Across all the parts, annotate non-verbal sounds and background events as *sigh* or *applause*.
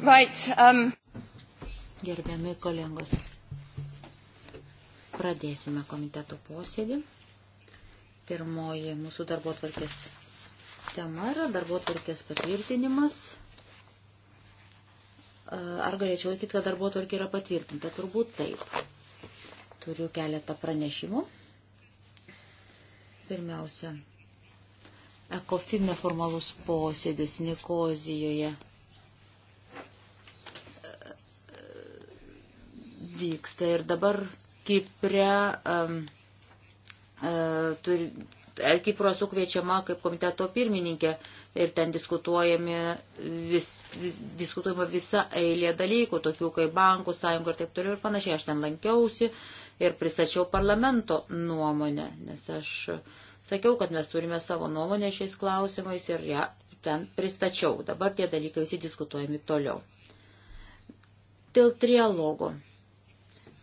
Right, um... Gerbiami kolegos, pradėsime komiteto posėdį. Pirmoji mūsų darbo tvarkės tema yra darbo tvarkės patvirtinimas. Ar galėčiau laikyti, kad darbo tvarkė yra patvirtinta? Turbūt taip. Turiu keletą pranešimų. Pirmiausia, ECOFIN neformalus posėdis Nikozijoje vyksta. Ir dabar Kipre, um, uh, turi, e, Kipro sukviečiama kaip komiteto pirmininkė ir ten diskutuojami vis, vis, diskutuojama visa eilė dalykų, tokių kaip bankų sąjunga ir taip toliau ir panašiai. Aš ten lankiausi ir pristačiau parlamento nuomonę, nes aš sakiau, kad mes turime savo nuomonę šiais klausimais ir ją ten pristačiau. Dabar tie dalykai visi diskutuojami toliau. Dėl trialogo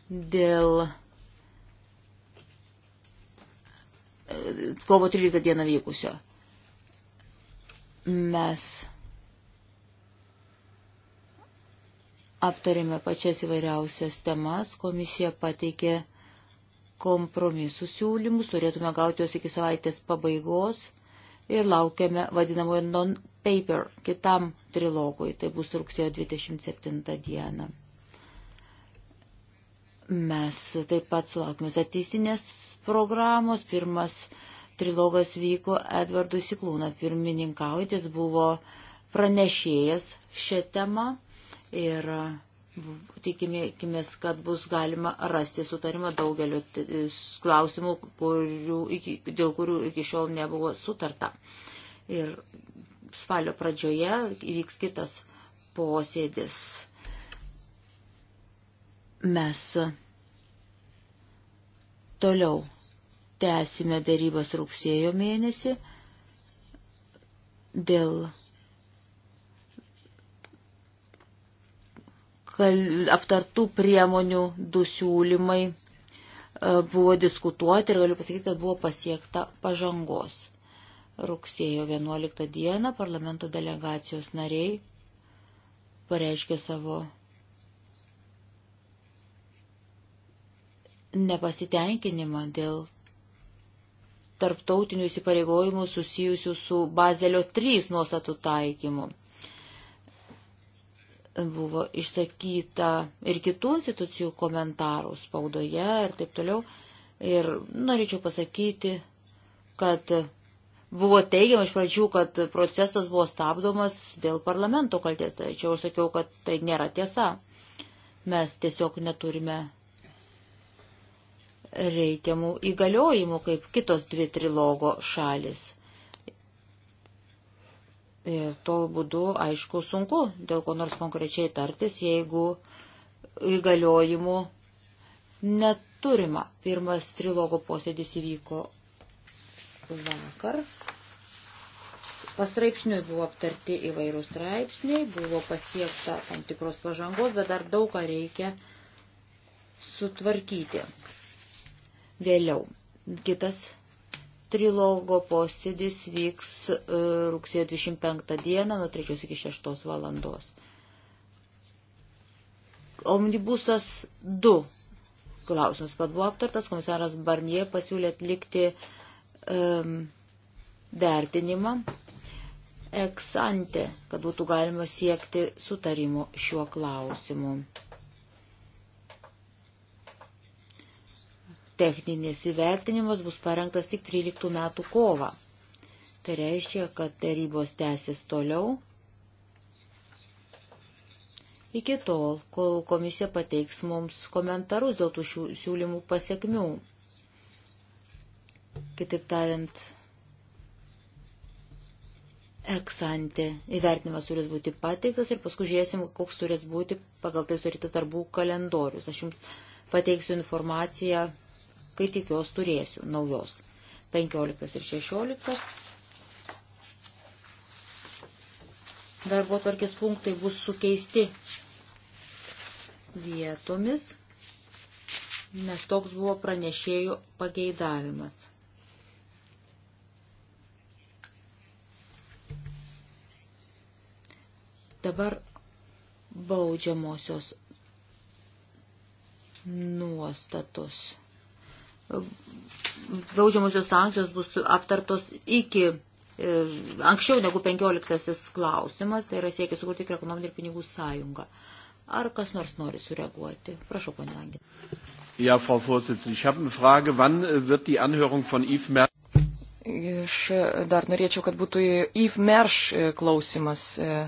dėl e, kovo 13 dieną vykusio. Mes aptarėme pačias įvairiausias temas, komisija pateikė kompromisų siūlymus, turėtume gauti juos iki savaitės pabaigos ir laukiame vadinamojo non-paper kitam trilogui, tai bus rugsėjo 27 dieną. Mes taip pat sulaukime statistinės programos. Pirmas trilogas vyko Edvardų Siklūną. Pirmininkaujantis buvo pranešėjas šią temą ir tikimės, kad bus galima rasti sutarimą daugeliu klausimų, kurių, iki, dėl kurių iki šiol nebuvo sutarta. Ir spalio pradžioje įvyks kitas posėdis Mes toliau tęsime darybas rugsėjo mėnesį dėl aptartų priemonių du siūlymai e, buvo diskutuoti ir galiu pasakyti, kad buvo pasiekta pažangos. Rugsėjo 11 dieną parlamento delegacijos nariai pareiškė savo nepasitenkinimą dėl tarptautinių įsipareigojimų susijusių su Bazelio 3 nuostatų taikymu. Buvo išsakyta ir kitų institucijų komentarų spaudoje ir taip toliau. Ir norėčiau pasakyti, kad buvo teigiama iš pradžių, kad procesas buvo stabdomas dėl parlamento kaltės. Tačiau sakiau, kad tai nėra tiesa. Mes tiesiog neturime reikiamų įgaliojimų, kaip kitos dvi trilogo šalis. Ir tol būdu, aišku, sunku dėl ko nors konkrečiai tartis, jeigu įgaliojimų neturima. Pirmas trilogo posėdis įvyko vakar. Pastraipsniui buvo aptarti įvairūs straipsniai, buvo pasiekta tam tikros pažangos, bet dar daug ką reikia sutvarkyti vėliau. Kitas trilogo posėdis vyks e, rugsėjo 25 dieną nuo 3 iki 6 valandos. Omnibusas 2 klausimas pat buvo aptartas, komisaras Barnie pasiūlė atlikti um, vertinimą eksante, kad būtų galima siekti sutarimo šiuo klausimu. Techninis įvertinimas bus parengtas tik 13 metų kovą. Tai reiškia, kad tarybos tęsis toliau iki tol, kol komisija pateiks mums komentarus dėl tų šių siūlymų pasiekmių. Kitaip tariant, eksantė įvertinimas turės būti pateiktas ir paskui žiūrėsim, koks turės būti pagal tai sudarytas darbų kalendorius. Aš jums pateiksiu informaciją kai tik jos turėsiu naujos. 15 ir 16. Darbo tvarkės punktai bus sukeisti vietomis, nes toks buvo pranešėjų pageidavimas. Dabar baudžiamosios nuostatos baudžiamosios sankcijos bus aptartos iki e, anksčiau negu 15 klausimas, tai yra siekis sukurti tikrą ekonominį ir pinigų sąjungą. Ar kas nors nori sureaguoti? Prašau, ponė Langė. Ja, Frau Vorsitzende, ich habe eine Frage, wann äh, wird die Anhörung von Yves Mersch? Aš dar norėčiau, kad būtų Yves Mersch äh, klausimas. E,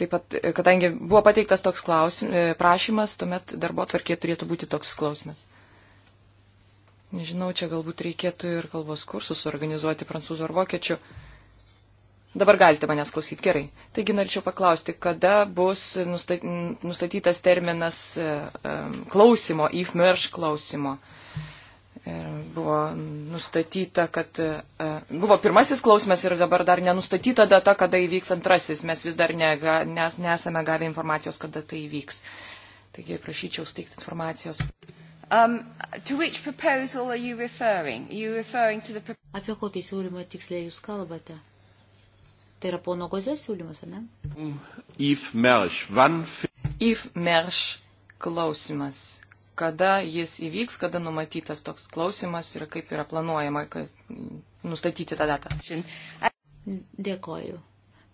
Taip pat, e, kadangi buvo pateiktas toks klausim, e, prašymas, tuomet darbo tvarkė turėtų būti toks klausimas. Nežinau, čia galbūt reikėtų ir kalbos kursus organizuoti prancūzų ar vokiečių. Dabar galite manęs klausyti gerai. Taigi norėčiau paklausti, kada bus nustatytas terminas e, klausimo, if merge klausimo. Uh, Ir e, buvo nustatyta, kad e, buvo pirmasis klausimas ir dabar dar nenustatyta data, kada įvyks antrasis. Mes vis dar ne, nes, nesame gavę informacijos, kada tai įvyks. Taigi prašyčiau steikti informacijos. Um, are you referring? Are you referring the... Apie kokį siūlymą tiksliai jūs kalbate? Tai yra pono Gozės siūlymas, ar ne? Yves Merš. Yves Merš klausimas kada jis įvyks, kada numatytas toks klausimas ir kaip yra planuojama nustatyti tą datą. Dėkoju.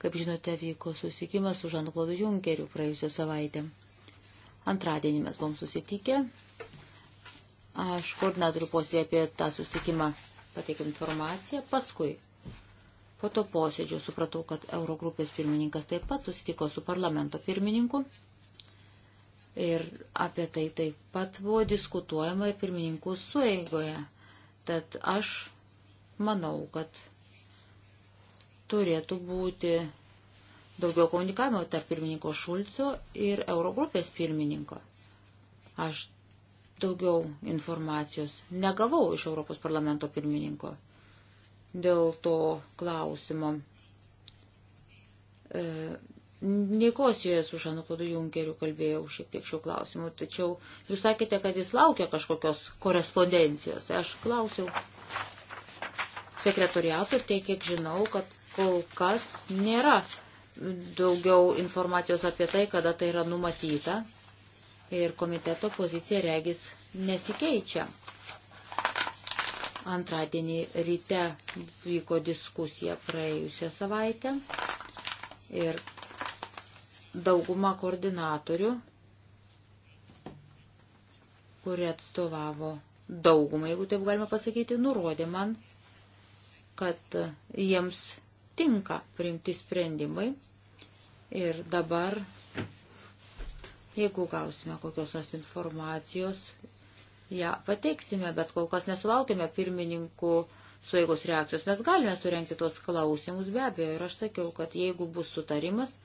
Kaip žinote, vyko susitikimas su Žanu Klodu Junkeriu praėjusią savaitę. Antradienį mes buvom susitikę. Aš koordinatorių posėdį apie tą susitikimą pateikiau informaciją. Paskui po to posėdžio supratau, kad Eurogrupės pirmininkas taip pat susitiko su parlamento pirmininku Ir apie tai taip pat buvo diskutuojama ir pirmininkų sueigoje. Tad aš manau, kad turėtų būti daugiau komunikavimo tarp pirmininko Šulco ir Eurogrupės pirmininko. Aš daugiau informacijos negavau iš Europos parlamento pirmininko dėl to klausimo. E, Nikosijoje su Žanu Klodu Junkeriu kalbėjau šiek tiek šių klausimų, tačiau jūs sakėte, kad jis laukia kažkokios korespondencijos. Aš klausiau sekretoriato, tai kiek žinau, kad kol kas nėra daugiau informacijos apie tai, kada tai yra numatyta. Ir komiteto pozicija regis nesikeičia. Antradienį ryte vyko diskusija praėjusią savaitę ir dauguma koordinatorių, kurie atstovavo daugumą, jeigu taip galima pasakyti, nurodė man, kad jiems tinka priimti sprendimai ir dabar, jeigu gausime kokios nors informacijos, ją pateiksime, bet kol kas nesulaukime pirmininkų sueigos reakcijos. Mes galime surenkti tuos klausimus, be abejo, ir aš sakiau, kad jeigu bus sutarimas,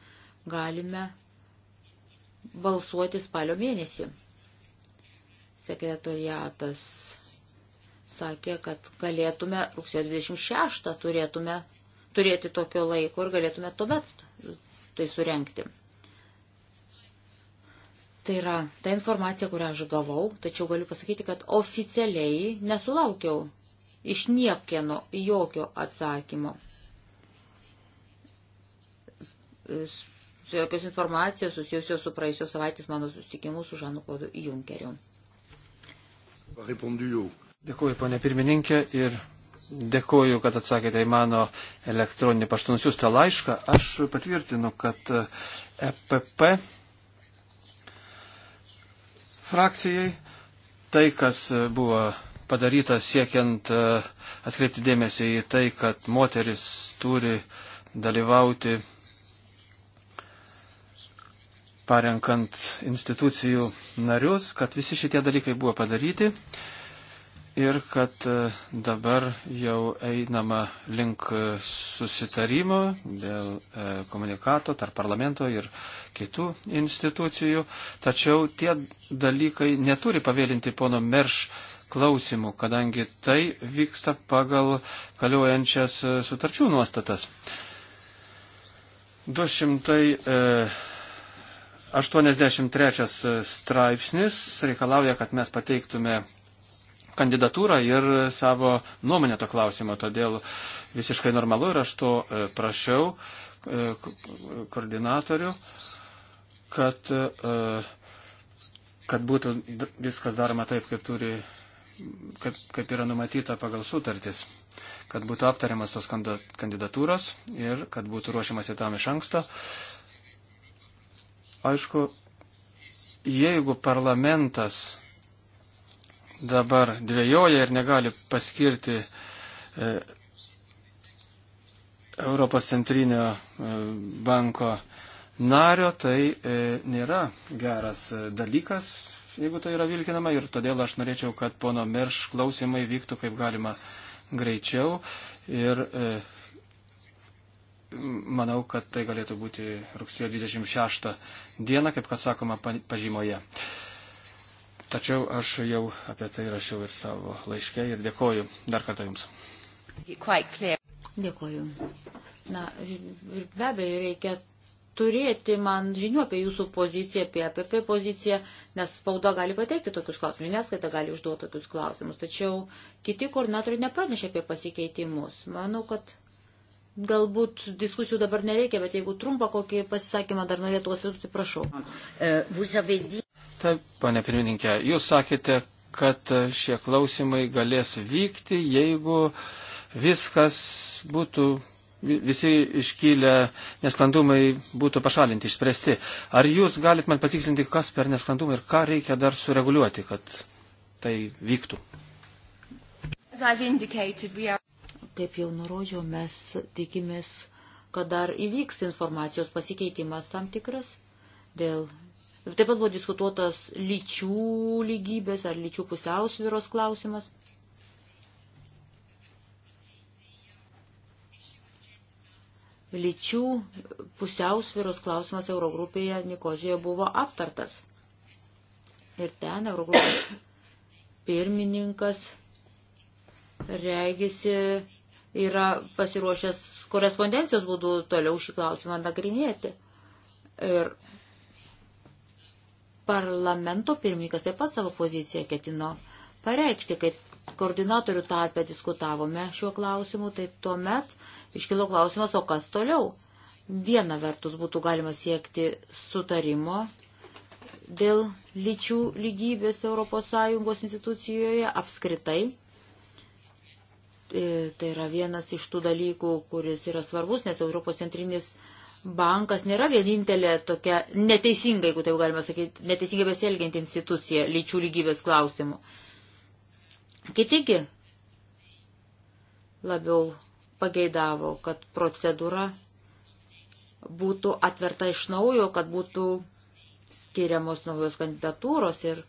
galime balsuoti spalio mėnesį. Sekretariatas sakė, kad galėtume rugsėjo 26 turėtume turėti tokio laiko ir galėtume tuomet tai surenkti. Tai yra ta informacija, kurią aš gavau, tačiau galiu pasakyti, kad oficialiai nesulaukiau iš niekieno jokio atsakymo jokios informacijos susijusios su praėjusios savaitės mano susitikimu su Žanu Klodu Junkeriu. Dėkuoju, ponė pirmininkė, ir dėkuoju, kad atsakėte į mano elektroninį paštų nusiųstą laišką. Aš patvirtinu, kad EPP e frakcijai tai, kas buvo padaryta siekiant e, atkreipti dėmesį į tai, kad moteris turi dalyvauti parenkant institucijų narius, kad visi šitie dalykai buvo padaryti ir kad e, dabar jau einama link susitarimo dėl e, komunikato tarp parlamento ir kitų institucijų. Tačiau tie dalykai neturi pavėlinti pono Merš klausimų, kadangi tai vyksta pagal galiojančias e, sutarčių nuostatas. 200. E, 83 straipsnis reikalauja, kad mes pateiktume kandidatūrą ir savo nuomonę to klausimo. Todėl visiškai normalu ir aš to e, prašiau e, koordinatorių, kad, e, kad būtų viskas daroma taip, kaip, turi, kaip, kaip yra numatyta pagal sutartis kad būtų aptariamas tos kandidatūros ir kad būtų ruošiamasi tam iš anksto. Uh, Aišku, jeigu parlamentas dabar dvėjoja ir negali paskirti e, Europos centrinio e, banko nario, tai e, nėra geras e, dalykas, jeigu tai yra vilkinama ir todėl aš norėčiau, kad pono Merš klausimai vyktų kaip galima greičiau ir e, manau, kad tai galėtų būti rugsėjo 26 diena, kaip kad sakoma pažymoje. Tačiau aš jau apie tai rašiau ir savo laiške ir dėkoju dar kartą Jums. Dėkoju. Na, be abejo, reikia turėti man žinių apie jūsų poziciją, apie APP poziciją, nes spauda gali pateikti tokius klausimus, žiniasklaida gali užduoti tokius klausimus, tačiau kiti koordinatoriai nepranešė apie pasikeitimus. Manau, kad Galbūt diskusijų dabar nereikia, bet jeigu trumpą kokį pasisakymą dar norėtų pasiūlyti, prašau. E, Taip, pane pirmininkė, jūs sakėte, kad šie klausimai galės vykti, jeigu viskas būtų, visi iškylę nesklandumai būtų pašalinti, išspręsti. Ar jūs galit man patikslinti, kas per nesklandumą ir ką reikia dar sureguliuoti, kad tai vyktų? Are kaip jau nurodžiau, mes tikimės, kad dar įvyks informacijos pasikeitimas tam tikras dėl. Taip pat buvo diskutuotas lyčių lygybės ar lyčių pusiausvyros klausimas. Lyčių pusiausvyros klausimas Eurogrupėje Nikozijoje buvo aptartas. Ir ten Eurogrupės pirmininkas regisi yra pasiruošęs korespondencijos būdu toliau šį klausimą nagrinėti. Ir parlamento pirmininkas taip pat savo poziciją ketino pareikšti, kai koordinatorių tarpę diskutavome šiuo klausimu, tai tuomet iškilo klausimas, o kas toliau? Viena vertus būtų galima siekti sutarimo dėl lyčių lygybės ES institucijoje apskritai E, tai yra vienas iš tų dalykų, kuris yra svarbus, nes Europos centrinis bankas nėra vienintelė tokia neteisinga, jeigu taip galima sakyti, neteisingai besielgianti institucija lyčių lygybės klausimų. Kitigi labiau pageidavo, kad procedūra būtų atverta iš naujo, kad būtų skiriamos naujos kandidatūros ir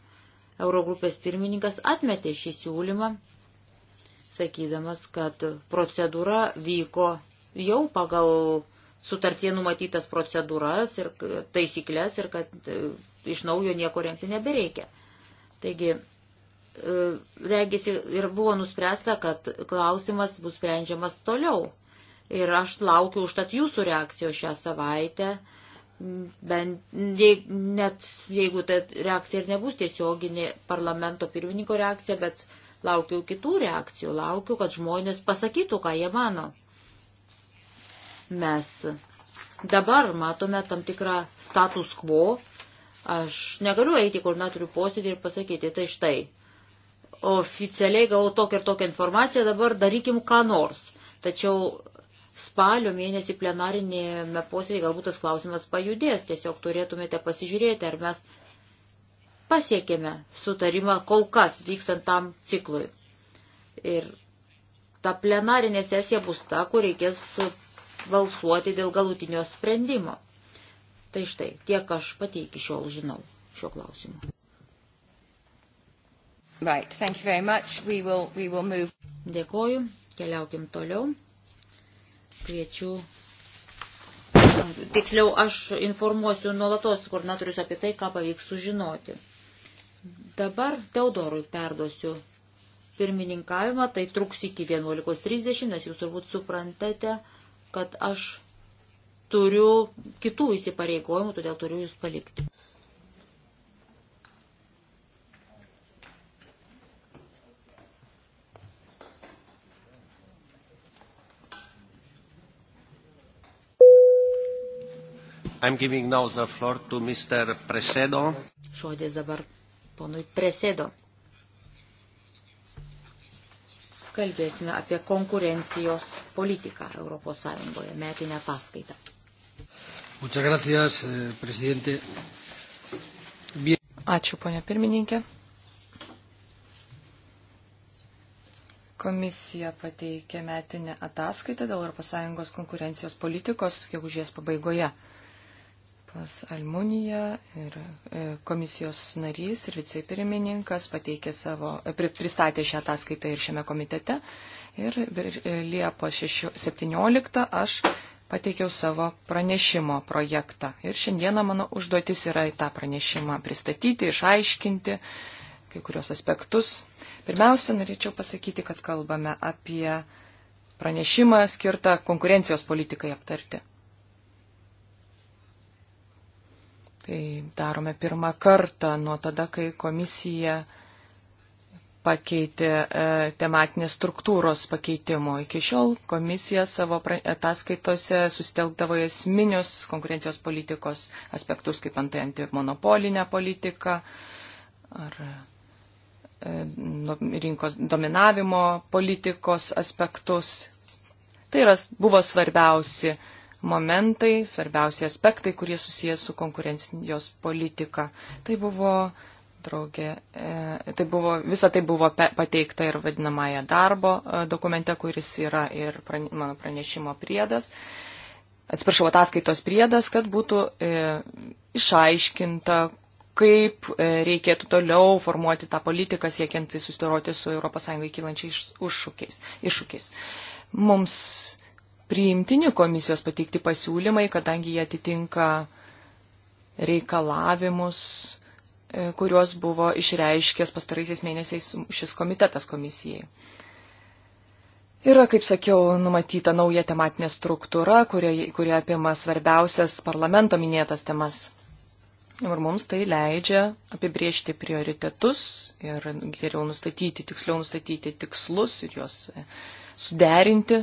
Eurogrupės pirmininkas atmetė šį siūlymą sakydamas, kad procedūra vyko jau pagal sutartie numatytas procedūras ir taisyklės ir kad e, iš naujo nieko rengti nebereikia. Taigi, e, regisi ir buvo nuspręsta, kad klausimas bus sprendžiamas toliau. Ir aš laukiu užtat jūsų reakcijos šią savaitę, bent je, net jeigu ta reakcija ir nebus tiesioginė parlamento pirmininko reakcija, bet Laukiu kitų reakcijų, laukiu, kad žmonės pasakytų, ką jie mano. Mes dabar matome tam tikrą status quo. Aš negaliu eiti į koordinatorių posėdį ir pasakyti, tai štai, oficialiai gavau tokią ir tokią informaciją, dabar darykim ką nors. Tačiau spalio mėnesį plenarinėme posėdėje galbūt tas klausimas pajudės, tiesiog turėtumėte pasižiūrėti, ar mes pasiekėme sutarimą kol kas vykstant tam ciklui. Ir ta plenarinė sesija bus ta, kur reikės balsuoti dėl galutinio sprendimo. Tai štai, tiek aš pati iki šiol žinau šio klausimu. Right, thank you very much. We will, we will move. Dėkoju, keliaukim toliau. Kviečiu. Tiksliau, aš informuosiu nuolatos koordinatorius apie tai, ką pavyks sužinoti. Dabar Teodorui perduosiu pirmininkavimą, tai truks iki 11.30, nes jūs turbūt suprantate, kad aš turiu kitų įsipareigojimų, todėl turiu jūs palikti. I'm giving now the floor to Mr. Presedo. Žodis dabar ponui Presėdo. Kalbėsime apie konkurencijos politiką ES metinę paskaitą. Muchas gracias, eh, presidente. Bien. Ačiū, ponia pirmininkė. Komisija pateikė metinę ataskaitą dėl ES konkurencijos politikos gegužės pabaigoje. Pas Almunija ir e, komisijos narys ir vicepirmininkas pateikė savo, e, pristatė šią ataskaitą ir šiame komitete. Ir e, Liepo 17 aš pateikiau savo pranešimo projektą. Ir šiandieną mano užduotis yra tą pranešimą pristatyti, išaiškinti kai kurios aspektus. Pirmiausia, norėčiau pasakyti, kad kalbame apie pranešimą skirtą konkurencijos politikai aptarti. Tai darome pirmą kartą nuo tada, kai komisija pakeitė e, tematinės struktūros pakeitimo. Iki šiol komisija savo ataskaitose susitelkdavo esminius konkurencijos politikos aspektus, kaip antai antimonopolinę politiką ar e, rinkos dominavimo politikos aspektus. Tai yra, buvo svarbiausi momentai, svarbiausi aspektai, kurie susijęs su konkurencijos politika. Tai buvo draugė, e, tai buvo, visa tai buvo pateikta ir vadinamąją darbo e, dokumente, kuris yra ir prane, mano pranešimo priedas. Atsiprašau, ataskaitos priedas, kad būtų e, išaiškinta, kaip e, reikėtų toliau formuoti tą politiką, siekiant tai susidoroti su ES kylančiais iššūkiais. iššūkiais. Mums priimtini komisijos pateikti pasiūlymai, kadangi jie atitinka reikalavimus, e, kuriuos buvo išreiškęs pastaraisiais mėnesiais šis komitetas komisijai. Yra, kaip sakiau, numatyta nauja tematinė struktūra, kurie, kurie apima svarbiausias parlamento minėtas temas. Ir mums tai leidžia apibriežti prioritetus ir geriau nustatyti, tiksliau nustatyti tikslus ir juos suderinti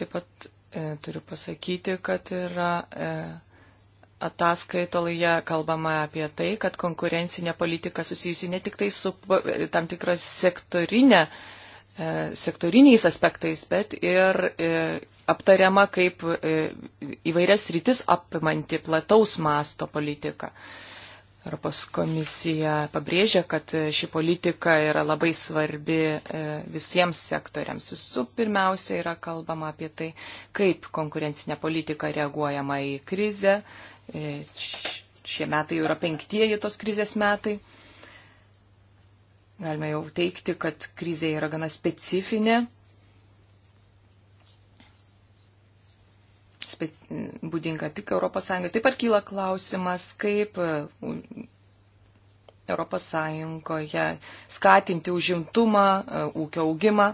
Taip pat e, turiu pasakyti, kad yra e, ataskaitoje kalbama apie tai, kad konkurencinė politika susijusi ne tik tai su tam tikra sektorinė, e, sektoriniais aspektais, bet ir e, aptariama kaip e, įvairias rytis apimanti plataus masto politika. E, Europos komisija pabrėžia, kad ši politika yra labai svarbi e, visiems sektoriams. Visų pirmiausia yra kalbama apie tai, kaip konkurencinė politika reaguojama į krizę. E, šie metai jau yra penktieji tos krizės metai. Galime jau teikti, kad krizė yra gana specifinė būdinga tik ES. Taip pat kyla klausimas, kaip ES skatinti užimtumą, e, ūkio augimą.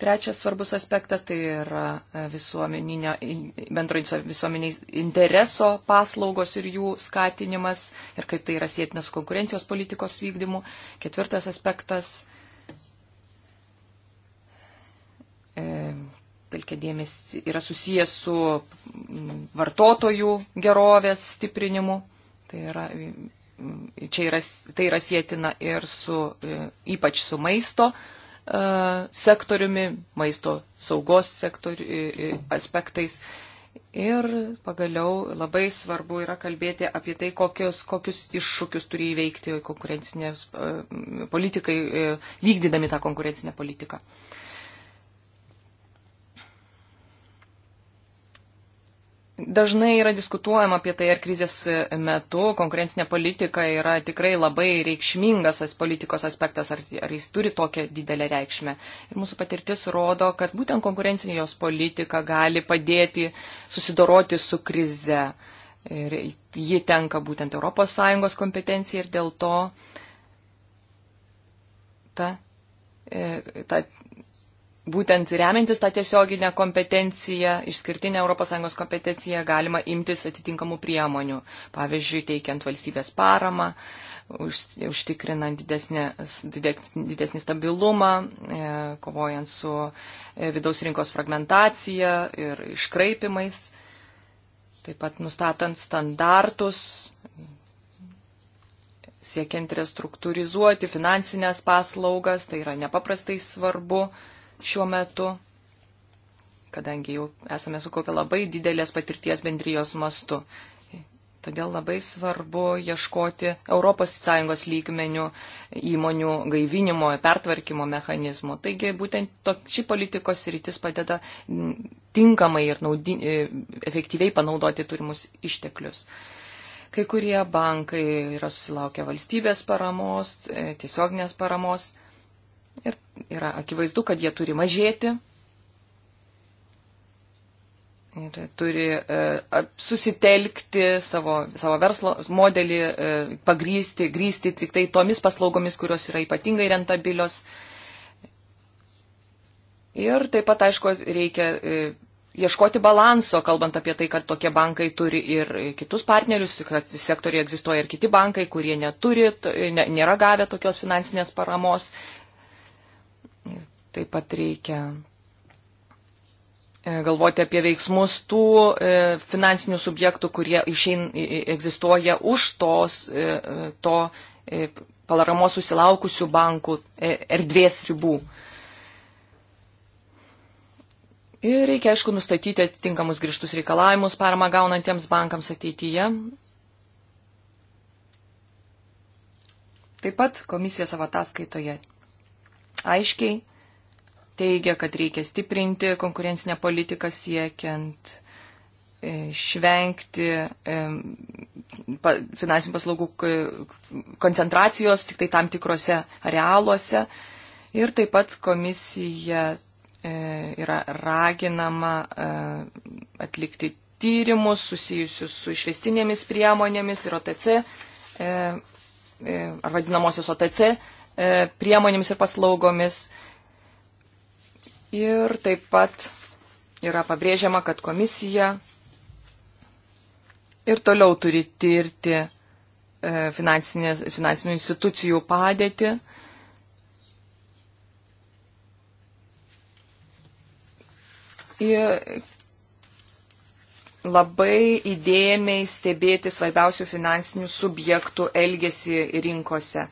Trečias svarbus aspektas tai yra e, visuomeninio, bendro visuomeniais intereso paslaugos ir jų skatinimas ir kaip tai yra sėtinas konkurencijos politikos vykdymu. Ketvirtas aspektas e, telkia dėmesį, yra susijęs su mm, vartotojų gerovės stiprinimu. Tai yra, mm, čia yra, tai yra sėtina ir su, e, ypač su maisto e, sektoriumi, maisto saugos sektoriu, e, aspektais. Ir pagaliau labai svarbu yra kalbėti apie tai, kokius, kokius iššūkius turi įveikti konkurencinės politikai, vykdydami tą konkurencinę politiką. Uh, Dažnai yra diskutuojama apie tai, ar krizės metu konkurencinė politika yra tikrai labai reikšmingas politikos aspektas, ar, ar jis turi tokią didelę reikšmę. Ir mūsų patirtis rodo, kad būtent konkurencinė jos politika gali padėti susidoroti su krize. Ir ji tenka būtent ES kompetencijai ir dėl to ta, e, ta būtent remiantis tą tiesioginę kompetenciją, išskirtinę ES kompetenciją, galima imtis atitinkamų priemonių. Pavyzdžiui, teikiant valstybės paramą, užtikrinant didesnį, didesnį stabilumą, e, kovojant su e, vidaus rinkos fragmentacija ir iškraipimais, taip pat nustatant standartus siekiant restruktūrizuoti finansinės paslaugas, tai yra nepaprastai svarbu. Uh, šiuo metu, kadangi jau esame sukaupę labai didelės patirties bendrijos mastu. Todėl labai svarbu ieškoti ES lygmenių įmonių gaivinimo, pertvarkymo mechanizmų. Taigi būtent to, ši politikos rytis padeda tinkamai ir naudi, e, efektyviai panaudoti turimus išteklius. Kai kurie bankai yra susilaukę valstybės paramos, e, tiesioginės paramos ir yra akivaizdu, kad jie turi mažėti. Ir turi e, susitelkti savo, savo verslo modelį, e, pagrysti, grįsti tik tai tomis paslaugomis, kurios yra ypatingai rentabilios. Ir taip pat, aišku, reikia e, ieškoti balanso, kalbant apie tai, kad tokie bankai turi ir kitus partnerius, kad sektoriai egzistuoja ir kiti bankai, kurie neturi, nėra gavę tokios finansinės paramos, Taip pat reikia e, galvoti apie veiksmus tų e, finansinių subjektų, kurie išein, egzistuoja už tos, e, to palaramos susilaukusių bankų erdvės ribų. Ir reikia, aišku, nustatyti atitinkamus grįžtus reikalavimus parama gaunantiems bankams ateityje. Taip pat komisija savo ataskaitoje aiškiai teigia, kad reikia stiprinti konkurencinę politiką siekiant e, išvengti e, finansinių paslaugų koncentracijos tik tai tam tikrose arealuose. Ir taip pat komisija e, yra raginama atlikti tyrimus susijusius su išvestinėmis priemonėmis ir OTC, ar vadinamosios OTC priemonėmis ir paslaugomis. Ir taip pat yra pabrėžiama, kad komisija ir toliau turi tirti e, finansinių institucijų padėtį. Ir labai įdėmiai stebėti svarbiausių finansinių subjektų elgesį rinkose.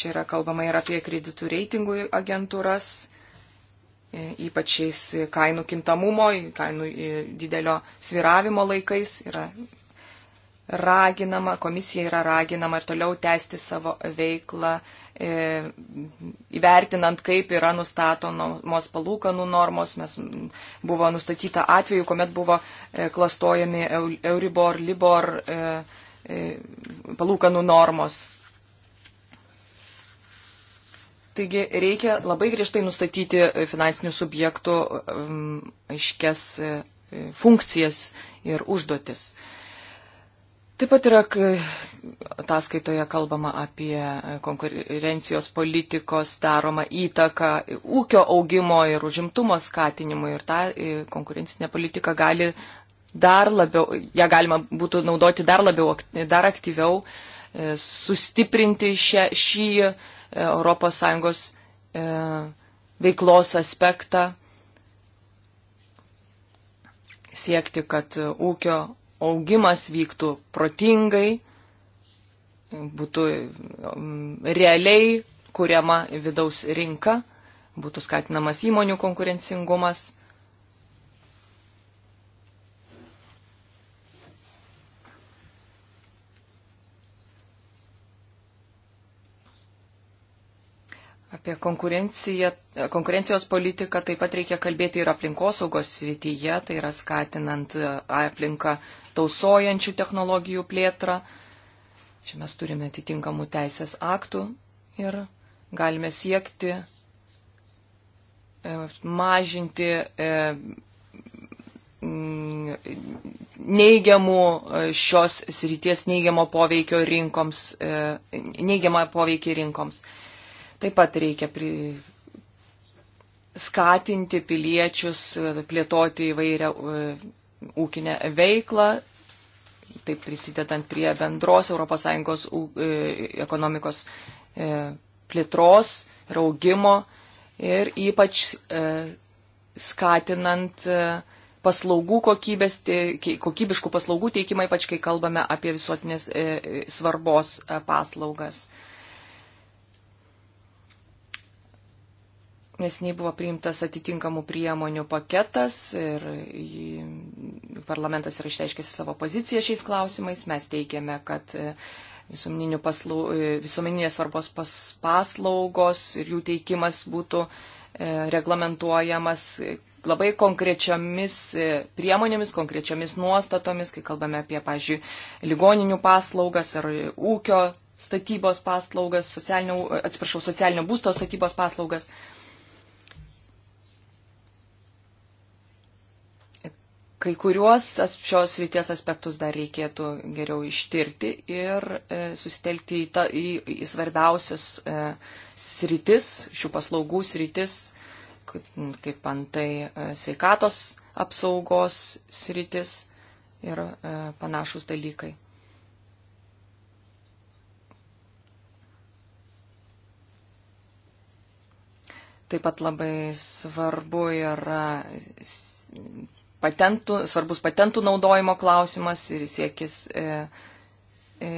Čia yra kalbama ir apie kreditų reitingų agentūras, e, ypač šiais kainų kintamumo, kainų e, didelio sviravimo laikais yra raginama, komisija yra raginama ir toliau tęsti savo veiklą, e, įvertinant, kaip yra nustatomos palūkanų normos. Mes buvo nustatyta atveju, kuomet buvo klastojami Euribor, Libor palūkanų normos Taigi reikia labai griežtai nustatyti finansinių subjektų um, aiškes e, funkcijas ir užduotis. Taip pat yra ataskaitoje kalbama apie konkurencijos politikos daromą įtaką ūkio augimo ir užimtumo skatinimui ir tą e, konkurencinę politiką gali dar labiau, ją galima būtų naudoti dar labiau, dar aktyviau, e, sustiprinti šią, šį ES e, veiklos aspektą, siekti, kad ūkio augimas vyktų protingai, būtų realiai kuriama vidaus rinka, būtų skatinamas įmonių konkurencingumas Apie konkurencijos politiką taip pat reikia kalbėti ir aplinkosaugos srityje, tai yra skatinant e, aplinką tausojančių technologijų plėtrą. Čia mes turime atitinkamų teisės aktų ir galime siekti e, mažinti e, neigiamų šios srities neigiamo poveikio rinkoms, neigiamą poveikį rinkoms. Taip pat reikia pri... skatinti piliečius e, plėtoti įvairią e, ūkinę veiklą, taip prisidedant prie bendros ES e, ekonomikos plėtros ir augimo ir ypač skatinant paslaugų kokybės, kokybiškų paslaugų teikimą, ypač kai kalbame apie visuotinės svarbos paslaugas. Nesiniai buvo priimtas atitinkamų priemonių paketas ir parlamentas yra išreiškęs ir savo poziciją šiais klausimais. Mes teikiame, kad e, paslau, e, visuomeninės svarbos pas, paslaugos ir jų teikimas būtų e, reglamentuojamas labai konkrečiomis priemonėmis, konkrečiomis nuostatomis, kai kalbame apie, pažiūrėjau, ligoninių paslaugas ar ūkio statybos paslaugas, socialinio, atsiprašau, socialinio būsto statybos paslaugas. Uh, kai kuriuos šios ryties aspektus dar reikėtų geriau ištirti ir e, susitelkti į, ta, į, į svarbiausias e, sritis, šių paslaugų sritis, kaip antai e, sveikatos apsaugos sritis ir e, panašus dalykai. Taip pat labai svarbu yra patentų, svarbus patentų naudojimo klausimas ir siekis e, e,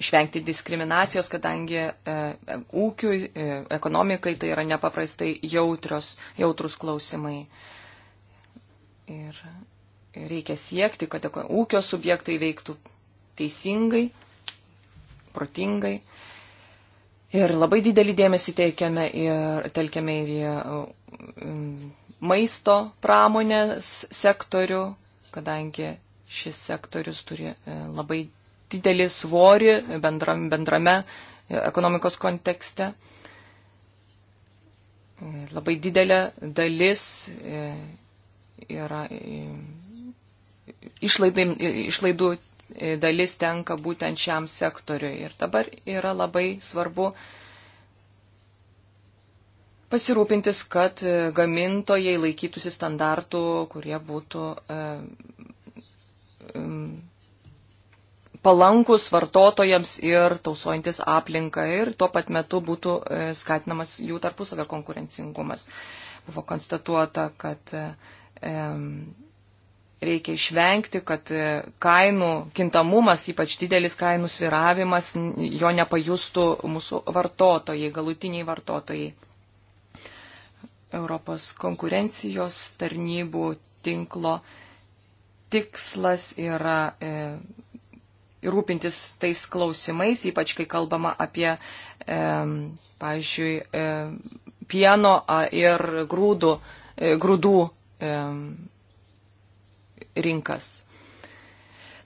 išvengti diskriminacijos, kadangi e, ūkiui, e, ekonomikai tai yra nepaprastai jautrios, jautrus klausimai. Ir reikia siekti, kad ūkio subjektai veiktų teisingai, protingai. Ir labai didelį dėmesį teikiame ir telkiame ir į e, maisto pramonės sektorių, kadangi šis sektorius turi e, labai didelį svorį bendram, bendrame e, ekonomikos kontekste. E, labai didelė dalis yra išlaidai, išlaidų dalis tenka būtent šiam sektoriui. Ir dabar yra labai svarbu uh, pasirūpintis, kad e, gamintojai laikytųsi standartų, kurie būtų e, palankus vartotojams ir tausojantis aplinką ir tuo pat metu būtų e, skatinamas jų tarpusavio konkurencingumas. Buvo konstatuota, kad reikia išvengti, kad kainų kintamumas, ypač didelis kainų sviravimas, jo nepajustų mūsų vartotojai, galutiniai vartotojai. Europos konkurencijos tarnybų tinklo tikslas yra e, rūpintis tais klausimais, ypač kai kalbama apie, e, pavyzdžiui, e, pieno ir grūdų, e, grūdų e, rinkas.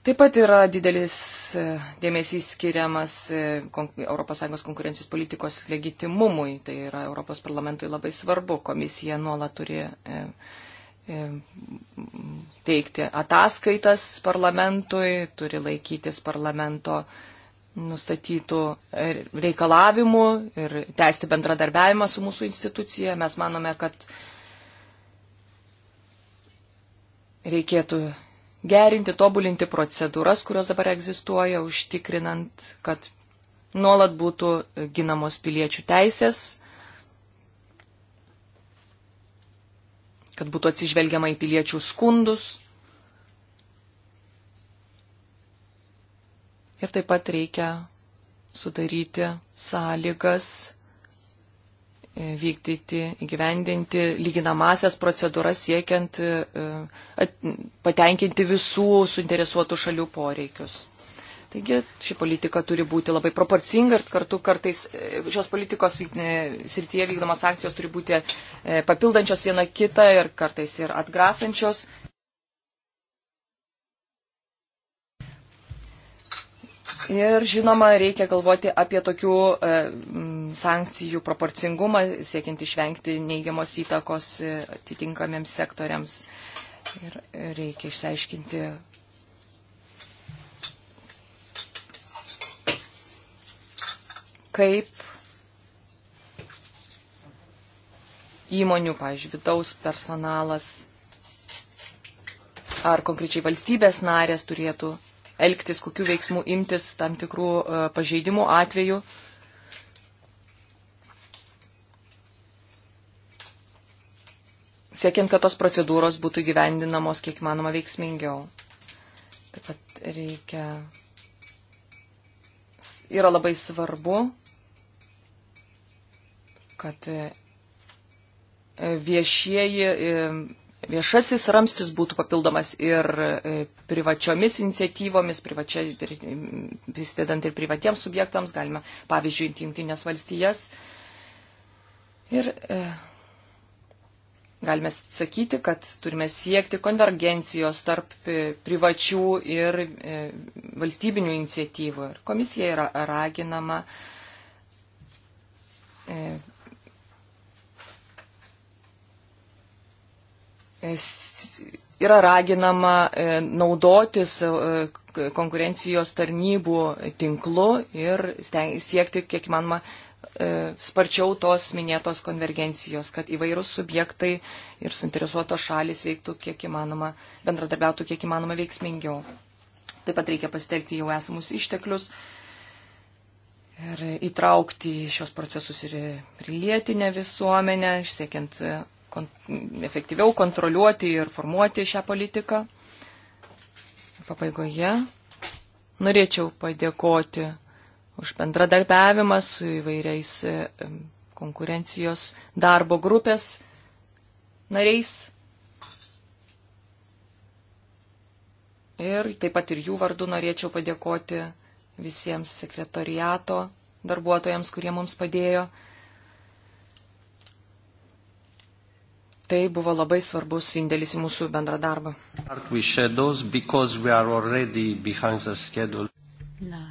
Taip pat yra didelis e, dėmesys skiriamas ES konkurencijos politikos legitimumui. Tai yra Europos parlamentui labai svarbu. Komisija nuolat turi e, e, teikti ataskaitas parlamentui, turi laikytis parlamento nustatytų reikalavimų ir tęsti bendradarbiavimą su mūsų institucija. Mes manome, kad reikėtų gerinti, tobulinti procedūras, kurios dabar egzistuoja, užtikrinant, kad nuolat būtų ginamos piliečių teisės, kad būtų atsižvelgiama į piliečių skundus. Ir taip pat reikia sudaryti sąlygas E, vykdyti, įgyvendinti lyginamasias procedūras siekiant e, patenkinti visų suinteresuotų šalių poreikius. Taigi ši politika turi būti labai proporcinga ir kartu kartais e, šios politikos srityje vykdomos akcijos turi būti papildančios viena kitą ir kartais ir atgrasančios. Ir žinoma, reikia galvoti apie tokių e, sankcijų proporcingumą, siekiant išvengti neigiamos įtakos e, atitinkamiems sektoriams. Ir reikia išsiaiškinti. kaip įmonių, pažiūrėjau, vidaus personalas ar konkrečiai valstybės narės turėtų elgtis, kokiu veiksmu imtis tam tikrų e, pažeidimų atveju. Siekiant, kad tos procedūros būtų gyvendinamos kiek manoma veiksmingiau. Taip pat reikia. Yra labai svarbu, kad e, viešieji e, viešasis ramstis būtų papildomas ir e, privačiomis iniciatyvomis, privačia, e, prisidedant ir privatiems subjektams, galima pavyzdžiui, jungtinės valstijas. Ir e, galime sakyti, kad turime siekti konvergencijos tarp e, privačių ir e, valstybinių iniciatyvų. Ir komisija yra raginama. E, yra raginama e, naudotis e, konkurencijos tarnybų tinklu ir siekti, kiek manoma, e, sparčiau tos minėtos konvergencijos, kad įvairūs subjektai ir suinteresuotos šalis veiktų kiek įmanoma, bendradarbiautų kiek įmanoma veiksmingiau. Taip pat reikia pasitelkti jau esamus išteklius ir įtraukti šios procesus ir pilietinę visuomenę, siekiant kon efektyviau kontroliuoti ir formuoti šią politiką. Pabaigoje norėčiau padėkoti už bendradarbiavimą su įvairiais konkurencijos darbo grupės nariais. Ir taip pat ir jų vardu norėčiau padėkoti visiems sekretoriato darbuotojams, kurie mums padėjo. Tai buvo labai svarbus indėlis į mūsų bendrą darbą. Na,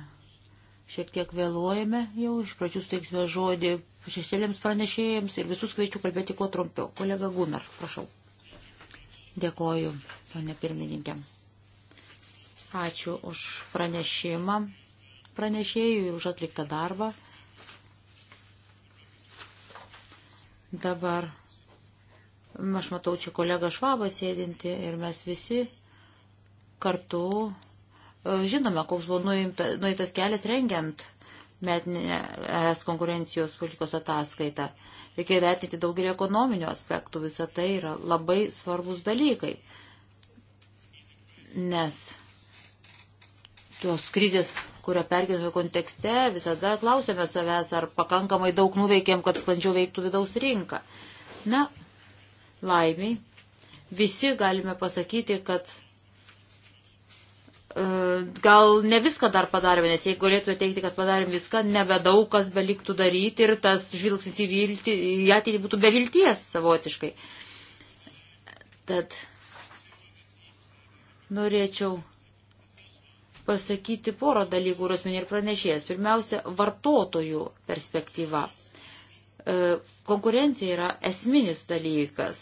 šiek tiek vėluojame jau, iš pradžių steiksime žodį šešėlėms pranešėjams ir visus kviečiu kalbėti kuo trumpiau. Kolega Gunar, prašau. Dėkoju, ponė pirmininkė. Ačiū už pranešimą pranešėjų ir už atliktą darbą. Dabar Aš matau čia kolegą Švabą sėdinti ir mes visi kartu e, žinome, koks buvo nuimtas nuimta kelias rengiant metinę ES konkurencijos politikos ataskaitą. Reikia vertinti daugelį ekonominių aspektų, visa tai yra labai svarbus dalykai, nes tos krizės, kurią pergyvenome kontekste, visada klausėme savęs, ar pakankamai daug nuveikėm, kad sklandžiau veiktų vidaus rinka. Na, laimiai visi galime pasakyti, kad e, gal ne viską dar padarėme, nes jeigu galėtume teikti, kad padarėm viską, nebedaug kas beliktų daryti ir tas žvilgsnis į, viltį, į ateitį būtų bevilties savotiškai. Tad norėčiau pasakyti porą dalykų, kuriuos minė ir pranešėjas. Pirmiausia, vartotojų perspektyva. E, konkurencija yra esminis dalykas,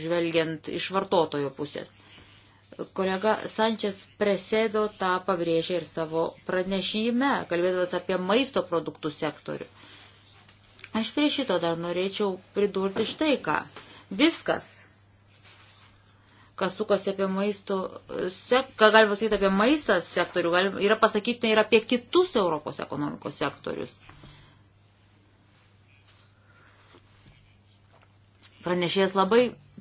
žvelgiant iš vartotojo pusės. Kolega Sančias Presėdo tą pabrėžė ir savo pranešime, kalbėdamas apie maisto produktų sektorių. Aš prie šito dar norėčiau pridurti štai ką. Viskas, kas sukasi apie maisto, sek, ką galima sakyti apie maistą sektorių, galima, yra pasakyti ir apie kitus Europos ekonomikos sektorius. Pranešėjas labai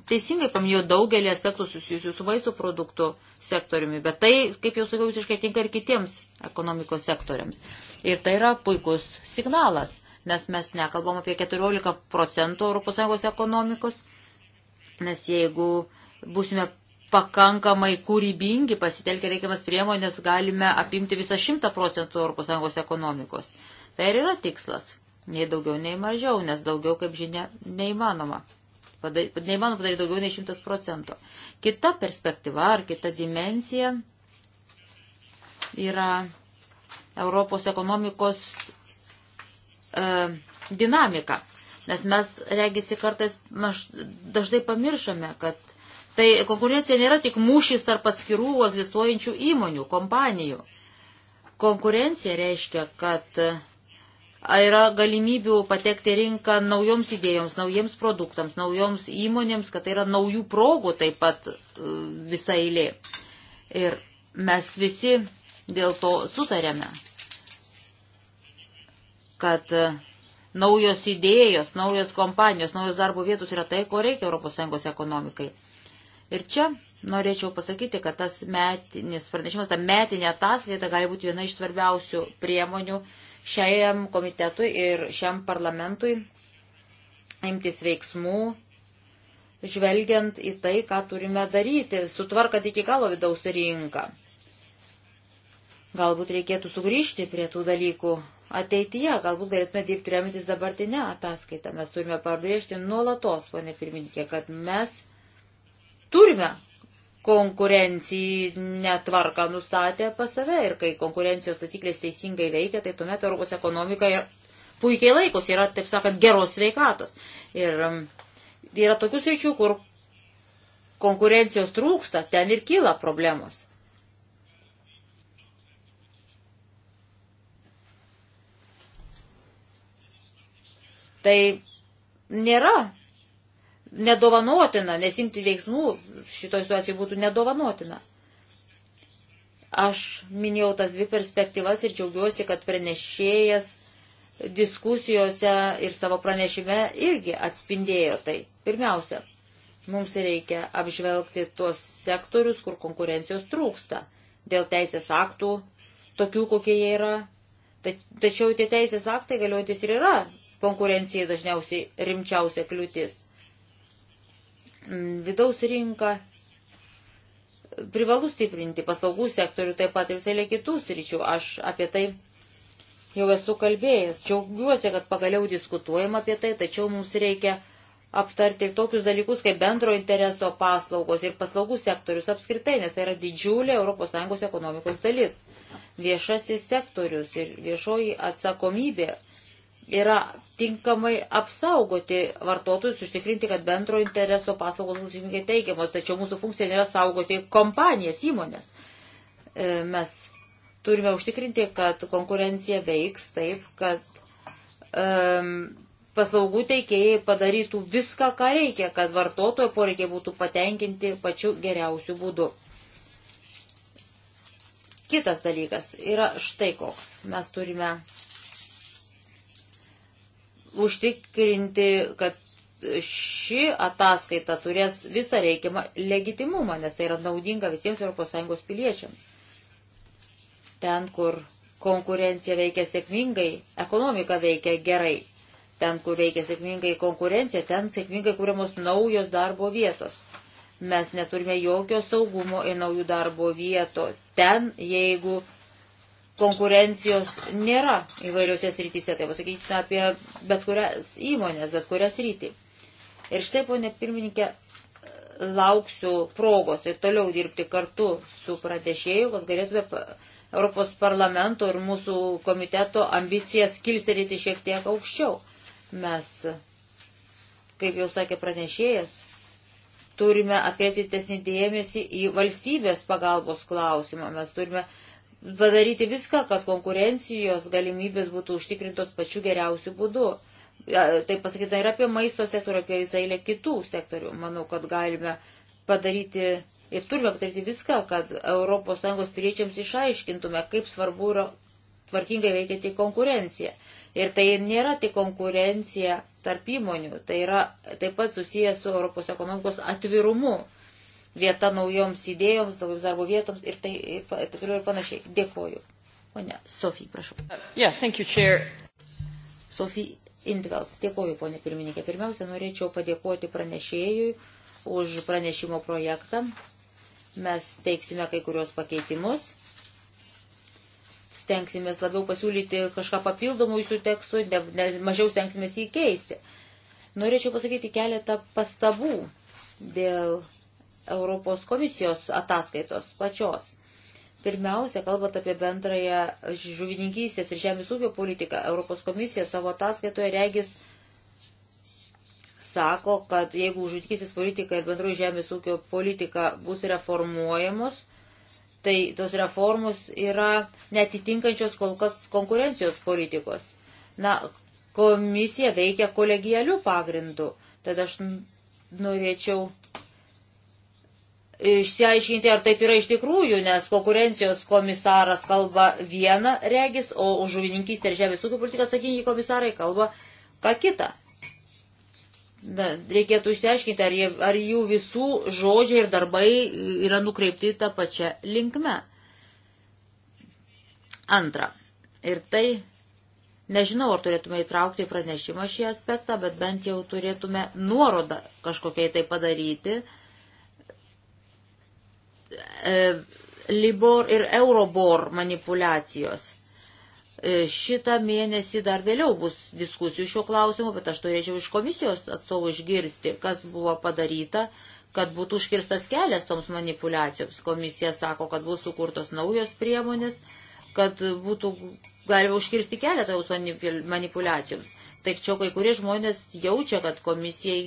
teisingai paminėjo daugelį aspektų susijusių su vaistų produktų sektoriumi, bet tai, kaip jau sakiau, visiškai tinka ir kitiems ekonomikos sektoriams. Ir tai yra puikus signalas, nes mes nekalbam apie 14 procentų ES ekonomikos, nes jeigu būsime pakankamai kūrybingi, pasitelkę reikiamas priemonės, galime apimti visą 100 procentų ES ekonomikos. Tai ir yra tikslas. Nei daugiau, nei mažiau, nes daugiau, kaip žinia, neįmanoma neįmanoma padaryti daugiau nei 100 procentų. Kita perspektyva ar kita dimensija yra Europos ekonomikos e, dinamika. Nes mes, regisi, kartais maž, dažnai pamiršame, kad tai konkurencija nėra tik mūšis tarp atskirų egzistuojančių įmonių, kompanijų. Konkurencija reiškia, kad yra galimybių patekti rinką naujoms idėjoms, naujiems produktams, naujoms įmonėms, kad tai yra naujų progų taip pat e, visai eilė. Ir mes visi dėl to sutarėme, kad e, naujos idėjos, naujos kompanijos, naujos darbo vietos yra tai, ko reikia ES ekonomikai. Ir čia norėčiau pasakyti, kad tas metinis pranešimas, ta metinė ataskaita gali būti viena iš svarbiausių priemonių, uh, šiam komitetui ir šiam parlamentui imtis veiksmų, žvelgiant į tai, ką turime daryti, sutvarkant iki galo vidaus rinką. Galbūt reikėtų sugrįžti prie tų dalykų ateityje, galbūt galėtume dirbti remintis dabartinę ataskaitą. Mes turime pabrėžti nuolatos, ponė pirmininkė, kad mes turime konkurencinę tvarką nustatė pas save ir kai konkurencijos taisyklės teisingai veikia, tai tuomet Europos ekonomika puikiai laikosi, yra, taip sakant, geros sveikatos. Ir um, yra tokių sričių, kur konkurencijos trūksta, ten ir kyla problemos. Tai nėra nedovanotina, nesimti veiksmų šitoje situacijoje būtų nedovanotina. Aš minėjau tas dvi perspektyvas ir džiaugiuosi, kad pranešėjas diskusijose ir savo pranešime irgi atspindėjo tai. Pirmiausia, mums reikia apžvelgti tuos sektorius, kur konkurencijos trūksta dėl teisės aktų, tokių, kokie jie yra. Tačiau tie teisės aktai galiojantis ir yra konkurencijai dažniausiai rimčiausia kliūtis vidaus rinką privalu stiprinti paslaugų sektorių, taip pat ir visai kitų sričių. Aš apie tai jau esu kalbėjęs. Džiaugiuosi, kad pagaliau diskutuojam apie tai, tačiau mums reikia aptarti tokius dalykus kaip bendro intereso paslaugos ir paslaugų sektorius apskritai, nes tai yra didžiulė ES ekonomikos dalis. Viešasis sektorius ir viešoji atsakomybė yra tinkamai apsaugoti vartotojus, užtikrinti, kad bendro intereso paslaugos bus įminkai teikiamos, tačiau mūsų funkcija nėra saugoti kompanijas, įmonės. E, mes turime užtikrinti, kad konkurencija veiks taip, kad um, paslaugų teikėjai padarytų viską, ką reikia, kad vartotojo poreikiai būtų patenkinti pačiu geriausiu būdu. Kitas dalykas yra štai koks. Mes turime užtikrinti, kad ši ataskaita turės visą reikiamą legitimumą, nes tai yra naudinga visiems ES piliečiams. Ten, kur konkurencija veikia sėkmingai, ekonomika veikia gerai. Ten, kur veikia sėkmingai konkurencija, ten sėkmingai kūriamos naujos darbo vietos. Mes neturime jokio saugumo į naujų darbo vietų. Ten, jeigu konkurencijos nėra įvairiuose srityse, tai pasakykime apie bet kurias įmonės, bet kurias rytį. Ir štai, ponė pirmininkė, lauksiu progos ir toliau dirbti kartu su pratešėju, kad galėtume Europos parlamento ir mūsų komiteto ambicijas kilsteryti šiek tiek aukščiau. Mes, kaip jau sakė pranešėjas, turime atkreipti tesnį dėmesį į valstybės pagalbos klausimą. Mes turime uh, padaryti viską, kad konkurencijos galimybės būtų užtikrintos pačiu geriausiu būdu. Tai pasakyta ir apie maisto sektorių, apie visą eilę kitų sektorių. Manau, kad galime padaryti ir turime padaryti viską, kad ES piliečiams išaiškintume, kaip svarbu yra tvarkingai veikianti konkurencija. Ir tai nėra tik konkurencija tarp įmonių, tai yra taip pat susijęs su Europos ekonomikos atvirumu vieta naujoms idėjoms, naujoms darbo vietoms ir tai ir, ir, ir panašiai. Dėkoju. Pone Sofija, prašau. Yeah, thank you, chair. Sofija Indvelt, dėkoju, ponė pirmininkė. Pirmiausia, norėčiau padėkoti pranešėjui už pranešimo projektą. Mes teiksime kai kurios pakeitimus. Stengsimės labiau pasiūlyti kažką papildomų jūsų tekstų, ne, ne, mažiau stengsimės jį keisti. Norėčiau pasakyti keletą pastabų dėl Europos komisijos ataskaitos pačios. Pirmiausia, kalbant apie bendrąją žuvininkystės ir žemės ūkio politiką, Europos komisija savo ataskaitoje regis sako, kad jeigu žuvininkystės politika ir bendroji žemės ūkio politika bus reformuojamos, tai tos reformos yra netitinkančios kol kas konkurencijos politikos. Na, komisija veikia kolegialių pagrindų. Tad aš norėčiau išsiaiškinti, ar taip yra iš tikrųjų, nes konkurencijos komisaras kalba vieną regis, o už žuvininkystę ir žemės ūkio politiką atsakingi komisarai kalba ką kitą. Na, reikėtų išsiaiškinti, ar, jie, ar jų visų žodžiai ir darbai yra nukreipti tą pačią linkmę. Antra. Ir tai, nežinau, ar turėtume įtraukti į pranešimą šį aspektą, bet bent jau turėtume nuorodą kažkokiai tai padaryti, uh, E, Libor ir Eurobor manipulacijos. E, šitą mėnesį dar vėliau bus diskusijų šiuo klausimu, bet aš turėčiau iš komisijos atstovų išgirsti, kas buvo padaryta, kad būtų užkirstas kelias toms manipulacijoms. Komisija sako, kad bus sukurtos naujos priemonės, kad būtų galima užkirsti kelią toms manipulacijoms. Tačiau kai kurie žmonės jaučia, kad komisijai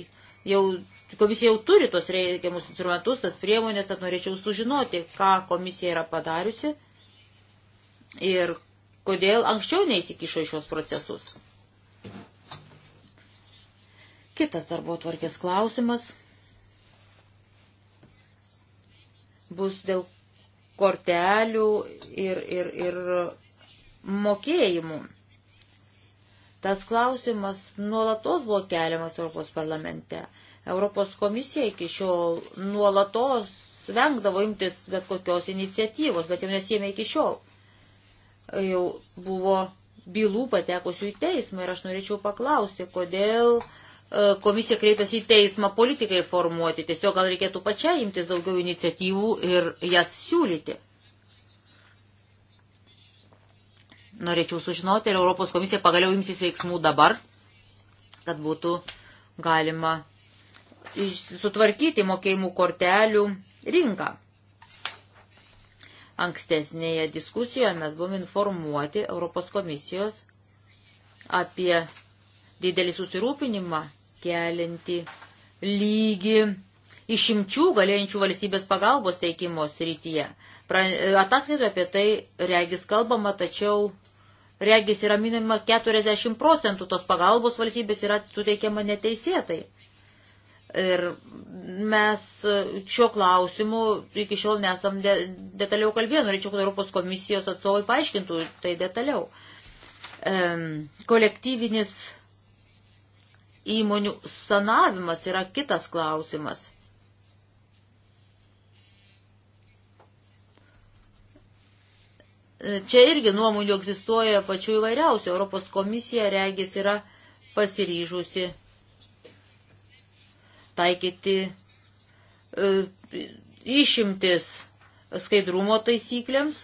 jau, komisija jau turi tos reikiamus instrumentus, tas priemonės, tad norėčiau sužinoti, ką komisija yra padariusi ir kodėl anksčiau neįsikišo į šios procesus. Kitas darbo tvarkės klausimas bus dėl kortelių ir, ir, ir mokėjimų. Tas klausimas nuolatos buvo keliamas Europos parlamente. Europos komisija iki šiol nuolatos vengdavo imtis bet kokios iniciatyvos, bet jau nesėmė iki šiol. Jau buvo bylų patekusių į teismą ir aš norėčiau paklausti, kodėl e, komisija kreipiasi į teismą politikai formuoti. Tiesiog gal reikėtų pačiai imtis daugiau iniciatyvų ir jas siūlyti. norėčiau sužinoti, ar Europos komisija pagaliau imsis veiksmų dabar, kad būtų galima sutvarkyti mokėjimų kortelių rinką. Ankstesnėje diskusijoje mes buvome informuoti Europos komisijos apie didelį susirūpinimą kelinti lygį išimčių galėjančių valstybės pagalbos teikimo srityje. Ataskaitoje apie tai regis kalbama, tačiau regis yra minima 40 procentų tos pagalbos valstybės yra suteikiama neteisėtai. Ir mes šiuo klausimu iki šiol nesam de, detaliau kalbėję, norėčiau, kad Europos komisijos atstovai paaiškintų tai detaliau. E, kolektyvinis įmonių sanavimas yra kitas klausimas. E, čia irgi nuomonių egzistuoja pačių įvairiausių. Europos komisija regis yra pasiryžusi taikyti e, išimtis skaidrumo taisyklėms.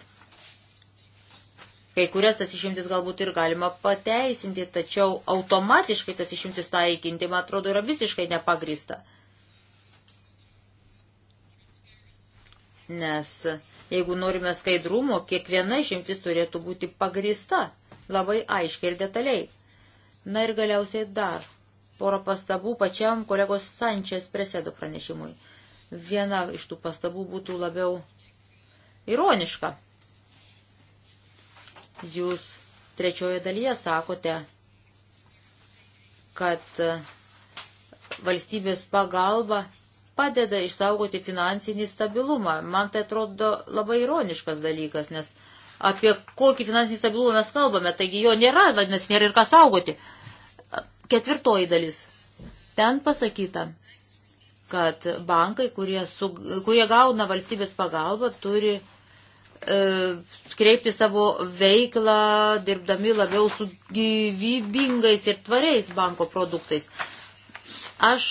Kai kurias tas išimtis galbūt ir galima pateisinti, tačiau automatiškai tas išimtis taikinti, man atrodo, yra visiškai nepagrįsta. Nes uh, Jeigu norime skaidrumo, kiekviena išimtis turėtų būti pagrįsta labai aiškiai ir detaliai. Na ir galiausiai dar porą pastabų pačiam kolegos Sančias presėdo pranešimui. Viena iš tų pastabų būtų labiau ironiška. Jūs trečioje dalyje sakote, kad valstybės pagalba padeda išsaugoti finansinį stabilumą. Man tai atrodo labai ironiškas dalykas, nes apie kokį finansinį stabilumą mes kalbame, taigi jo nėra, vadinasi, nėra ir ką saugoti. Ketvirtoji dalis. Ten pasakyta, kad bankai, kurie, su, kurie gauna valstybės pagalbą, turi e, kreipti savo veiklą, dirbdami labiau su gyvybingais ir tvariais banko produktais. Aš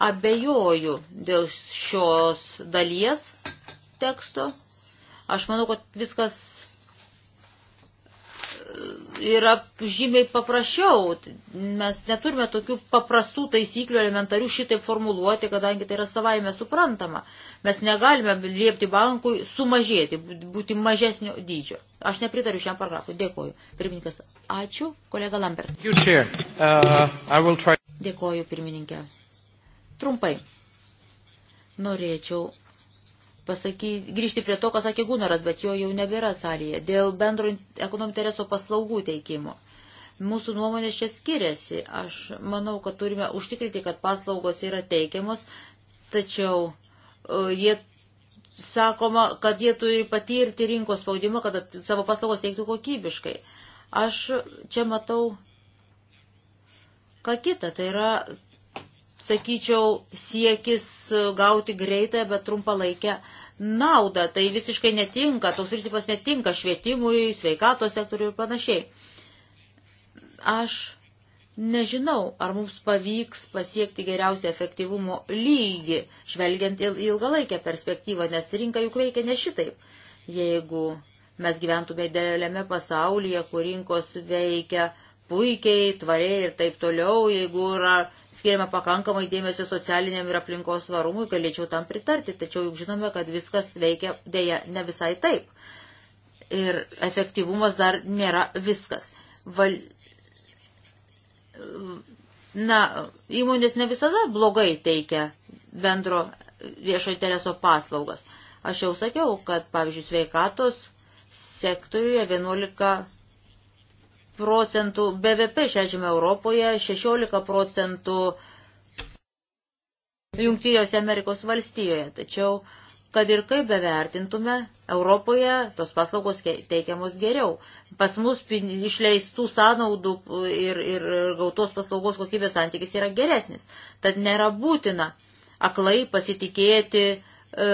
Abejoju dėl šios dalies teksto. Aš manau, kad viskas e, yra žymiai paprasčiau. Mes neturime tokių paprastų taisyklių elementarių šitaip formuluoti, kadangi tai yra savaime suprantama. Mes negalime liepti bankui sumažėti, būti mažesnio dydžio. Aš nepritariu šiam paragrafui. Dėkoju. Pirmininkas, ačiū. Kolega Lambert. Uh, Dėkoju, pirmininkė. Trumpai. Norėčiau pasakyti, grįžti prie to, ką sakė Gunaras, bet jo jau nebėra salėje, dėl bendro ekonominio intereso paslaugų teikimo. Mūsų nuomonės čia skiriasi. Aš manau, kad turime užtikrinti, kad paslaugos yra teikiamos, tačiau e, jie sakoma, kad jie turi patirti rinkos spaudimą, kad savo paslaugos teiktų kokybiškai. Aš čia matau ką kita, tai yra sakyčiau, siekis e, gauti greitą, bet trumpalaikę naudą. Tai visiškai netinka, toks principas netinka švietimui, sveikatos sektoriui ir panašiai. Aš nežinau, ar mums pavyks pasiekti geriausią efektyvumo lygį, žvelgiant į ilgalaikę perspektyvą, nes rinka juk veikia ne šitaip. Jeigu mes gyventume dėlėme pasaulyje, kur rinkos veikia puikiai, tvariai ir taip toliau, jeigu yra skiriame pakankamai dėmesio socialiniam ir aplinkos svarumui, galėčiau tam pritarti, tačiau juk žinome, kad viskas veikia dėja ne visai taip. Ir efektyvumas dar nėra viskas. Val... Na, įmonės ne visada blogai teikia bendro viešo intereso paslaugas. Aš jau sakiau, kad, pavyzdžiui, sveikatos sektoriuje 11 procentų BVP šežime Europoje, 16 procentų Jungtijose Amerikos valstijoje. Tačiau, kad ir kaip bevertintume, Europoje tos paslaugos teikiamos geriau. Pas mus išleistų sąnaudų ir, ir gautos paslaugos kokybės santykis yra geresnis. Tad nėra būtina aklai pasitikėti e,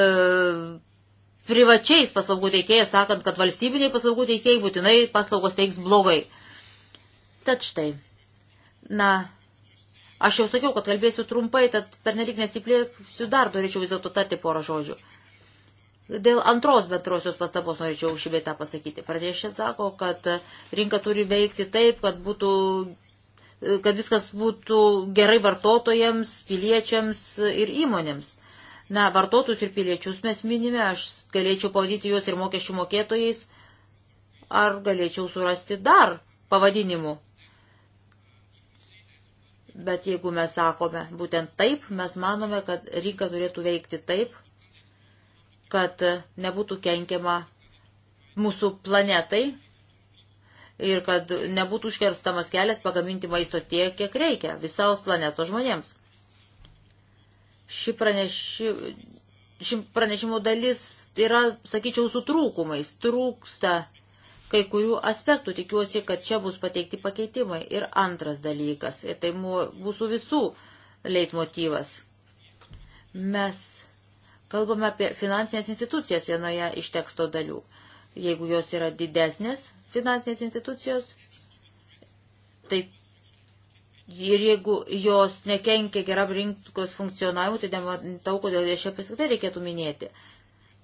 privačiais paslaugų teikėjais, sakant, kad valstybiniai paslaugų teikėjai būtinai paslaugos teiks blogai. Tad štai. Na, aš jau sakiau, kad kalbėsiu trumpai, tad per nelik nesiplėksiu dar, norėčiau vis dėlto tarti porą žodžių. Dėl antros bendrosios pastabos norėčiau šį beitą pasakyti. Pradėšė sako, kad rinka turi veikti taip, kad būtų kad viskas būtų gerai vartotojams, piliečiams ir įmonėms. Na, vartotojus ir piliečius mes minime, aš galėčiau pavadyti juos ir mokesčių mokėtojais, ar galėčiau surasti dar pavadinimų. Bet jeigu mes sakome būtent taip, mes manome, kad rinka turėtų veikti taip, kad nebūtų kenkiama mūsų planetai ir kad nebūtų užkerstamas kelias pagaminti maisto tiek, kiek reikia visaus planetos žmonėms. Ši, praneši, ši pranešimo dalis yra, sakyčiau, su trūkumais. Trūksta kai kurių aspektų. Tikiuosi, kad čia bus pateikti pakeitimai. Ir antras dalykas, ir tai mūsų visų leitmotyvas. Mes kalbame apie finansinės institucijas vienoje iš teksto dalių. Jeigu jos yra didesnės finansinės institucijos, tai ir jeigu jos nekenkia geram rinkos funkcionavimui, tai nematau, kodėl jas čia apskritai reikėtų minėti.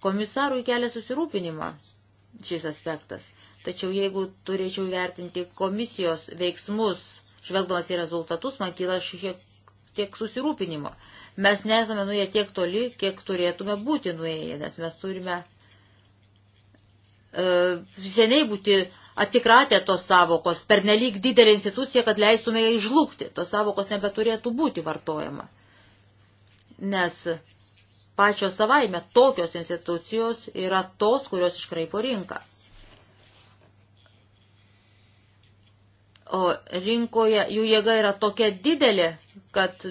Komisarui kelia susirūpinimą šis aspektas. Tačiau jeigu turėčiau vertinti komisijos veiksmus, žvelgdamas į rezultatus, man kyla šiek tiek susirūpinimo. Mes nesame nuėję tiek toli, kiek turėtume būti nuėję, nes mes turime e, seniai būti atsikratę tos savokos, pernelyg didelė institucija, kad leistume ją išlūkti. Tos savokos nebeturėtų būti vartojama. Nes pačios savaime tokios institucijos yra tos, kurios iškraipo rinką. O rinkoje jų jėga yra tokia didelė, kad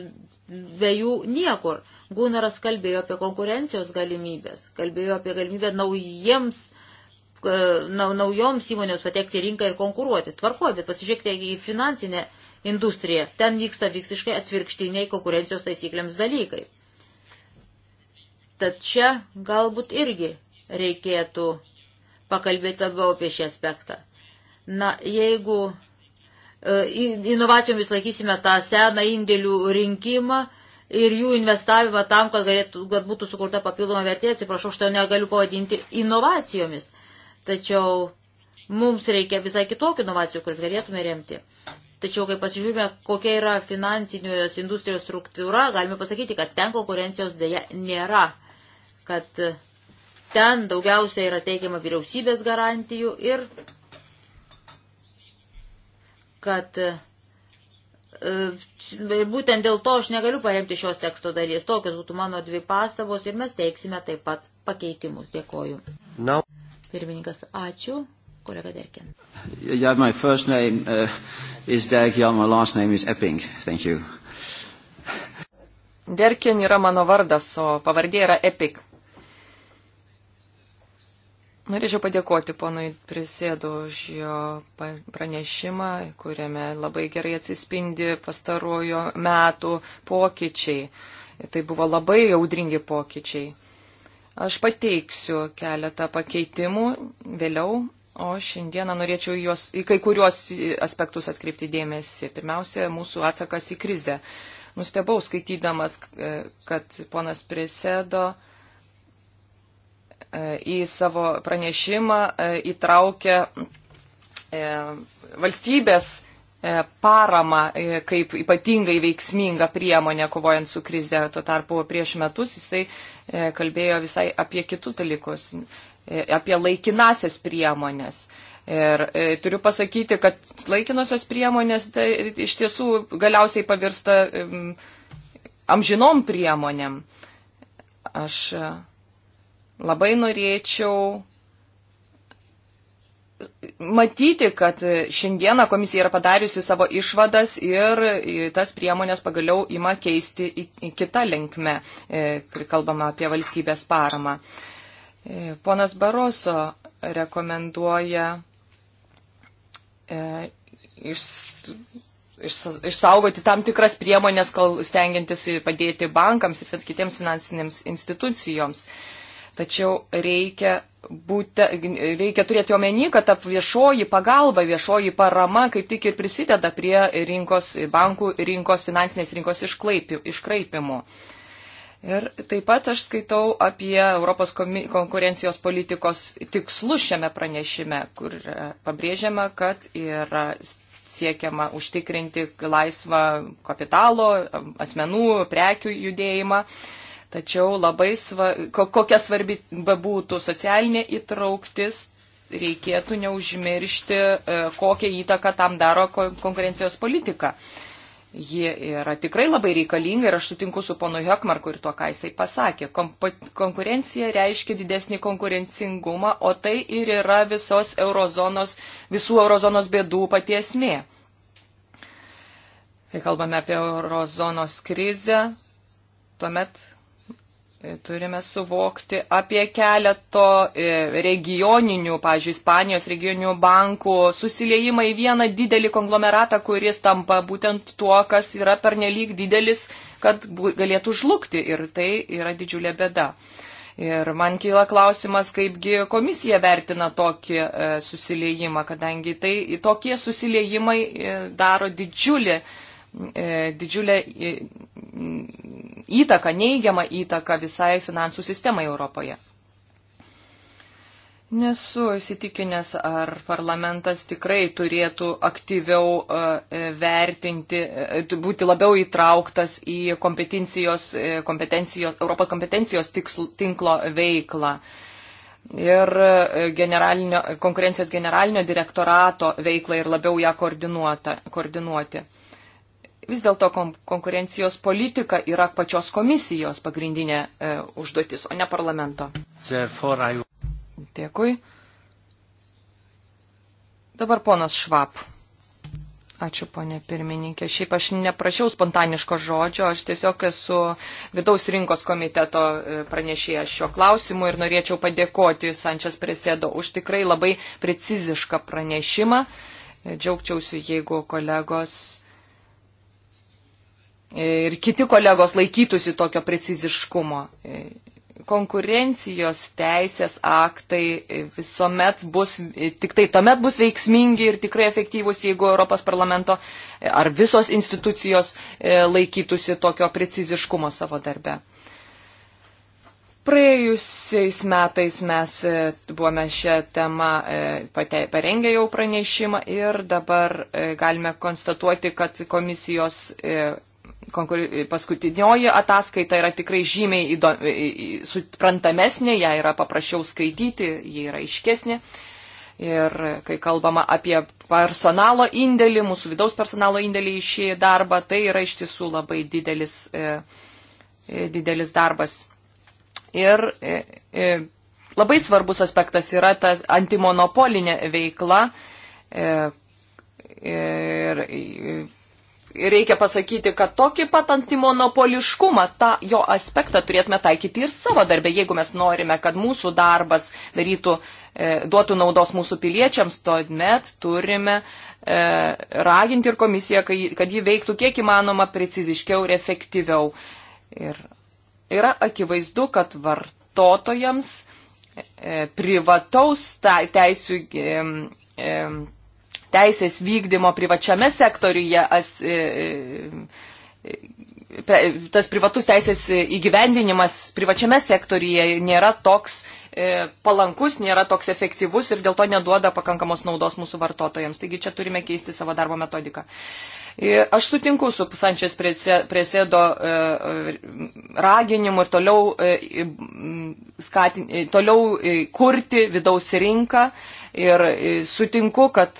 be jų niekur. Gunaras kalbėjo apie konkurencijos galimybės, kalbėjo apie galimybę naujiems, e, na, naujoms įmonėms patekti rinką ir konkuruoti. Tvarkoju, bet pasižiūrėkite į finansinę industriją. Ten vyksta visiškai atvirkštiniai konkurencijos taisyklėms dalykai. Tad čia galbūt irgi reikėtų pakalbėti labiau apie šį aspektą. Na, jeigu e, inovacijomis laikysime tą seną indėlių rinkimą ir jų investavimą tam, kad, galėtų, kad būtų sukurta papildoma vertė, atsiprašau, aš to negaliu pavadinti inovacijomis. Tačiau mums reikia visai kitokių inovacijų, kurias galėtume remti. Tačiau, kai pasižiūrime, kokia yra finansinės industrijos struktūra, galime pasakyti, kad ten konkurencijos dėja nėra kad ten daugiausia yra teikiama vyriausybės garantijų ir kad e, būtent dėl to aš negaliu paremti šios teksto dalies. Tokios būtų mano dvi pastabos ir mes teiksime taip pat pakeitimus. Dėkoju. No. Pirmininkas, ačiū. Kolega Derkin. Yeah, my first name uh, is Derkin, my last name is Epping. Thank you. Derkin yra mano vardas, o pavardė yra Epic. Norėčiau padėkoti ponui Prisėdu už jo pranešimą, kuriame labai gerai atsispindi pastarojo metų pokyčiai. Tai buvo labai audringi pokyčiai. Aš pateiksiu keletą pakeitimų vėliau, o šiandieną norėčiau juos, į kai kuriuos aspektus atkreipti dėmesį. Pirmiausia, mūsų atsakas į krizę. Nustebau skaitydamas, e, kad ponas Prisėdo. E, E, į savo pranešimą e, įtraukia e, valstybės paramą kaip ypatingai veiksmingą priemonę kovojant su krize. Tuo tarpu prieš metus jisai kalbėjo visai apie kitus dalykus, apie laikinasias priemonės. Ir turiu pasakyti, kad laikinosios priemonės tai iš tiesų galiausiai pavirsta amžinom priemonėm. Aš Labai norėčiau matyti, kad šiandieną komisija yra padariusi savo išvadas ir tas priemonės pagaliau ima keisti į kitą linkmę, e, kai kalbama apie valstybės paramą. E, ponas Baroso rekomenduoja e, iš, iš, išsaugoti tam tikras priemonės, kol stengiantis padėti bankams ir kitiems finansinėms institucijoms. E, Tačiau reikia, būte, reikia turėti omeny, kad ta viešoji pagalba, viešoji parama kaip tik ir prisideda prie rinkos, bankų rinkos, finansinės rinkos iškraipimų. Ir taip pat aš skaitau apie Europos konkurencijos politikos tikslus šiame pranešime, kur pabrėžiama, kad yra siekiama užtikrinti laisvą kapitalo, asmenų, prekių judėjimą. Uh, Tačiau labai sva, kokia svarbi bebūtų socialinė įtrauktis, reikėtų neužmiršti, e, kokią įtaką tam daro konkurencijos politika. Ji yra tikrai labai reikalinga ir aš sutinku su ponu Hekmarku ir tuo, ką jisai pasakė. Konkurencija reiškia didesnį konkurencingumą, o tai ir yra visos eurozonos, visų eurozonos bėdų patiesmė. Kai kalbame apie eurozonos krizę, tuomet turime suvokti apie keleto e, regioninių, pavyzdžiui, Ispanijos regioninių bankų susiliejimą į vieną didelį konglomeratą, kuris tampa būtent tuo, kas yra pernelyg didelis, kad galėtų žlugti. Ir tai yra didžiulė bėda. Ir man kyla klausimas, kaipgi komisija vertina tokį e, susiliejimą, kadangi tai, tokie susiliejimai e, daro didžiulį E, didžiulę e, įtaką, neigiamą įtaką visai finansų sistemai Europoje. Nesu įsitikinęs, ar parlamentas tikrai turėtų aktyviau e, vertinti, būti labiau įtrauktas į kompetencijos, kompetencijos, Europos kompetencijos tiksl, tinklo veiklą ir generalinio, konkurencijos generalinio direktorato veiklą ir labiau ją koordinuoti vis dėlto konkurencijos politika yra pačios komisijos pagrindinė e, užduotis, o ne parlamento. Dėkui. Dabar ponas Švap. Ačiū, ponė pirmininkė. Šiaip aš neprašiau spontaniško žodžio, aš tiesiog esu vidaus rinkos komiteto e, pranešėjas šio klausimu ir norėčiau padėkoti Sančias Presėdo už tikrai labai precizišką pranešimą. E, džiaugčiausi, jeigu kolegos ir kiti kolegos laikytųsi tokio preciziškumo. Konkurencijos teisės aktai visuomet bus, tik tai tuomet bus veiksmingi ir tikrai efektyvus, jeigu Europos parlamento ar visos institucijos e, laikytųsi tokio preciziškumo savo darbe. Praėjusiais metais mes e, buvome šią temą e, parengę jau pranešimą ir dabar galime konstatuoti, kad komisijos paskutinioji ataskaita yra tikrai žymiai įdo, suprantamesnė, ją yra paprasčiau skaityti, ji yra iškesnė. Ir kai kalbama apie personalo indėlį, mūsų vidaus personalo indėlį į šį darbą, tai yra iš tiesų labai didelis, e, e didelis darbas. Ir e, e, labai svarbus aspektas yra ta antimonopolinė veikla. E, ir, e, reikia pasakyti, kad tokį pat antimonopoliškumą, tą jo aspektą turėtume taikyti ir savo darbę, jeigu mes norime, kad mūsų darbas darytų, e, duotų naudos mūsų piliečiams, tuomet turime e, raginti ir komisiją, kad ji veiktų kiek įmanoma preciziškiau ir efektyviau. Ir yra akivaizdu, kad vartotojams e, privataus tai, teisų. E, e, teisės vykdymo privačiame sektoriuje, as, e, e, tas privatus teisės įgyvendinimas privačiame sektoriuje nėra toks e, palankus, nėra toks efektyvus ir dėl to neduoda pakankamos naudos mūsų vartotojams. Taigi čia turime keisti savo darbo metodiką. E, aš sutinku su Sančias Presėdo e, e, raginimu ir toliau, skatin, toliau kurti vidaus rinką ir sutinku, kad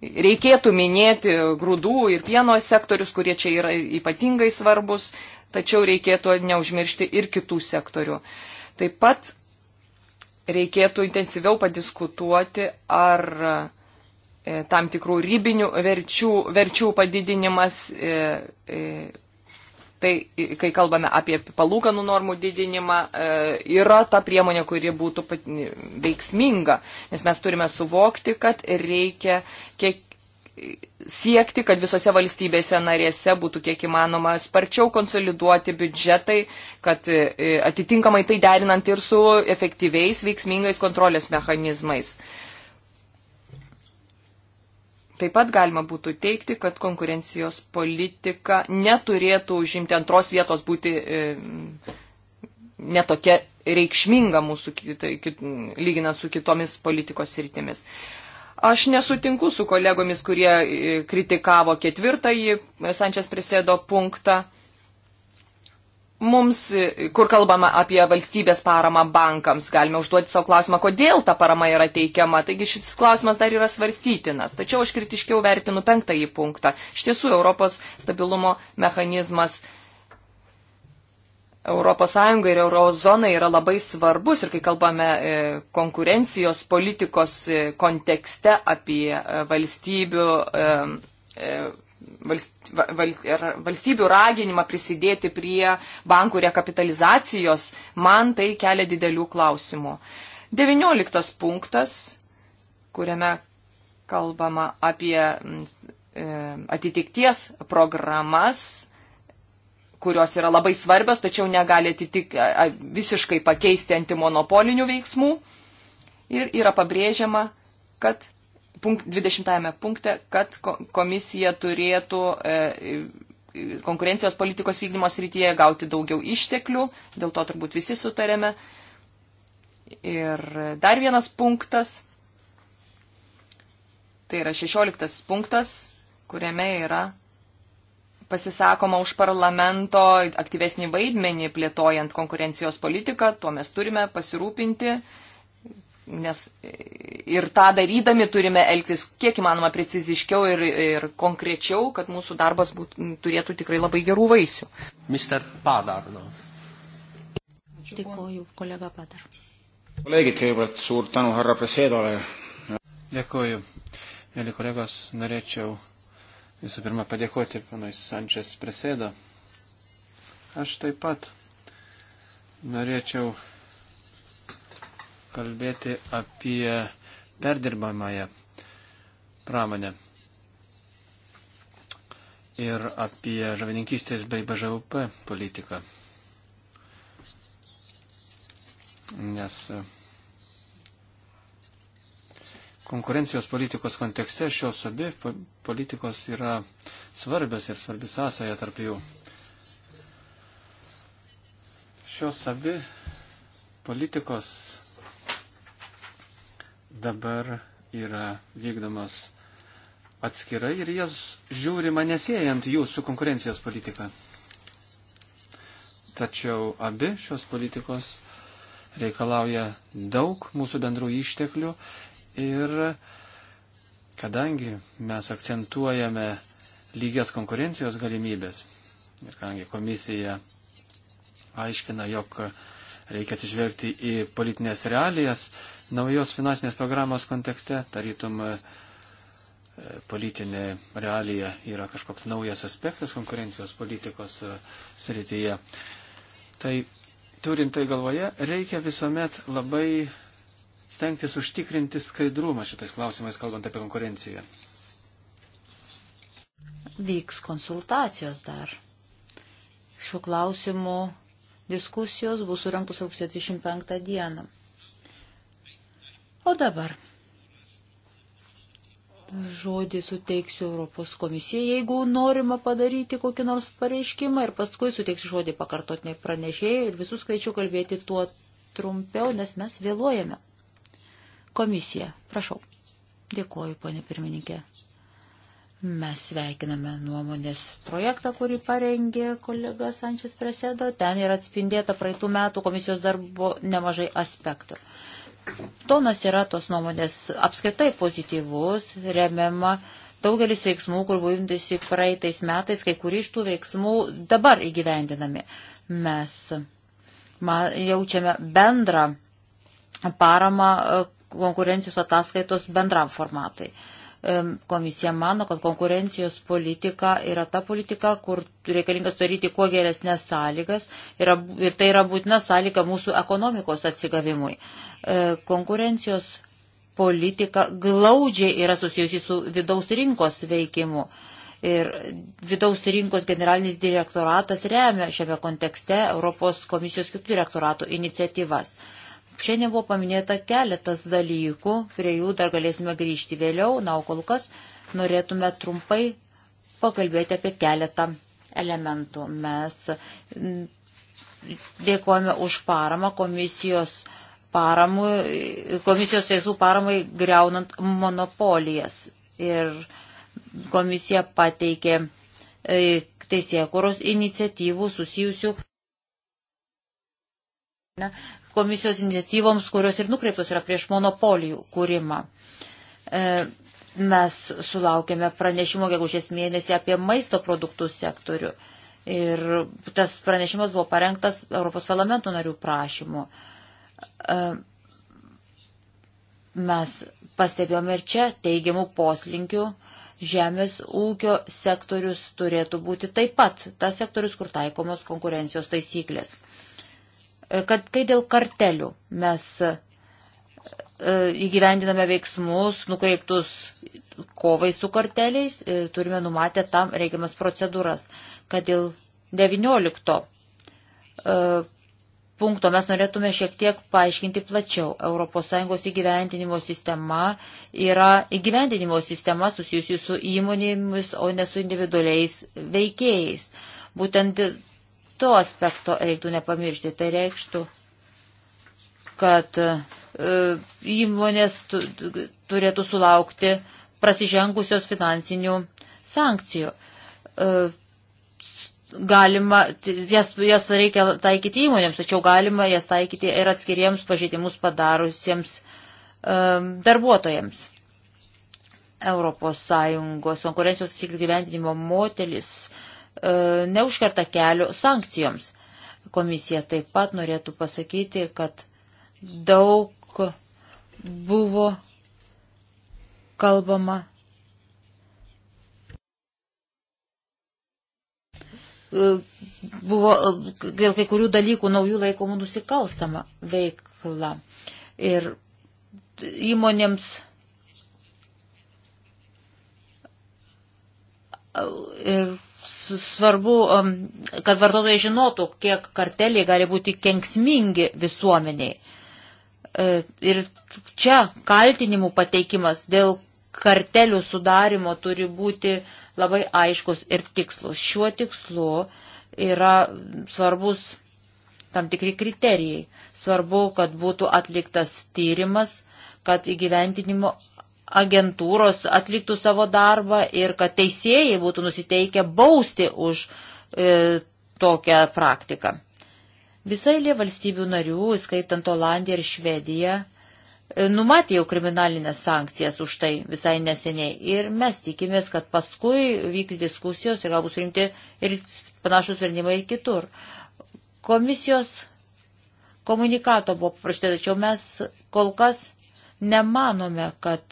reikėtų minėti grūdų ir pieno sektorius, kurie čia yra ypatingai svarbus, tačiau reikėtų neužmiršti ir kitų sektorių. Taip pat reikėtų intensyviau padiskutuoti, ar E, tam tikrų ribinių verčių, verčių padidinimas, e, e, tai kai kalbame apie palūkanų normų didinimą, yra ta priemonė, kuri būtų veiksminga, nes mes turime suvokti, kad reikia kiek siekti, kad visose valstybėse narėse būtų kiek įmanoma sparčiau konsoliduoti biudžetai, kad atitinkamai tai derinant ir su efektyviais, veiksmingais kontrolės mechanizmais. Taip pat galima būtų teikti, kad konkurencijos politika neturėtų užimti antros vietos būti e, netokia reikšminga mūsų kita, kit, lyginant su kitomis politikos sritimis. Aš nesutinku su kolegomis, kurie e, kritikavo ketvirtąjį Sančias prisėdo punktą mums, e, kur kalbama apie valstybės paramą bankams, galime užduoti savo klausimą, kodėl ta parama yra teikiama. Taigi šis klausimas dar yra svarstytinas. Tačiau aš kritiškiau vertinu penktąjį punktą. Iš tiesų, Europos stabilumo mechanizmas. Europos Sąjunga ir eurozona yra labai svarbus ir kai kalbame e, konkurencijos politikos e, kontekste apie valstybių valstybių raginimą prisidėti prie bankų rekapitalizacijos, man tai kelia didelių klausimų. 19 punktas, kuriame kalbama apie mm, e, atitikties programas, kurios yra labai svarbios, tačiau negali atitik, visiškai pakeisti antimonopolinių veiksmų. Ir yra pabrėžiama, kad punkt, 20 punkte, kad komisija turėtų e, konkurencijos politikos vykdymo srityje gauti daugiau išteklių, dėl to turbūt visi sutarėme. Ir dar vienas punktas, tai yra 16 punktas, kuriame yra pasisakoma už parlamento aktyvesnį vaidmenį plėtojant konkurencijos politiką, tuo mes turime pasirūpinti, Nes ir tą darydami turime elgtis kiek įmanoma preciziškiau ir, ir konkrečiau, kad mūsų darbas būt, turėtų tikrai labai gerų vaisių. Mr. Padarno. Dėkuoju, kolega Padar. Kolegit, kõigepealt suur tänu härra Presedole. Dėkuoju. Mėly kolegos, norėčiau visų pirma padėkoti panai Sančias Presedo. Aš taip pat norėčiau kalbėti apie perdirbamąją pramonę ir apie žavininkystės bei BŽUP politiką. Nes konkurencijos politikos kontekste šios abi politikos yra svarbios ir svarbi sąsaja tarp jų. Šios abi politikos dabar yra vykdomas atskirai ir jas žiūrima nesėjant jų su konkurencijos politika. Tačiau abi šios politikos reikalauja daug mūsų bendrų išteklių ir kadangi mes akcentuojame lygias konkurencijos galimybės ir kadangi komisija aiškina, jog Reikia atsižvelgti į politinės realijas naujos finansinės programos kontekste. Tarytum e, politinė realija yra kažkoks naujas aspektas konkurencijos politikos e, srityje. Tai turint tai galvoje, reikia visuomet labai stengtis užtikrinti skaidrumą šitais klausimais, kalbant apie konkurenciją. Vyks konsultacijos dar. Šiuo klausimu Diskusijos bus surinktos rugsėjo 25 dieną. O dabar žodį suteiksiu Europos komisijai, jeigu norima padaryti kokį nors pareiškimą ir paskui suteiksiu žodį pakartotiniai pranešėjai ir visus kviečiu kalbėti tuo trumpiau, nes mes vėluojame. Komisija, prašau. Dėkuoju, ponė pirmininkė. Mes sveikiname nuomonės projektą, kurį parengė kolega Sančias Presedo. Ten yra atspindėta praeitų metų komisijos darbo nemažai aspektų. Tonas yra tos nuomonės apskaitai pozityvus, remiama daugelis veiksmų, kur buvo imtasi praeitais metais, kai kurie iš tų veiksmų dabar įgyvendinami. Mes jaučiame bendrą paramą e, konkurencijos ataskaitos bendram formatui. Uh, Komisija mano, kad konkurencijos politika yra ta politika, kur reikalinga sudaryti kuo geresnės sąlygas yra, ir tai yra būtina sąlyga mūsų ekonomikos atsigavimui. E, konkurencijos politika glaudžiai yra susijusi su vidaus rinkos veikimu. Ir vidaus rinkos generalinis direktoratas remia šiame kontekste Europos komisijos kitų direktoratų iniciatyvas. Šiandien buvo paminėta keletas dalykų, prie jų dar galėsime grįžti vėliau, na, o kol kas norėtume trumpai pakalbėti apie keletą elementų. Mes mm, dėkojame už paramą komisijos, paramų, komisijos veiksmų paramai greunant monopolijas. Ir komisija pateikė e, teisėkuros iniciatyvų susijusių komisijos iniciatyvoms, kurios ir nukreiptos yra prieš monopolijų kūrimą. E, mes sulaukėme pranešimo gegužės mėnesį apie maisto produktų sektorių. Ir tas pranešimas buvo parengtas Europos parlamento narių prašymu. E, mes pastebėjome ir čia teigiamų poslinkių žemės ūkio sektorius turėtų būti taip pat tas sektorius, kur taikomos konkurencijos taisyklės kad kai dėl kartelių mes e, e, įgyvendiname veiksmus nukreiptus kovai su karteliais, e, turime numatę tam reikiamas procedūras, kad dėl 19 punkto mes norėtume šiek tiek paaiškinti plačiau. ES įgyvendinimo sistema yra įgyvendinimo sistema susijusi su įmonėmis, o ne su individualiais veikėjais. Būtent To aspekto reiktų nepamiršti. Tai reikštų, kad e, įmonės turėtų sulaukti prasižengusios finansinių sankcijų. E, galima, jas, jas reikia taikyti įmonėms, tačiau galima jas taikyti ir atskiriems pažeidimus padarusiems e, darbuotojams. Europos Sąjungos konkurencijos įsigyvendinimo modelis uh, E, neužkerta kelio sankcijoms. Komisija taip pat norėtų pasakyti, kad daug buvo kalbama. E, buvo dėl e, kai kurių dalykų naujų laikomų nusikalstama veikla. Ir įmonėms ir svarbu, um, kad vartotojai žinotų, kiek karteliai gali būti kenksmingi visuomeniai. E, ir čia kaltinimų pateikimas dėl kartelių sudarimo turi būti labai aiškus ir tikslus. Šiuo tikslu yra svarbus tam tikri kriterijai. Svarbu, kad būtų atliktas tyrimas, kad įgyventinimo agentūros atliktų savo darbą ir kad teisėjai būtų nusiteikę bausti už e, tokią praktiką. Visai lie valstybių narių, skaitant Olandiją ir Švediją, e, numatė jau kriminalinės sankcijas už tai visai neseniai. Ir mes tikimės, kad paskui vykti diskusijos ir galbūt rimti ir panašus sprendimai ir kitur. Komisijos komunikato buvo paprašyta, tačiau mes kol kas Nemanome, kad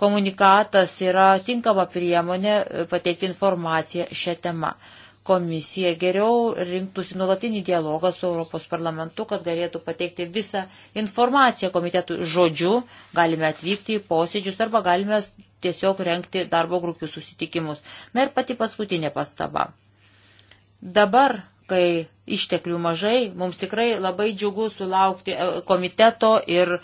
komunikatas yra tinkama priemonė pateikti informaciją šią temą. Komisija geriau rinktųsi nuolatinį dialogą su Europos parlamentu, kad galėtų pateikti visą informaciją komitetų žodžiu. Galime atvykti į posėdžius arba galime tiesiog renkti darbo grupių susitikimus. Na ir pati paskutinė pastaba. Dabar kai išteklių mažai, mums tikrai labai džiugu sulaukti e, komiteto ir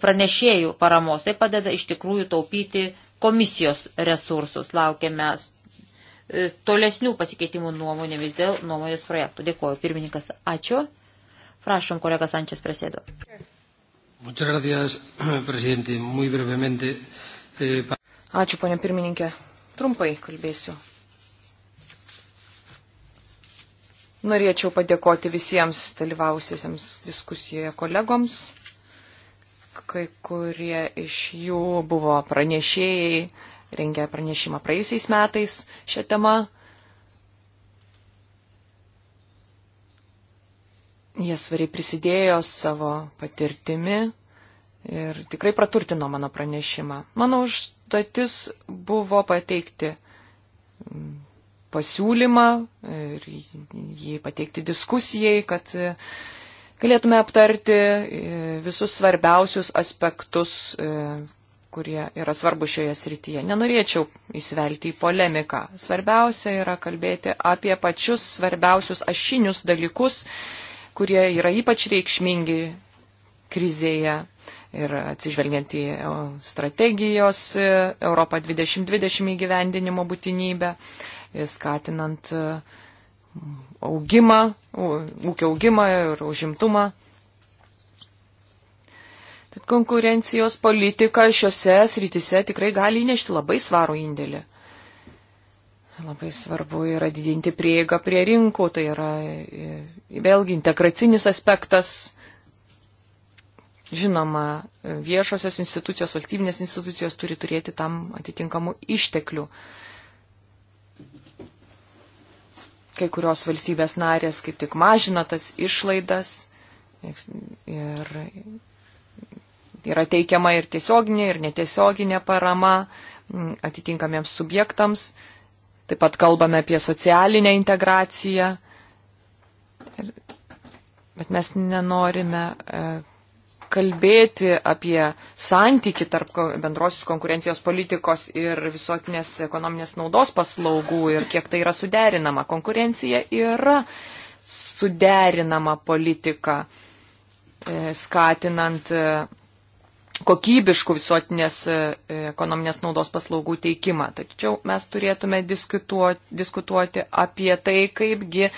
pranešėjų paramos. Tai padeda iš tikrųjų taupyti komisijos resursus. Laukiame e, tolesnių pasikeitimų nuomonėmis dėl nuomonės projektų. Dėkuoju, pirmininkas. Ačiū. Prašom, kolega Sančias prasėdo. *clears throat* Eh, Ačiū, ponė pirmininkė. Trumpai kalbėsiu. Norėčiau padėkoti visiems dalyvausiesiems diskusijoje kolegoms kai kurie iš jų buvo pranešėjai, rengė pranešimą praėjusiais metais šią temą. Jie svariai prisidėjo savo patirtimi ir tikrai praturtino mano pranešimą. Mano užduotis buvo pateikti mm, pasiūlymą ir jį pateikti diskusijai, kad galėtume aptarti e, visus svarbiausius aspektus, e, kurie yra svarbu šioje srityje. Nenorėčiau įsivelti į polemiką. Svarbiausia yra kalbėti apie pačius svarbiausius ašinius dalykus, kurie yra ypač reikšmingi krizėje ir atsižvelgiant į e, strategijos Europą 2020 įgyvendinimo būtinybę, skatinant augimą, ūkio augimą ir užimtumą. Tad konkurencijos politika šiuose srityse tikrai gali įnešti labai svarų indėlį. Labai svarbu yra didinti prieigą prie rinkų, tai yra e, vėlgi integracinis aspektas. Žinoma, viešosios institucijos, valstybinės institucijos turi turėti tam atitinkamų išteklių. Uh, Kai kurios valstybės narės kaip tik mažina tas išlaidas ir yra teikiama ir tiesioginė, ir netiesioginė parama mm, atitinkamiems subjektams. Taip pat kalbame apie socialinę integraciją. Bet mes nenorime e, kalbėti apie santyki tarp bendrosios konkurencijos politikos ir visuotinės ekonominės naudos paslaugų ir kiek tai yra suderinama. Konkurencija yra suderinama politika, e, skatinant e, kokybiškų visuotinės e, ekonominės naudos paslaugų teikimą. Tačiau mes turėtume diskutuoti, diskutuoti apie tai, kaipgi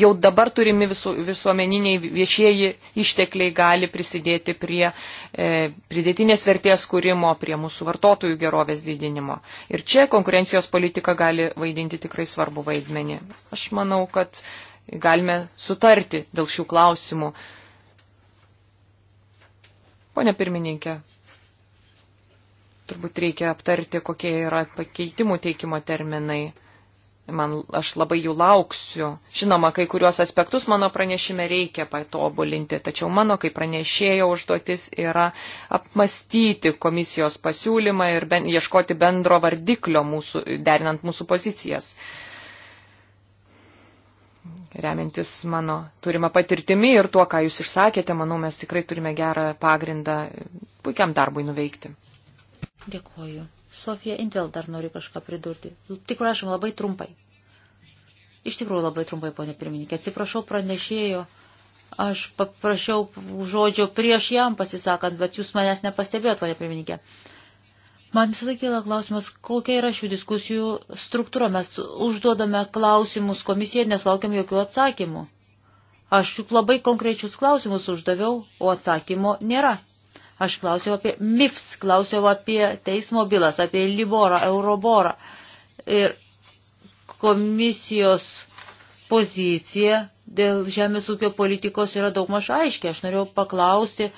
jau dabar turimi visu, visuomeniniai viešieji ištekliai gali prisidėti prie e, pridėtinės vertės kūrimo, prie mūsų vartotojų gerovės didinimo. Ir čia konkurencijos politika gali vaidinti tikrai svarbu vaidmenį. Aš manau, kad galime sutarti dėl šių klausimų. Pone pirmininkė, turbūt reikia aptarti, kokie yra pakeitimų teikimo terminai. Man, aš labai jų lauksiu. Žinoma, kai kuriuos aspektus mano pranešime reikia patobulinti, tačiau mano, kaip pranešėjo užduotis, yra apmastyti komisijos pasiūlymą ir ben, ieškoti bendro vardiklio mūsų, derinant mūsų pozicijas. Uh, remiantis mano turima patirtimi ir tuo, ką jūs išsakėte, manau, mes tikrai turime gerą pagrindą puikiam darbui nuveikti. Dėkuoju. Sofija Intel dar nori kažką pridurti. Tik prašom labai trumpai. Iš tikrųjų labai trumpai, ponė pirmininkė. Atsiprašau pranešėjo. Aš paprašiau žodžio prieš jam pasisakant, bet jūs manęs nepastebėjot, ponė pirmininkė. Uh, Man visada kyla klausimas, kokia yra šių diskusijų struktūra. Mes užduodame klausimus komisijai, neslaukiam jokių atsakymų. Aš juk labai konkrečius klausimus uždaviau, o atsakymo nėra. Aš klausiau apie MIFS, klausiau apie teismo bylas, apie Liborą, Euroborą. Ir komisijos pozicija dėl žemės ūkio politikos yra daug maž aiškiai. Aš norėjau paklausti,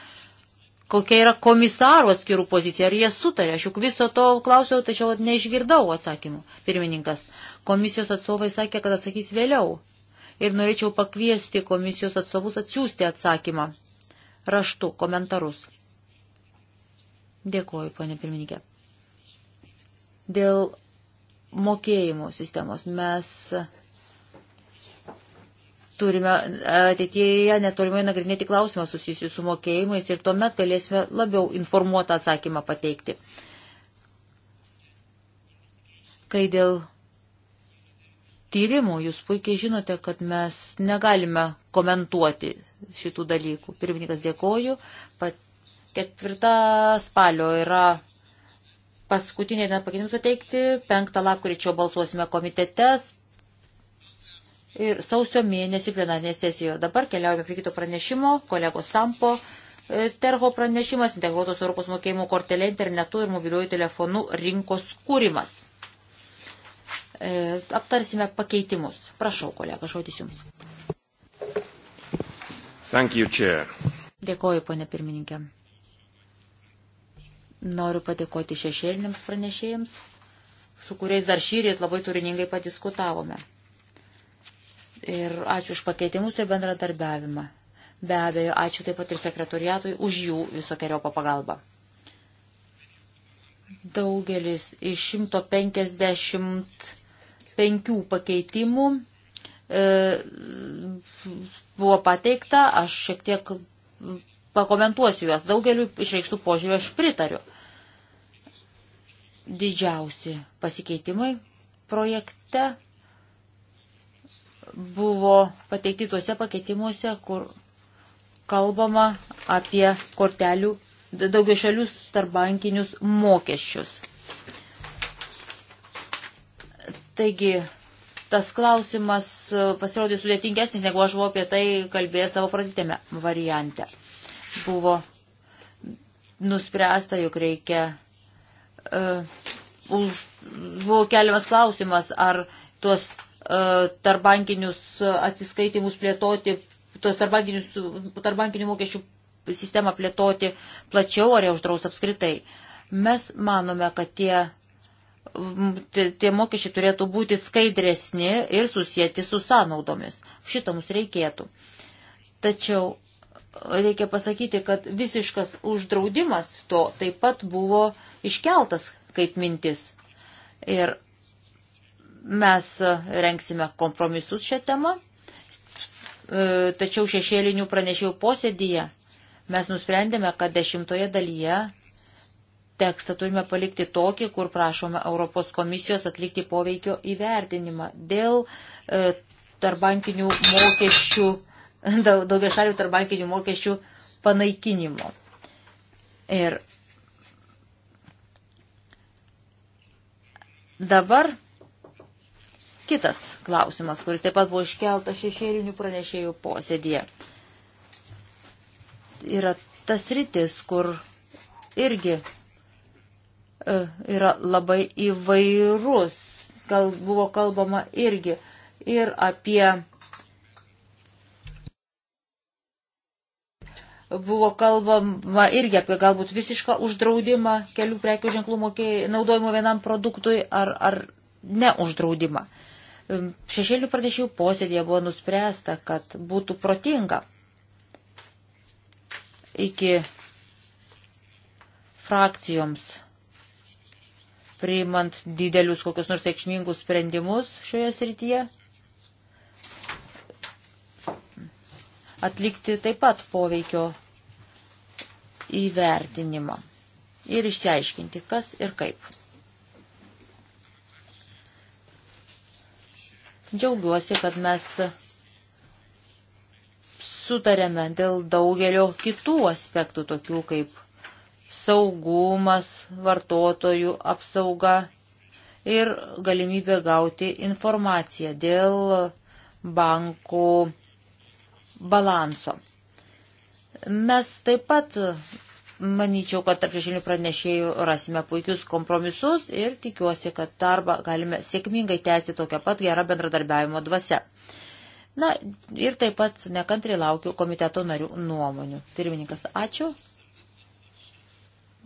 kokia yra komisarų atskirų pozicija, ar jie sutarė. Aš juk viso to klausiau, tačiau neišgirdau atsakymų. Pirmininkas, komisijos atstovai sakė, kad atsakys vėliau. Ir norėčiau pakviesti komisijos atstovus atsiųsti atsakymą raštu, komentarus. Dėkuoju, ponė pirmininkė. Dėl mokėjimo sistemos mes turime ateityje netolimai nagrinėti klausimą susijusiu su mokėjimais ir tuomet galėsime labiau informuotą atsakymą pateikti. Kai dėl tyrimų jūs puikiai žinote, kad mes negalime komentuoti šitų dalykų. Pirmininkas dėkoju. Pat ketvirta spalio yra paskutinė diena pakeitimus ateikti, penktą lapkričio balsuosime komitetes, ir sausio mėnesį plenarinėje sesijoje. Dabar keliaujame prie kito pranešimo, kolegos Sampo. E, Terho pranešimas, integruotos Europos mokėjimo kortelė internetu ir mobiliuoju telefonu rinkos kūrimas. E, aptarsime pakeitimus. Prašau, kolega, žodis jums. Thank you, chair. Dėkoju, ponė pirmininkė. Noriu padėkoti šešėliniams pranešėjams, su kuriais dar šį rytą labai turiningai padiskutavome. Ir ačiū už pakeitimus ir bendradarbiavimą. Be abejo, ačiū taip pat ir sekretoriatui už jų visokiojo pagalbą. Daugelis iš 155 pakeitimų e, buvo pateikta, aš šiek tiek pakomentuosiu juos. Daugeliu išreikštų požiūrių aš pritariu. Didžiausi pasikeitimai projekte buvo pateikti tuose pakeitimuose, kur kalbama apie kortelių daugia šalius tarbankinius mokesčius. Taigi, tas klausimas pasirodė sudėtingesnis, negu aš buvau apie tai kalbėjęs savo pradėtėme variante. Buvo nuspręsta, jog reikia. Uh, už, buvo keliamas klausimas, ar tuos E, tarbankinius atsiskaitimus plėtoti, tos tarbankinių mokesčių sistemą plėtoti plačiau ar ją uždraus apskritai. Mes manome, kad tie, tie mokesčiai turėtų būti skaidresni ir susijęti su sąnaudomis. Šito mums reikėtų. Tačiau reikia pasakyti, kad visiškas uždraudimas to taip pat buvo iškeltas kaip mintis. Ir Mes renksime kompromisus šią temą, e, tačiau šešėlinių pranešėjų posėdyje mes nusprendėme, kad dešimtoje dalyje tekstą turime palikti tokį, kur prašome Europos komisijos atlikti poveikio įvertinimą dėl e, tarbankinių mokesčių, *laughs* daugia šalių tarbankinių mokesčių panaikinimo. Ir dabar kitas klausimas, kuris taip pat buvo iškeltas šešėlinių pranešėjų posėdėje. Yra tas rytis, kur irgi e, yra labai įvairus, gal buvo kalbama irgi ir apie buvo kalbama irgi apie galbūt visišką uždraudimą kelių prekių ženklų mokėjai, naudojimo vienam produktui ar, ar neuždraudimą. Šešėlių pranešėjų posėdėje buvo nuspręsta, kad būtų protinga iki frakcijoms priimant didelius kokius nors reikšmingus sprendimus šioje srityje, atlikti taip pat poveikio įvertinimą ir išsiaiškinti, kas ir kaip. Džiaugiuosi, kad mes sutarėme dėl daugelio kitų aspektų, tokių kaip saugumas, vartotojų apsauga ir galimybė gauti informaciją dėl bankų balanso. Mes taip pat Manyčiau, kad tarp šešinių pranešėjų rasime puikius kompromisus ir tikiuosi, kad darbą galime sėkmingai tęsti tokią pat gerą bendradarbiavimo dvasę. Na ir taip pat nekantriai laukiu komiteto narių nuomonių. Pirmininkas, ačiū.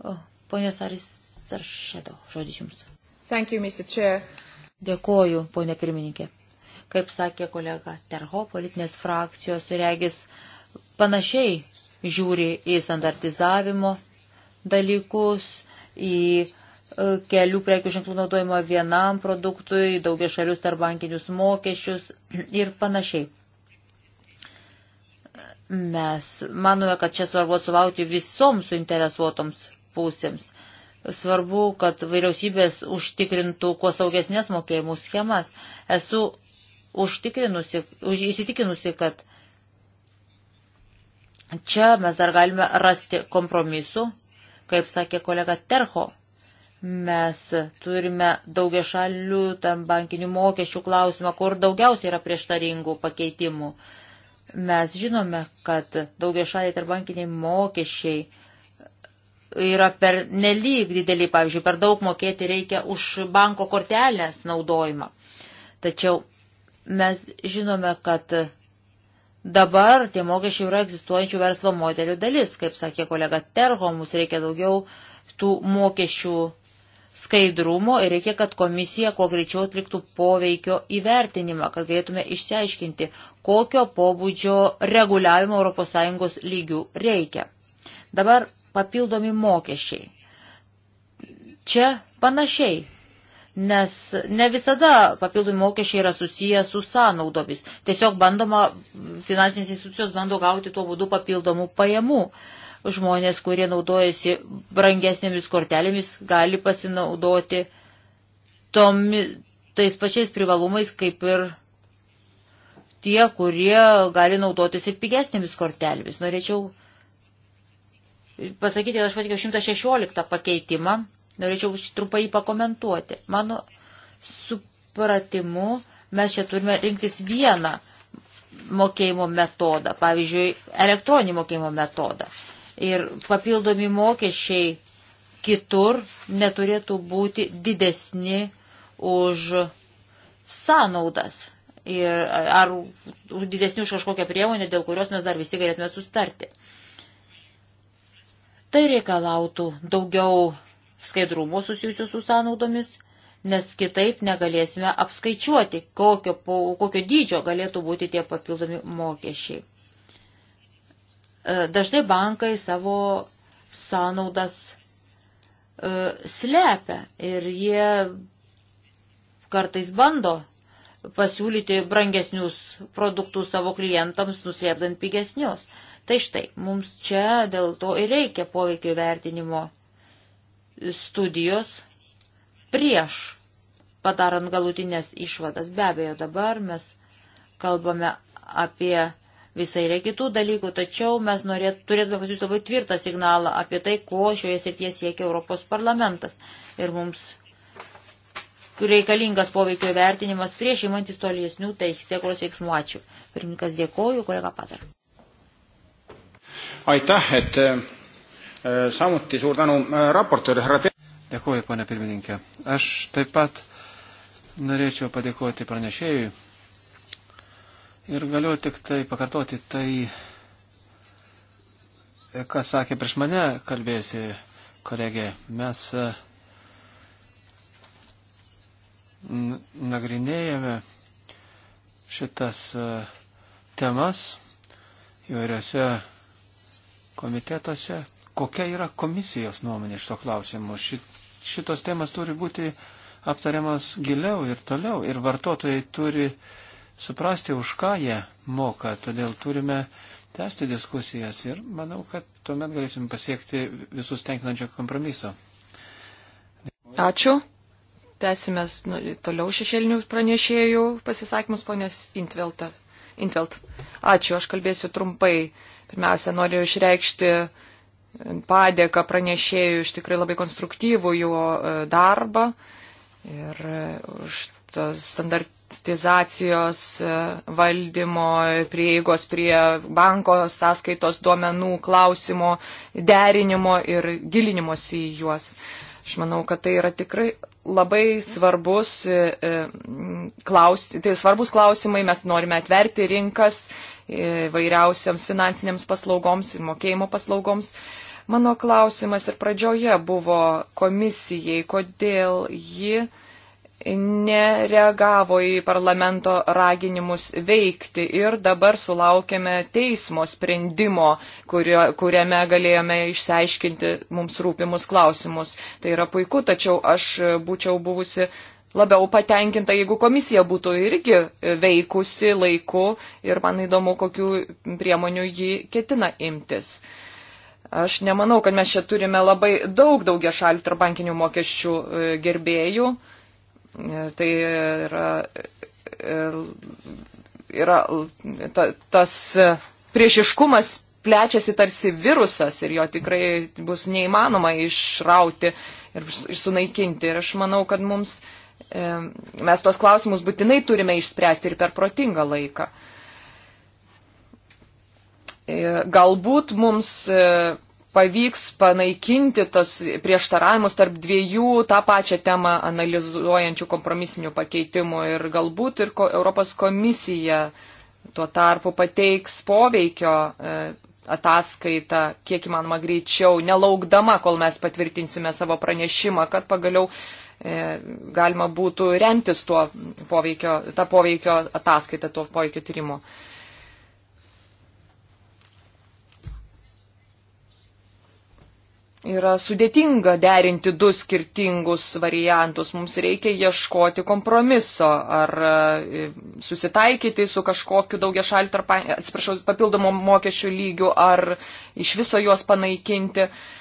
O, ponės Aris Saršėdo, žodis jums. Thank you, Mr. Chair. Dėkoju, ponė pirmininkė. Kaip sakė kolega Terho, politinės frakcijos regis panašiai žiūri į standartizavimo dalykus, į e, kelių prekių ženklų naudojimą vienam produktui, daugia šalius tarbankinius mokesčius ir panašiai. Mes manome, kad čia svarbu atsuvauti visoms suinteresuotoms pusėms. Svarbu, kad vyriausybės užtikrintų kuo saugesnės mokėjimų schemas. Esu užtikrinusi, už, įsitikinusi, kad Čia mes dar galime rasti kompromisų, kaip sakė kolega Terho. Mes turime daugia šalių tam bankinių mokesčių klausimą, kur daugiausiai yra prieštaringų pakeitimų. Mes žinome, kad daugia šaliai tarbankiniai mokesčiai yra per nelyg didelį, pavyzdžiui, per daug mokėti reikia už banko kortelės naudojimą. Tačiau mes žinome, kad Dabar tie mokesčiai yra egzistuojančių verslo modelių dalis. Kaip sakė kolega Terho, mums reikia daugiau tų mokesčių skaidrumo ir reikia, kad komisija kuo greičiau atliktų poveikio įvertinimą, kad galėtume išsiaiškinti, kokio pobūdžio reguliavimo ES lygių reikia. Dabar papildomi mokesčiai. Čia panašiai nes ne visada papildomi mokesčiai yra susiję su sąnaudomis. Tiesiog bandoma, finansinės institucijos bando gauti tuo būdu papildomų pajamų. Žmonės, kurie naudojasi brangesnėmis kortelėmis, gali pasinaudoti tomi, tais pačiais privalumais, kaip ir tie, kurie gali naudotis ir pigesnėmis kortelėmis. Norėčiau pasakyti, kad aš patikiu 116 pakeitimą Norėčiau trumpai pakomentuoti. Mano supratimu, mes čia turime rinktis vieną mokėjimo metodą, pavyzdžiui, elektroninį mokėjimo metodą. Ir papildomi mokesčiai kitur neturėtų būti didesni už sąnaudas ir, ar už didesnių už kažkokią priemonę, dėl kurios mes dar visi galėtume sustarti. Tai reikalautų daugiau skaidrumo susijusių su sąnaudomis, nes kitaip negalėsime apskaičiuoti, kokio, po, kokio dydžio galėtų būti tie papildomi mokesčiai. E, dažnai bankai savo sąnaudas e, slepia ir jie kartais bando pasiūlyti brangesnius produktus savo klientams, nuslėpdant pigesnius. Tai štai, mums čia dėl to ir reikia poveikio vertinimo studijos prieš padarant galutinės išvadas. Be abejo, dabar mes kalbame apie visai yra kitų dalykų, tačiau mes norėt, turėtume pasiūsti labai tvirtą signalą apie tai, ko šioje srityje siekia Europos parlamentas. Ir mums reikalingas poveikio vertinimas prieš įmant istorijesnių teisėkros veiksmų. Ačiū. Pirmininkas dėkoju, kolega Patar. Aitäh, et samuti suur tänu raportööri härra Te-. dėkuoju, ponia pirmininkė. aš taip pat norėčiau padėkoti pranešėjui ir galiu tik tai pakartoti tai, ką sakė prieš mane kalbėsi kolegė. Mes e, nagrinėjame šitas e, temas įvairiose komitetuose kokia yra komisijos nuomonė šito klausimu. Šit, šitos temas turi būti aptariamas giliau ir toliau. Ir vartotojai turi suprasti, už ką jie moka. Todėl turime tęsti diskusijas ir manau, kad tuomet galėsim pasiekti visus tenkinančio kompromiso. Ačiū. Tęsime nu, toliau šešėlinių pranešėjų pasisakymus, ponės Intvelta. Intvelt. Ačiū, aš kalbėsiu trumpai. Pirmiausia, noriu išreikšti uh, padėką pranešėjų iš tikrai labai konstruktyvų jo e, darbą ir e, už tos standartizacijos e, valdymo, prieigos prie banko sąskaitos duomenų klausimo, derinimo ir gilinimosi į juos. Aš manau, kad tai yra tikrai labai svarbus, klaus, tai svarbus klausimai, mes norime atverti rinkas, vairiausiams finansinėms paslaugoms ir mokėjimo paslaugoms. Mano klausimas ir pradžioje buvo komisijai, kodėl ji nereagavo į parlamento raginimus veikti ir dabar sulaukėme teismo sprendimo, kurio, kuriame galėjome išsiaiškinti mums rūpimus klausimus. Tai yra puiku, tačiau aš būčiau buvusi labiau patenkinta, jeigu komisija būtų irgi veikusi laiku ir man įdomu, kokiu priemoniu ji ketina imtis. Aš nemanau, kad mes čia turime labai daug daugia šalių tarbankinių mokesčių e, gerbėjų. E, tai yra, e, yra ta, tas priešiškumas plečiasi tarsi virusas ir jo tikrai bus neįmanoma išrauti ir sunaikinti. Ir aš manau, kad mums uh, E, mes tuos klausimus būtinai turime išspręsti ir per protingą laiką. E, galbūt mums e, pavyks panaikinti tas prieštaravimus tarp dviejų tą pačią temą analizuojančių kompromisinių pakeitimų ir galbūt ir Europos komisija tuo tarpu pateiks poveikio ataskaitą kiek įmanoma greičiau, nelaukdama, kol mes patvirtinsime savo pranešimą, kad pagaliau E, galima būtų remtis tuo poveikio, tą poveikio ataskaitą, tuo poveikio tyrimu. Yra sudėtinga derinti du skirtingus variantus. Mums reikia ieškoti kompromiso ar e, susitaikyti su kažkokiu daugia šalių, atsiprašau, papildomu mokesčių lygiu ar iš viso juos panaikinti. Uh,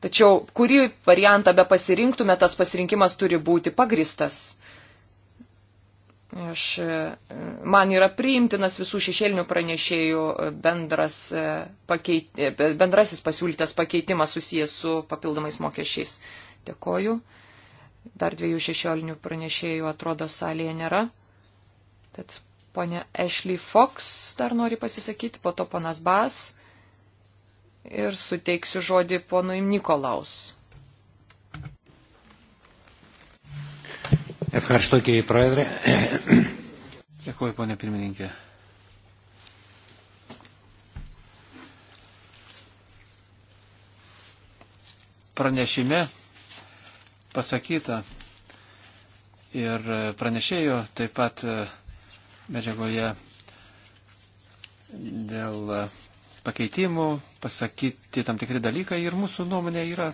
Tačiau kurį variantą be pasirinktume, tas pasirinkimas turi būti pagristas. Aš, e, man yra priimtinas visų šešėlinių pranešėjų e, bendras e, pakeit, bendrasis pasiūlytas pakeitimas susijęs su papildomais mokesčiais. Dėkoju. Dar dviejų šešėlinių pranešėjų atrodo salėje nėra. Tad ponia Ashley Fox dar nori pasisakyti, po to ponas Bas ir suteiksiu žodį ponui Nikolaus. Ευχαριστώ κύριε Πρόεδρε. Dėkuoju, ponė pirmininkė. Pranešime pasakyta ir pranešėjo taip pat medžiagoje dėl pakeitimų pasakyti tam tikri dalykai ir mūsų nuomonė yra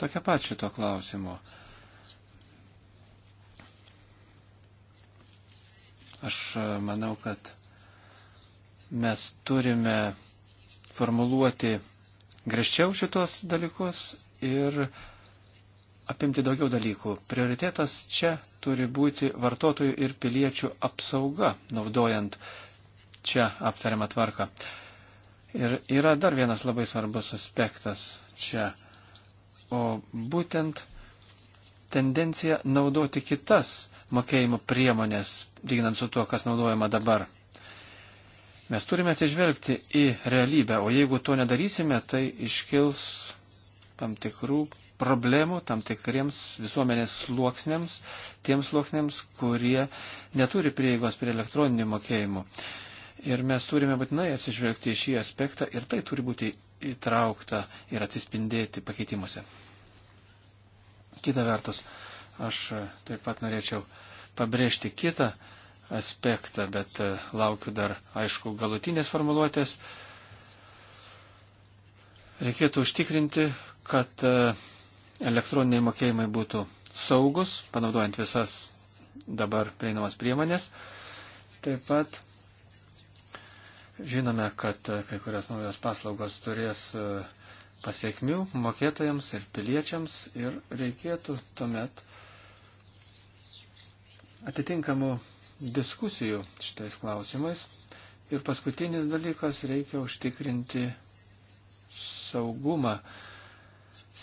tokia pat šito klausimo. Aš e, manau, kad mes turime formuluoti greščiau šitos dalykus ir apimti daugiau dalykų. Prioritetas čia turi būti vartotojų ir piliečių apsauga, naudojant čia aptariamą tvarką. Uh, Ir yra dar vienas labai svarbus aspektas čia, o būtent tendencija naudoti kitas mokėjimo priemonės, lyginant su tuo, kas naudojama dabar. Mes turime atsižvelgti į realybę, o jeigu to nedarysime, tai iškils tam tikrų problemų tam tikriems visuomenės sluoksniams, tiems sluoksniams, kurie neturi prieigos prie elektroninių mokėjimų. Ir mes turime būtinai atsižvelgti į šį aspektą ir tai turi būti įtraukta ir atsispindėti pakeitimuose. Kita vertus, aš taip pat norėčiau pabrėžti kitą aspektą, bet e, laukiu dar, aišku, galutinės formuluotės. Reikėtų užtikrinti, kad e, elektroniniai mokėjimai būtų saugus, panaudojant visas dabar prieinamas priemonės. Taip pat Žinome, kad e, kai kurios naujos paslaugos turės e, pasiekmių mokėtojams ir piliečiams ir reikėtų tuomet atitinkamų diskusijų šitais klausimais. Ir paskutinis dalykas - reikia užtikrinti saugumą,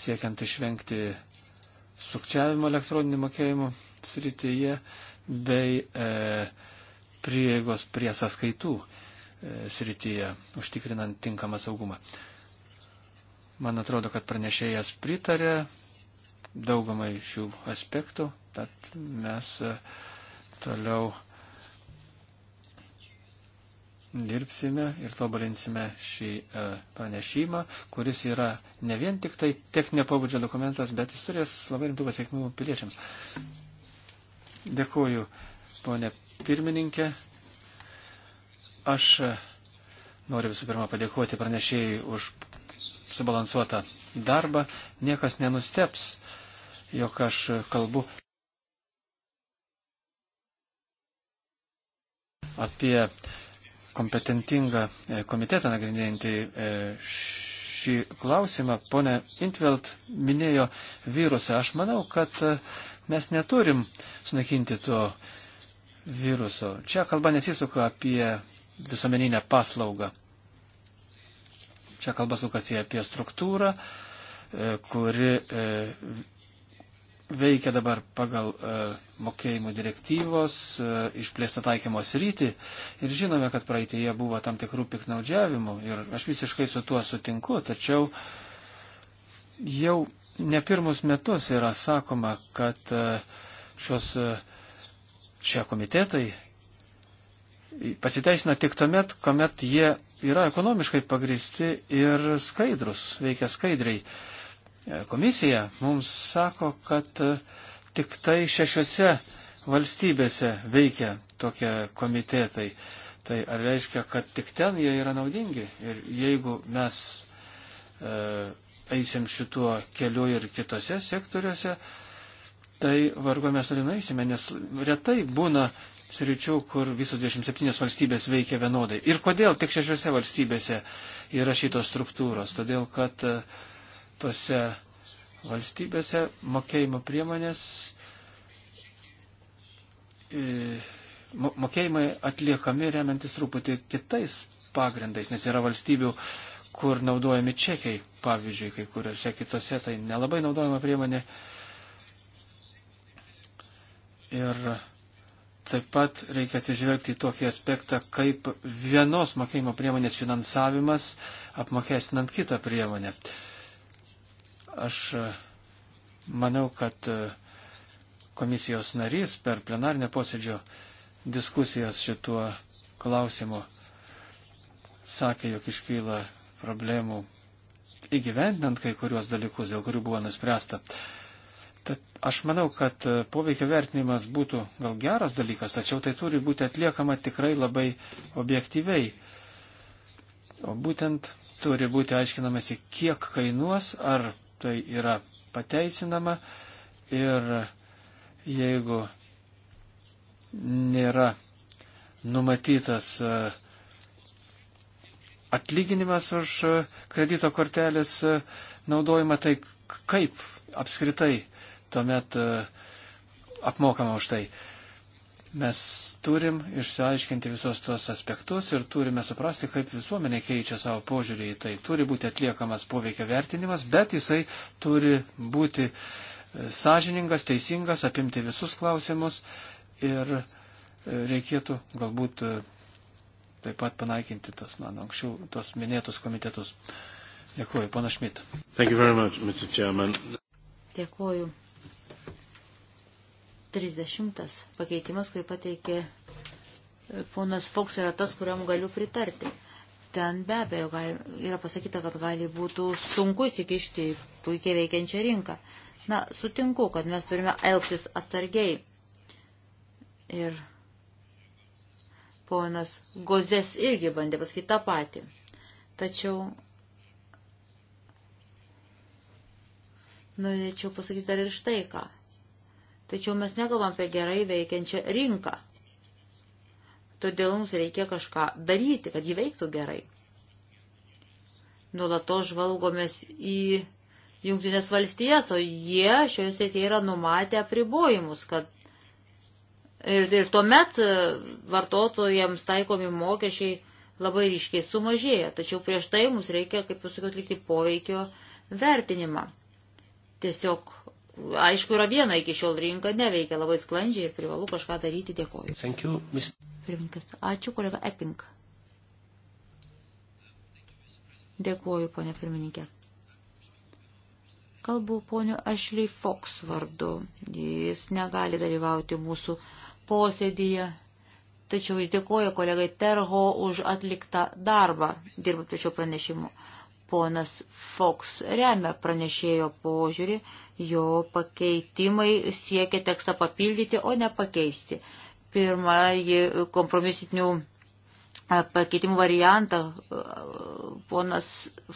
siekiant išvengti sukčiavimo elektroninių mokėjimų srityje bei e, prieigos prie sąskaitų E, srityje, užtikrinant tinkamą saugumą. Man atrodo, kad pranešėjas pritarė daugumai šių aspektų, tad mes e, toliau dirbsime ir tobulinsime šį e, pranešimą, kuris yra ne vien tik tai techninio pobūdžio dokumentas, bet jis turės labai rimtų pasiekmių piliečiams. Dėkuoju, ponė pirmininkė. Aš e, noriu visų pirma padėkoti pranešėjai už subalansuotą darbą. Niekas nenusteps, jog aš kalbu apie kompetentingą e, komitetą nagrinėjantį e, šį klausimą. Pone Intvelt minėjo virusą. Aš manau, kad mes neturim sunaikinti to viruso. Čia kalba nesisuka apie visuomeninę paslaugą. Čia kalba sukasi apie struktūrą, e, kuri e, veikia dabar pagal e, mokėjimų direktyvos išplėsta taikymo sritį ir žinome, kad praeitėje buvo tam tikrų piknaudžiavimų ir aš visiškai su tuo sutinku, tačiau jau ne pirmus metus yra sakoma, kad šios šie komitetai pasiteisina tik tuomet, kuomet jie yra ekonomiškai pagristi ir skaidrus, veikia skaidriai. E, komisija mums sako, kad e, tik tai šešiose valstybėse veikia tokie komitetai. Tai ar reiškia, kad tik ten jie yra naudingi? Ir jeigu mes e, eisim šituo keliu ir kitose sektoriuose, tai vargo mes toli nueisime, nes retai būna sričių, kur visos 27 valstybės veikia vienodai. Ir kodėl tik šešiose valstybėse yra šitos struktūros? Todėl, kad e, tose valstybėse mokėjimo priemonės, e, mokėjimai atliekami remiantis truputį kitais pagrindais, nes yra valstybių, kur naudojami čekiai, pavyzdžiui, kai kuriuose kitose tai nelabai naudojama priemonė. Ir Taip pat reikia atsižvelgti į tokį aspektą, kaip vienos mokėjimo priemonės finansavimas apmokestinant kitą priemonę. Aš e, manau, kad e, komisijos narys per plenarinę posėdžio diskusijas šituo klausimu sakė, jog iškyla problemų įgyvendinant kai kuriuos dalykus, dėl kurių buvo nuspręsta. Uh, Tad aš manau, kad e, poveikio vertinimas būtų gal geras dalykas, tačiau tai turi būti atliekama tikrai labai objektyviai. O būtent turi būti aiškinamasi, kiek kainuos, ar tai yra pateisinama ir jeigu nėra numatytas e, atlyginimas už e, kredito kortelės naudojimą, tai kaip apskritai tuomet e, apmokama už tai. Mes turim išsiaiškinti visos tuos aspektus ir turime suprasti, kaip visuomenė keičia savo požiūrį į tai. Turi būti atliekamas poveikio vertinimas, bet jisai turi būti e, sąžiningas, teisingas, apimti visus klausimus ir e, reikėtų galbūt taip pat panaikinti tas mano anksčiau tos minėtus komitetus. Dėkuoju, pana Šmit. Dėkuoju. 30 pakeitimas, kurį pateikė e, ponas Foks, yra tas, kuriam galiu pritarti. Ten be abejo gal, yra pasakyta, kad gali būtų sunku įsikišti į puikiai veikiančią rinką. Na, sutinku, kad mes turime elgtis atsargiai. Ir ponas Gozės irgi bandė pasakyti tą patį. Tačiau norėčiau pasakyti dar ir štai ką. Tačiau mes nekalbam apie gerai veikiančią rinką. Todėl mums reikia kažką daryti, kad ji veiktų gerai. Nulato žvalgomės į Junktinės valstijas, o jie šioje srityje yra numatę apribojimus, kad ir, ir tuomet e, vartotojams taikomi mokesčiai labai ryškiai sumažėja. Tačiau prieš tai mums reikia, kaip jūs sakiau, atlikti poveikio vertinimą. Tiesiog aišku, yra viena iki šiol rinka neveikia labai sklandžiai ir privalu kažką daryti. Dėkoju. Thank you, Mr. Pirmininkas. Ačiū, kolega Epping. Dėkuoju, ponė pirmininkė. Kalbu ponio Ashley Fox vardu. Jis negali dalyvauti mūsų posėdyje, tačiau jis dėkoja kolegai Terho už atliktą darbą, dirbant prie šio pranešimo. Ponas Fox remia pranešėjo požiūrį, Jo pakeitimai siekia tekstą papildyti, o ne pakeisti. Pirmąjį kompromisinių e, pakeitimų variantą e, ponas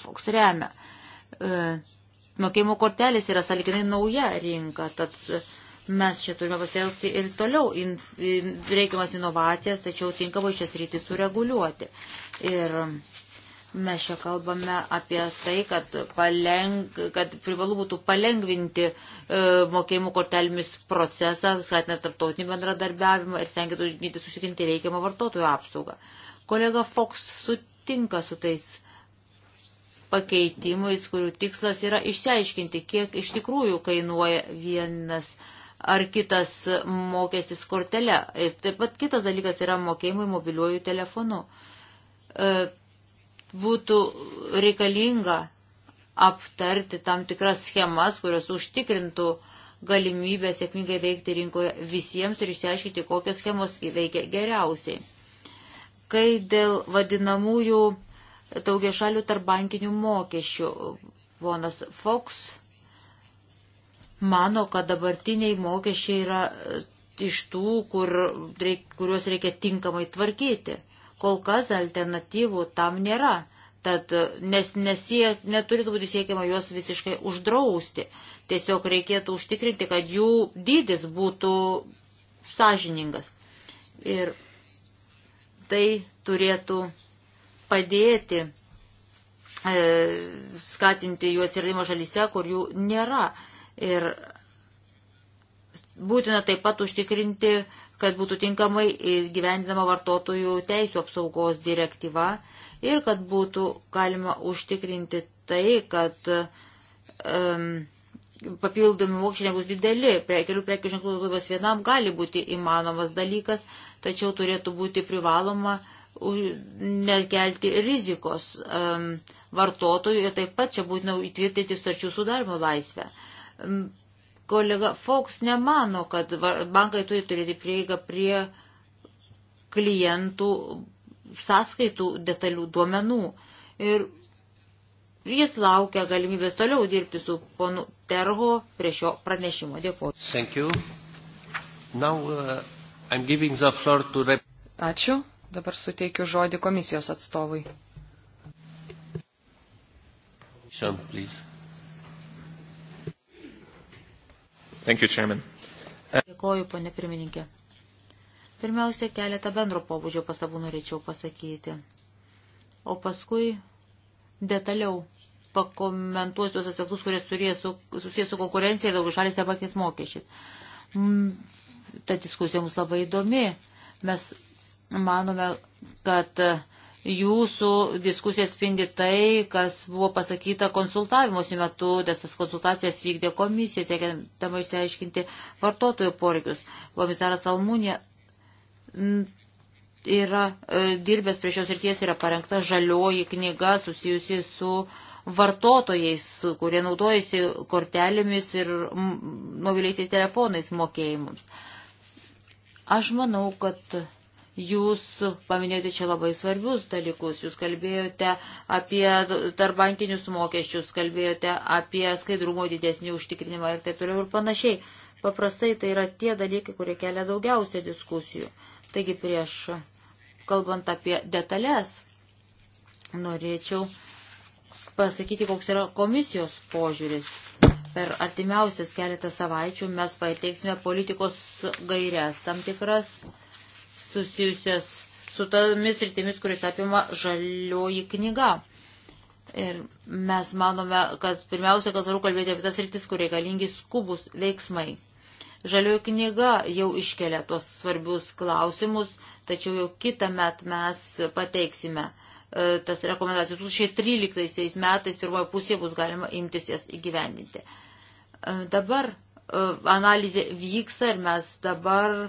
Foks remia. E, mokėjimo kortelės yra salikinai nauja rinka, tad mes čia turime pasitelkti ir toliau in, in, reikiamas inovacijas, tačiau tinkamai šias rytis sureguliuoti. Ir Mes čia kalbame apie tai, kad, paleng, kad privalu būtų palengvinti e, mokėjimų kortelėmis procesą, skatinant tarptautinį bendradarbiavimą ir stengiant užtikrinti reikiamą vartotojų apsaugą. Kolega Fox sutinka su tais pakeitimais, kurių tikslas yra išsiaiškinti, kiek iš tikrųjų kainuoja vienas ar kitas mokestis kortelė. Ir taip pat kitas dalykas yra mokėjimai mobiliuoju telefonu. E, būtų reikalinga aptarti tam tikras schemas, kurios užtikrintų galimybę sėkmingai veikti rinkoje visiems ir išsiaiškinti, kokios schemos veikia geriausiai. Kai dėl vadinamųjų daugia šalių tarbankinių mokesčių, ponas Fox mano, kad dabartiniai mokesčiai yra iš tų, kur, reik, kuriuos reikia tinkamai tvarkyti. Kol kas alternatyvų tam nėra, tad e, nes, nesie, neturėtų būti siekiama juos visiškai uždrausti. Tiesiog reikėtų užtikrinti, kad jų dydis būtų sąžiningas. Ir tai turėtų padėti e, skatinti jų atsiradimą šalyse, kur jų nėra. Ir būtina taip pat užtikrinti kad būtų tinkamai gyvendinama vartotojų teisų apsaugos direktyva ir kad būtų galima užtikrinti tai, kad um, papildomi mokesčiai nebus dideli. Prie kelių prekių ženklų daugiau vienam gali būti įmanomas dalykas, tačiau turėtų būti privaloma nekelti rizikos um, vartotojų ir taip pat čia būtina įtvirtinti starčių sudarimo laisvę. Um, Kolega Fox nemano, kad bankai turi turėti prieigą prie klientų sąskaitų detalių duomenų. Ir jis laukia galimybės toliau dirbti su ponu Terho prie šio pranešimo. Dėkuoju. Now, uh, to... Ačiū. Dabar suteikiu žodį komisijos atstovui. Sean, please. Thank you, Chairman. Dėkoju, ponė pirmininkė. Pirmiausia, keletą bendro pobūdžio pastabų norėčiau pasakyti. O paskui detaliau pakomentuosiu tuos aspektus, kurie su, susijęs su konkurencija ir daugiau šalis tebakės mokesčiais. Mm, ta diskusija mums labai įdomi. Mes manome, kad jūsų diskusija atspindi tai, kas buvo pasakyta konsultavimuose metu, nes tas konsultacijas vykdė komisija, siekiantama išsiaiškinti vartotojų poreikius. Komisaras Almūnė yra e, dirbęs prie šios ryties, yra parengta žalioji knyga susijusi su vartotojais, kurie naudojasi kortelėmis ir mobiliaisiais telefonais mokėjimams. Aš manau, kad Jūs paminėjote čia labai svarbius dalykus. Jūs kalbėjote apie tarbankinius mokesčius, kalbėjote apie skaidrumo didesnį užtikrinimą ir taip toliau ir panašiai. Paprastai tai yra tie dalykai, kurie kelia daugiausia diskusijų. Taigi prieš kalbant apie detalės, norėčiau pasakyti, koks yra komisijos požiūris. Per artimiausias keletą savaičių mes pateiksime politikos gairias tam tikras susijusias su tomis rytimis, kuris apima žalioji knyga. Ir mes manome, kad pirmiausia, kad svarbu kalbėti apie tas rytis, kur reikalingi skubus veiksmai. Žalioji knyga jau iškelia tuos svarbius klausimus, tačiau jau kitą met mes pateiksime e, tas rekomendacijas. 2013 metais pirmoje pusėje bus galima imtis jas įgyvendinti. E, dabar e, analizė vyksta ir mes dabar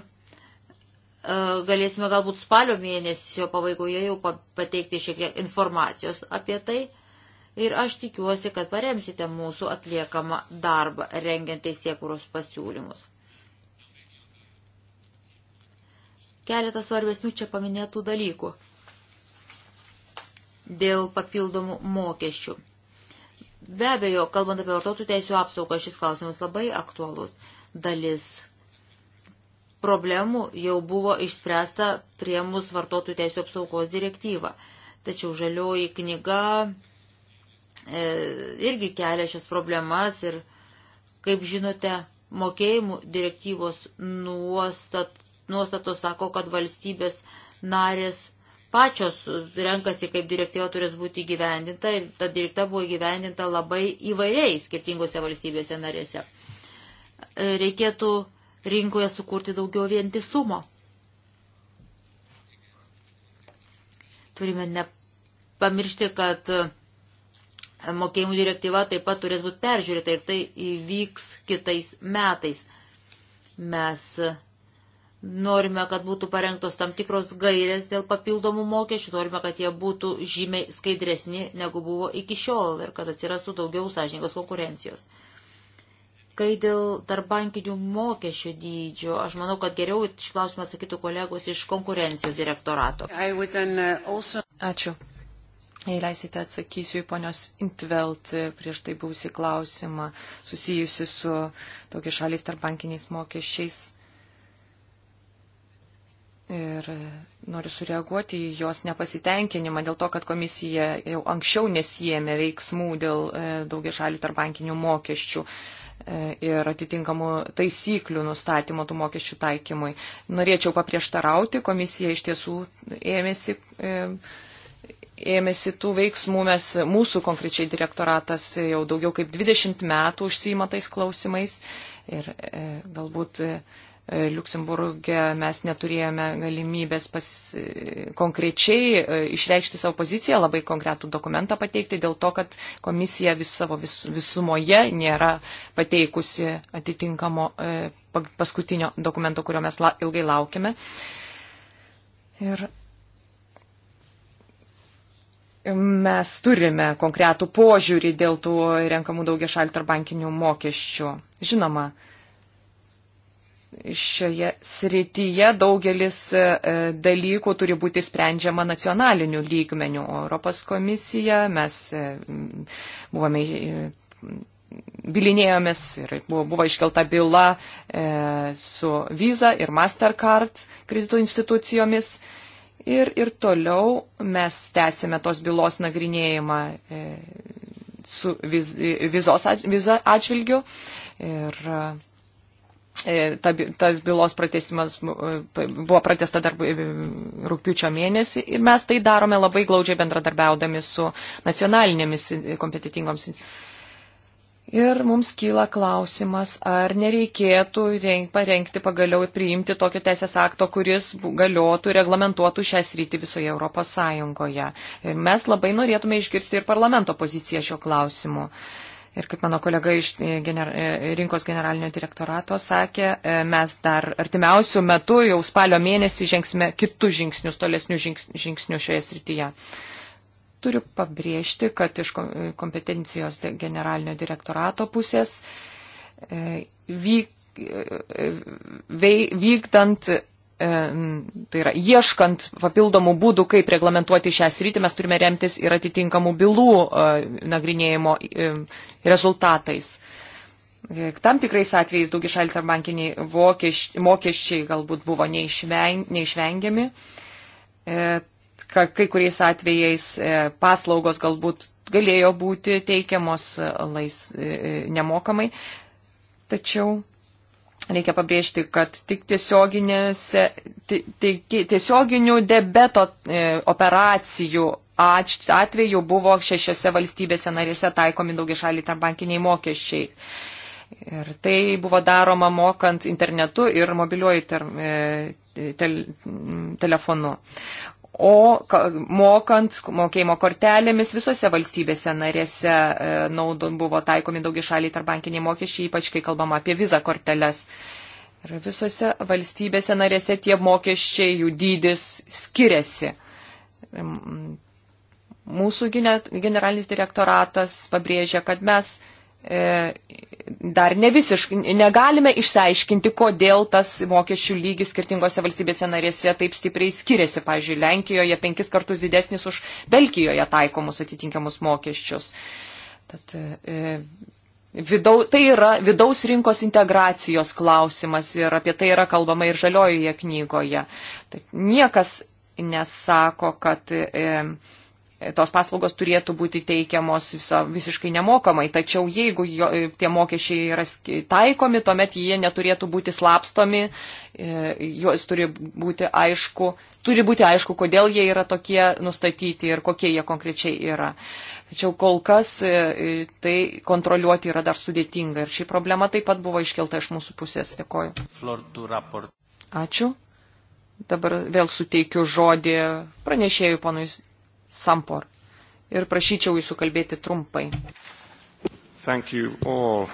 E, galėsime galbūt spalio mėnesio pabaigoje jau pateikti šiek tiek informacijos apie tai. Ir aš tikiuosi, kad paremsite mūsų atliekamą darbą, rengiant teisėkūros pasiūlymus. Keletas svarbesnių čia paminėtų dalykų dėl papildomų mokesčių. Be abejo, kalbant apie vartotojų teisų apsaugą, šis klausimas labai aktualus. Dalis problemų jau buvo išspręsta prie mus vartotojų teisų apsaugos direktyvą. Tačiau žalioji knyga e, irgi kelia šias problemas ir, kaip žinote, mokėjimų direktyvos nuostat, nuostatos sako, kad valstybės narės pačios renkasi, kaip direktyva turės būti įgyvendinta ir ta direktyva buvo įgyvendinta labai įvairiai skirtingose valstybėse narėse. E, reikėtų rinkoje sukurti daugiau vientisumo. Turime nepamiršti, kad mokėjimų direktyva taip pat turės būti peržiūrėta ir tai įvyks kitais metais. Mes norime, kad būtų parengtos tam tikros gairės dėl papildomų mokesčių, norime, kad jie būtų žymiai skaidresni negu buvo iki šiol ir kad atsirastų daugiau sąžininkos konkurencijos. Kai dėl tarbankinių mokesčių dydžio, aš manau, kad geriau šį klausimą atsakytų kolegos iš konkurencijos direktorato. Uh, also... Ačiū. Jei leisite, atsakysiu į ponios Intvelt prieš tai būsį klausimą susijusi su tokia šalis tarbankiniais mokesčiais. Ir noriu sureaguoti į jos nepasitenkinimą dėl to, kad komisija jau anksčiau nesijėmė veiksmų dėl e, daugia šalių tarbankinių mokesčių. E, E, ir atitinkamų taisyklių nustatymo tų mokesčių taikymui. Norėčiau paprieštarauti, komisija iš tiesų ėmėsi, e, ėmėsi tų veiksmų, mes, mūsų konkrečiai direktoratas jau daugiau kaip 20 metų užsima tais klausimais ir e, galbūt Liuksemburgė mes neturėjome galimybės pas, konkrečiai e, išreikšti savo poziciją, labai konkretų dokumentą pateikti, dėl to, kad komisija vis savo vis, visumoje nėra pateikusi atitinkamo e, paskutinio dokumento, kurio mes la, ilgai laukime. Ir mes turime konkretų požiūrį dėl tų renkamų daugia šalį tarp bankinių mokesčių. Žinoma, šioje srityje daugelis e, dalykų turi būti sprendžiama nacionaliniu lygmeniu. O Europos komisija mes e, buvome e, bilinėjomės ir buvo, buvo iškelta byla e, su Visa ir Mastercard kreditų institucijomis. Ir, ir toliau mes tęsėme tos bylos nagrinėjimą e, su viz, vizos, at, viza atžvilgiu. Ir, e, E, ta, tas bylos pratesimas e, buvo pratesta dar e, rūpiučio mėnesį ir mes tai darome labai glaudžiai bendradarbiaudami su nacionalinėmis kompetitingoms. Ir mums kyla klausimas, ar nereikėtų parengti pagaliau ir priimti tokio teisės akto, kuris galiotų ir reglamentuotų šią sritį visoje Europos Sąjungoje. Ir mes labai norėtume išgirsti ir parlamento poziciją šio klausimu. Uh, Ir kaip mano kolega iš e, gener e, rinkos generalinio direktorato sakė, e, mes dar artimiausių metų, jau spalio mėnesį, žengsime kitus žingsnius, tolesnius žingsnius šioje srityje. Turiu pabrėžti, kad iš kompetencijos generalinio direktorato pusės vyk, vykdant tai yra, ieškant papildomų būdų, kaip reglamentuoti šią sritį, mes turime remtis ir atitinkamų bylų nagrinėjimo rezultatais. Tam tikrais atvejais daugišaliai tarbankiniai mokesčiai galbūt buvo neišvengiami. E, kai kuriais atvejais e, paslaugos galbūt galėjo būti teikiamos e, lais, nemokamai. Tačiau Reikia pabrėžti, kad tik tiesioginių debeto e, operacijų atveju buvo šešiose valstybėse narėse taikomi daugiašaliai tarbankiniai mokesčiai. Ir tai buvo daroma mokant internetu ir mobiliuoju ter, e, tel, telefonu o mokant mokėjimo kortelėmis visose valstybėse narėse e, naudon buvo taikomi daugi šaliai tarbankiniai mokesčiai, ypač kai kalbama apie vizą korteles. Ir visose valstybėse narėse tie mokesčiai, jų dydis skiriasi. Mūsų generalinis direktoratas pabrėžia, kad mes E, dar ne visiškai, negalime išsiaiškinti, kodėl tas mokesčių lygis skirtingose valstybėse narėse taip stipriai skiriasi. Pavyzdžiui, Lenkijoje penkis kartus didesnis už Belgijoje taikomus atitinkamus mokesčius. Tad, e, vidau, tai yra vidaus rinkos integracijos klausimas ir apie tai yra kalbama ir žaliojoje knygoje. Tad, niekas nesako, kad. E, tos paslaugos turėtų būti teikiamos visa, visiškai nemokamai, tačiau jeigu jo, tie mokesčiai yra taikomi, tuomet jie neturėtų būti slapstomi, e, juos turi būti aišku, turi būti aišku, kodėl jie yra tokie nustatyti ir kokie jie konkrečiai yra. Tačiau kol kas e, e, tai kontroliuoti yra dar sudėtinga ir ši problema taip pat buvo iškelta iš mūsų pusės. Dėkoju. Ačiū. Dabar vėl suteikiu žodį pranešėjui ponui Sampor. Ir prašyčiau jūsų kalbėti trumpai. Thank you all.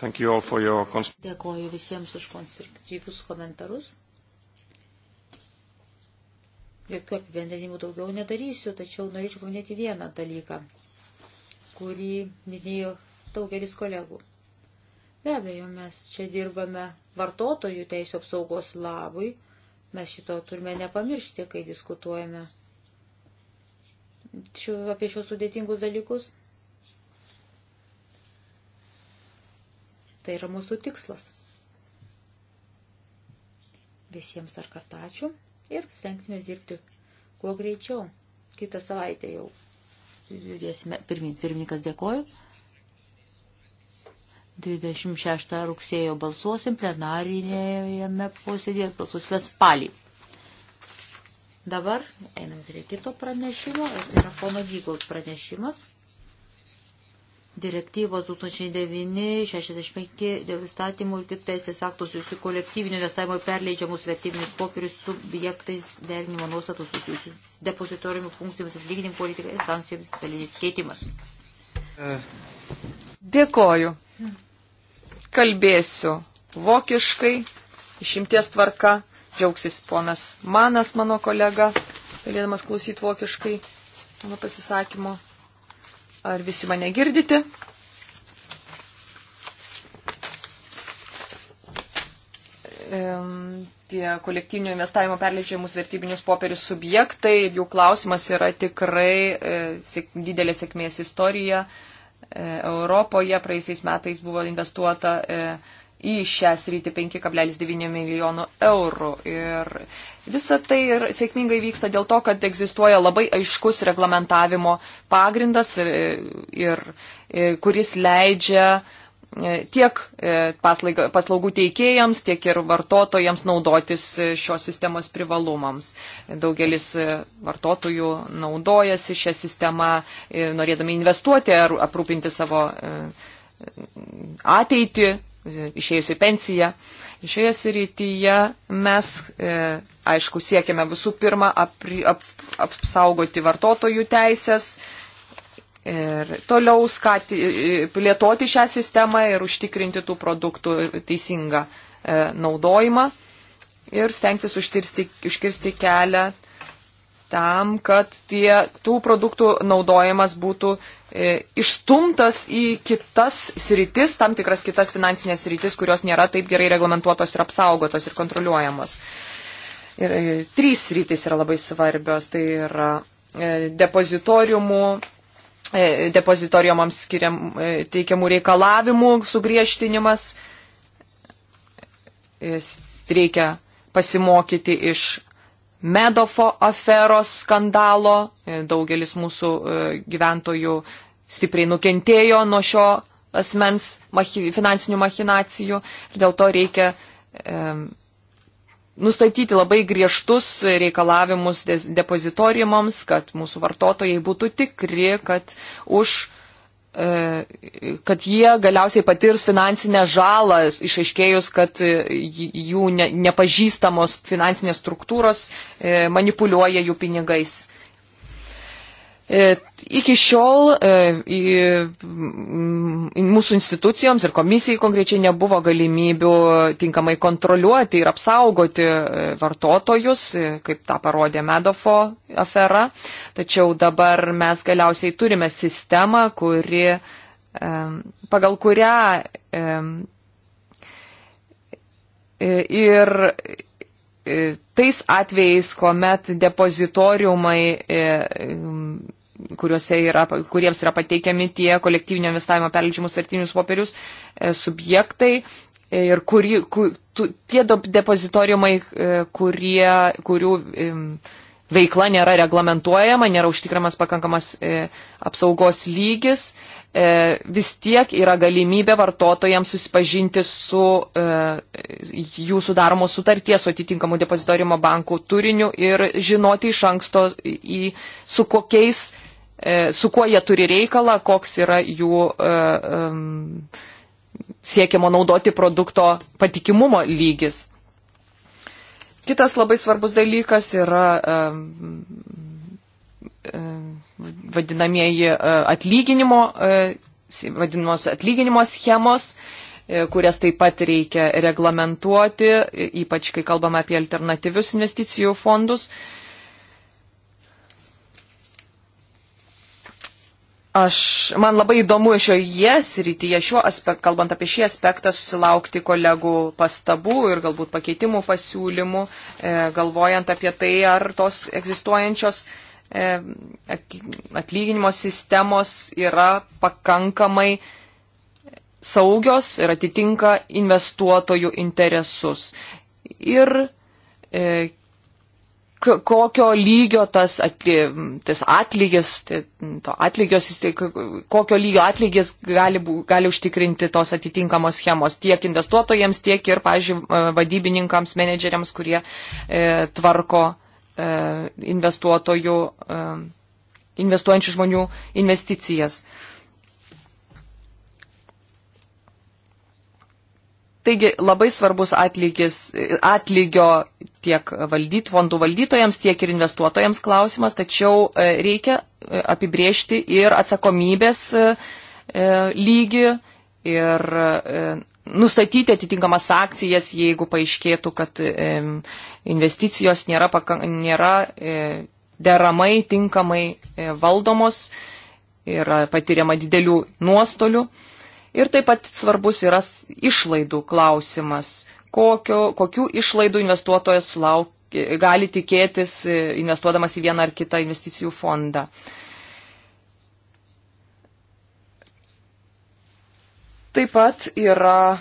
Thank you all for your... Dėkoju visiems už konstruktyvius komentarus. Jokių apibendrinimų daugiau nedarysiu, tačiau norėčiau paminėti vieną dalyką, kurį minėjo daugelis kolegų. Be abejo, mes čia dirbame vartotojų teisų apsaugos labui, mes šito turime nepamiršti, kai diskutuojame šių, apie šios sudėtingus dalykus. Tai yra mūsų tikslas. Visiems dar kartą ačiū ir stengsime dirbti kuo greičiau. Kitą savaitę jau judėsime. Pirmin, pirmininkas dėkoju. 26 rugsėjo balsuosim plenarinėje posėdėje, balsuosime spalį. Dabar einam prie kito pranešimo, tai yra pono Gygold pranešimas. Direktyvos 2009-65 dėl įstatymų ir kitų teisės aktų susijusių kolektyvinio investavimo perleidžiamus vertybinius popierius subjektais derinimo nuostatų susijusių depozitoriumi funkcijomis atlyginimų politikai ir sankcijomis dalinis keitimas. Dėkoju. Kalbėsiu vokiškai, išimties tvarka džiaugsis ponas Manas, mano kolega, galėdamas klausyti vokiškai mano pasisakymo. Ar visi mane girdite? Tie kolektyvinio investavimo perleidžiamus vertybinius popierius subjektai ir jų klausimas yra tikrai e, sėk, didelė sėkmės istorija. E, Europoje praeisiais metais buvo investuota e, į šią sritį 5,9 milijonų eurų. Ir visa tai ir sėkmingai vyksta dėl to, kad egzistuoja labai aiškus reglamentavimo pagrindas, ir, ir, e, kuris leidžia e, tiek e, paslaugų teikėjams, tiek ir vartotojams naudotis šios sistemos privalumams. Daugelis vartotojų naudojasi šią sistemą, norėdami investuoti ar aprūpinti savo ateitį išėjusi pensiją. Šioje srityje mes, e, aišku, siekiame visų pirma apri, ap, apsaugoti vartotojų teisės ir toliau skati, e, plėtoti šią sistemą ir užtikrinti tų produktų teisingą e, naudojimą ir stengtis užtirsti, užkirsti kelią tam, kad tie, tų produktų naudojimas būtų E, išstumtas į kitas sritis, tam tikras kitas finansinės sritis, kurios nėra taip gerai reglamentuotos ir apsaugotos ir kontroliuojamos. Ir e, trys sritis yra labai svarbios. Tai yra e, depozitoriumų, depozitoriumams skiriam, teikiamų reikalavimų sugriežtinimas. Reikia pasimokyti iš Medofo aferos skandalo. Daugelis mūsų e, gyventojų stipriai nukentėjo nuo šio asmens machi, finansinių machinacijų ir dėl to reikia e, nustatyti labai griežtus reikalavimus depozitoriumams, kad mūsų vartotojai būtų tikri, kad už kad jie galiausiai patirs finansinę žalą, išaiškėjus, kad e, jų nepažįstamos finansinės struktūros e, manipuliuoja jų pinigais. E, iki šiol e, į, į mūsų institucijoms ir komisijai konkrečiai nebuvo galimybių tinkamai kontroliuoti ir apsaugoti e, vartotojus, kaip tą parodė Medofo afera. Tačiau dabar mes galiausiai turime sistemą, kuri, pagal kurią ir tais atvejais, kuomet depozitoriumai yra, kuriems yra pateikiami tie kolektyvinio investavimo perleidžiamus vertinius popierius e, subjektai. Ir kuri, kur, tu, tie depozitoriumai, e, kurie, kurių veikla nėra reglamentuojama, nėra užtikramas pakankamas e, apsaugos lygis, vis tiek yra galimybė vartotojams susipažinti su jų sudaromos sutarties su atitinkamu depozitorimo banku turiniu ir žinoti iš anksto, į, su kokiais E, su kuo jie turi reikalą, koks yra jų e, siekiamo naudoti produkto patikimumo lygis. Kitas labai svarbus dalykas yra vadinamieji e, atlyginimo, vadinamos atlyginimo schemos, kurias taip pat reikia reglamentuoti, ypač kai kalbame apie alternatyvius investicijų fondus. Aš, man labai įdomu šioje srityje, šiuo aspekt, kalbant apie šį aspektą, susilaukti kolegų pastabų ir galbūt pakeitimų pasiūlymų, e, galvojant apie tai, ar tos egzistuojančios e, atlyginimo sistemos yra pakankamai saugios ir atitinka investuotojų interesus. Ir e, kokio lygio tas, atly, tas atlygis, tai, to atlygios, tai kokio lygio atlygis gali, gali užtikrinti tos atitinkamos schemos tiek investuotojams, tiek ir, pažiūrėjau, vadybininkams, menedžeriams, kurie e, tvarko e, investuotojų, e, investuojančių žmonių investicijas. E, Taigi labai svarbus atlygis, atlygio tiek valdyt, fondų valdytojams, tiek ir investuotojams klausimas, tačiau e, reikia e, apibriežti ir atsakomybės e, lygį ir nustatyti atitinkamas akcijas, jeigu paaiškėtų, kad investicijos nėra, nėra deramai, tinkamai valdomos, yra patiriama didelių nuostolių. Ir taip pat svarbus yra išlaidų klausimas, kokio, kokių išlaidų investuotojas sulauk, gali tikėtis e, investuodamas į vieną ar kitą investicijų fondą. Taip pat yra e,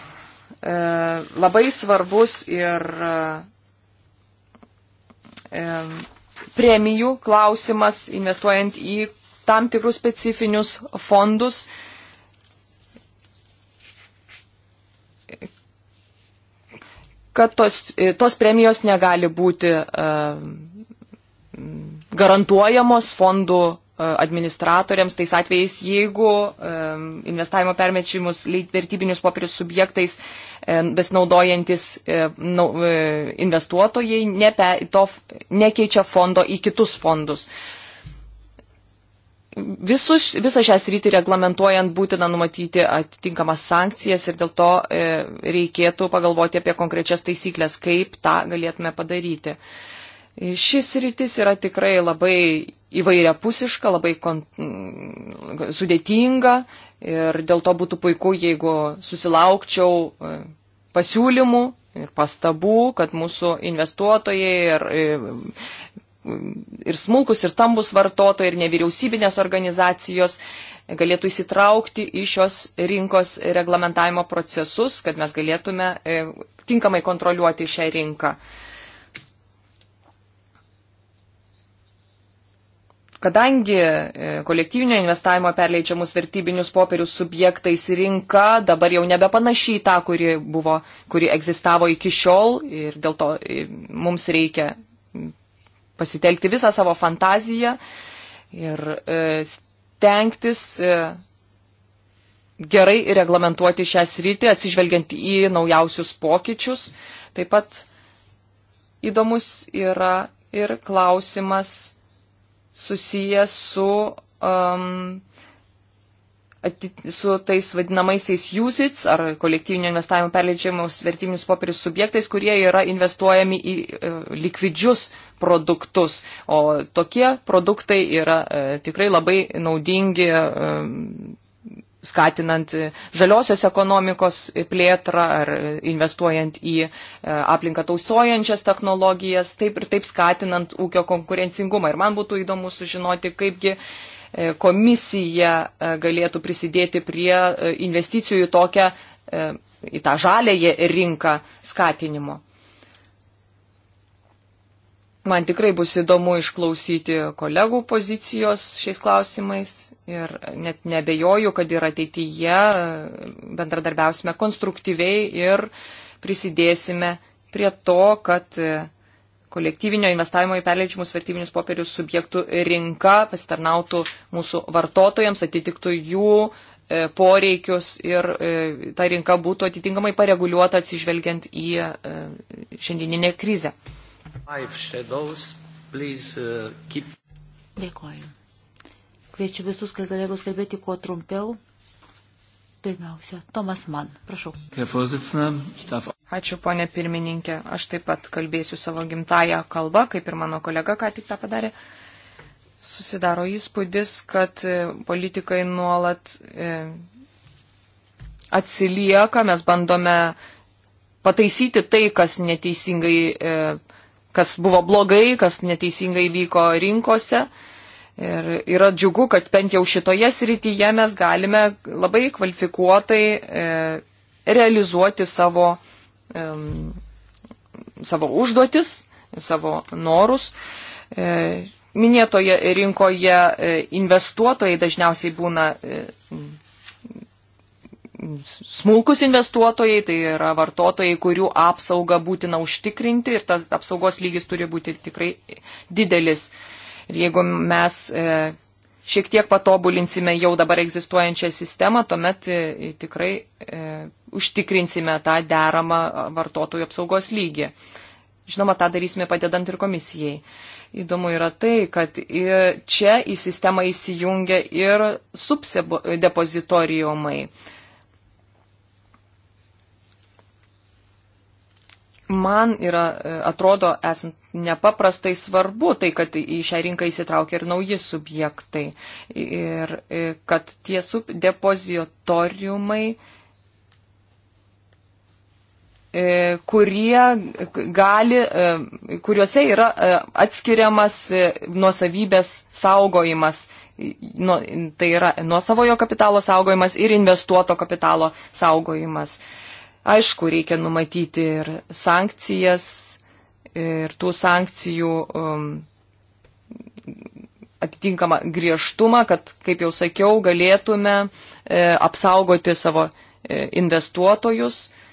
labai svarbus ir e, premijų klausimas investuojant į tam tikrus specifinius fondus. E, kad tos, e, tos premijos negali būti e, garantuojamos fondų e, administratoriams tais atvejais, jeigu investavimo permečimus vertybinius popierius subjektais besinaudojantis investuotojai nepe, to, nekeičia fondo į kitus fondus visus, visą šią sritį reglamentuojant būtina numatyti atitinkamas sankcijas ir dėl to e, reikėtų pagalvoti apie konkrečias taisyklės, kaip tą galėtume padaryti. E, šis rytis yra tikrai labai įvairiapusiška, labai kon, mm, sudėtinga ir dėl to būtų puiku, jeigu susilaukčiau e, pasiūlymų ir pastabų, kad mūsų investuotojai ir e, ir smulkus, ir stambus vartotojai, ir nevyriausybinės organizacijos galėtų įsitraukti į šios rinkos reglamentavimo procesus, kad mes galėtume e, tinkamai kontroliuoti šią rinką. Kadangi e, kolektyvinio investavimo perleidžiamus vertybinius popierius subjektais rinka dabar jau nebepanaši į tą, kuri, buvo, kuri egzistavo iki šiol ir dėl to e, mums reikia pasitelkti visą savo fantaziją ir e, stengtis e, gerai reglamentuoti šią sritį, atsižvelgiant į naujausius pokyčius. Taip pat įdomus yra ir klausimas susijęs su um, su tais vadinamaisiais usits ar kolektyvinio investavimo perleidžiamus vertybinius popierius subjektais, kurie yra investuojami į e, likvidžius produktus. O tokie produktai yra e, tikrai labai naudingi e, skatinant žaliosios ekonomikos plėtrą ar investuojant į aplinką tausojančias technologijas, taip ir taip skatinant ūkio konkurencingumą. Ir man būtų įdomu sužinoti, kaipgi E, komisija e, galėtų prisidėti prie e, investicijų į tokią, į tą žalėje rinką skatinimo. Man tikrai bus įdomu išklausyti kolegų pozicijos šiais klausimais ir net nebejoju, kad ir ateityje bendradarbiausime konstruktyviai ir prisidėsime prie to, kad kolektyvinio investavimo į perleidžiamus vertybinius popierius subjektų rinka pasitarnautų mūsų vartotojams, atitiktų jų e, poreikius ir e, ta rinka būtų atitinkamai pareguliuota atsižvelgiant į e, šiandieninę krizę. Uh, Dėkoju. Kviečiu visus kolegos kalbėti kuo trumpiau. Pirmiausia, Tomas Mann, prašau. Ačiū, ponė pirmininkė. Aš taip pat kalbėsiu savo gimtają kalbą, kaip ir mano kolega ką tik tą padarė. Susidaro įspūdis, kad e, politikai nuolat e, atsilieka, mes bandome pataisyti tai, kas neteisingai, e, kas buvo blogai, kas neteisingai vyko rinkose. Ir yra džiugu, kad bent jau šitoje srityje mes galime labai kvalifikuotai e, realizuoti savo um, savo užduotis, savo norus. E, minėtoje rinkoje e, investuotojai dažniausiai būna e, smulkus investuotojai, tai yra vartotojai, kurių apsaugą būtina užtikrinti ir tas apsaugos lygis turi būti tikrai didelis. Ir jeigu mes e, šiek tiek patobulinsime jau dabar egzistuojančią sistemą, tuomet e, tikrai e, užtikrinsime tą deramą vartotojų apsaugos lygį. Žinoma, tą darysime padedant ir komisijai. Įdomu yra tai, kad čia į sistemą įsijungia ir subdepozitorijomai. E, man yra, e, atrodo, esant nepaprastai svarbu tai, kad į šią rinką įsitraukia ir nauji subjektai. Ir e, kad tie depozitoriumai, e, kurie gali, kuriuose yra atskiriamas nuosavybės saugojimas. Tai yra nuosavojo kapitalo saugojimas ir investuoto kapitalo saugojimas. Uh, Aišku, reikia numatyti ir sankcijas, ir tų sankcijų um, atitinkamą griežtumą, kad, kaip jau sakiau, galėtume e, apsaugoti savo e, investuotojus. E,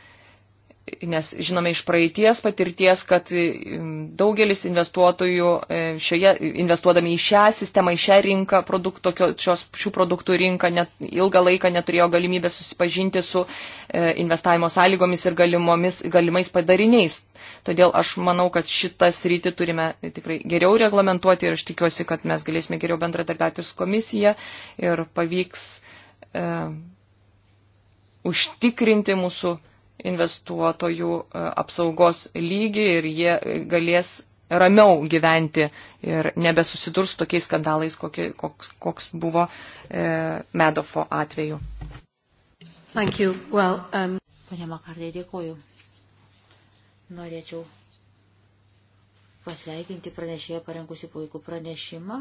nes žinome iš praeities patirties, kad e, daugelis investuotojų e, šioje, investuodami į šią sistemą, į šią rinką, produkt, tokio, šios, šių produktų rinką, net, ilgą laiką neturėjo galimybę susipažinti su e, investavimo sąlygomis ir galimomis, galimais padariniais. Todėl aš manau, kad šitą sritį turime tikrai geriau reglamentuoti ir aš tikiuosi, kad mes galėsime geriau bendradarbiauti su komisija ir pavyks e, užtikrinti mūsų investuotojų e, apsaugos lygį ir jie galės ramiau gyventi ir nebesusidurs su tokiais skandalais, kokie, koks, koks buvo e, Medofo atveju. Well, um... Pane Makardai, dėkoju. Norėčiau pasveikinti pranešėją parengusi puikų pranešimą.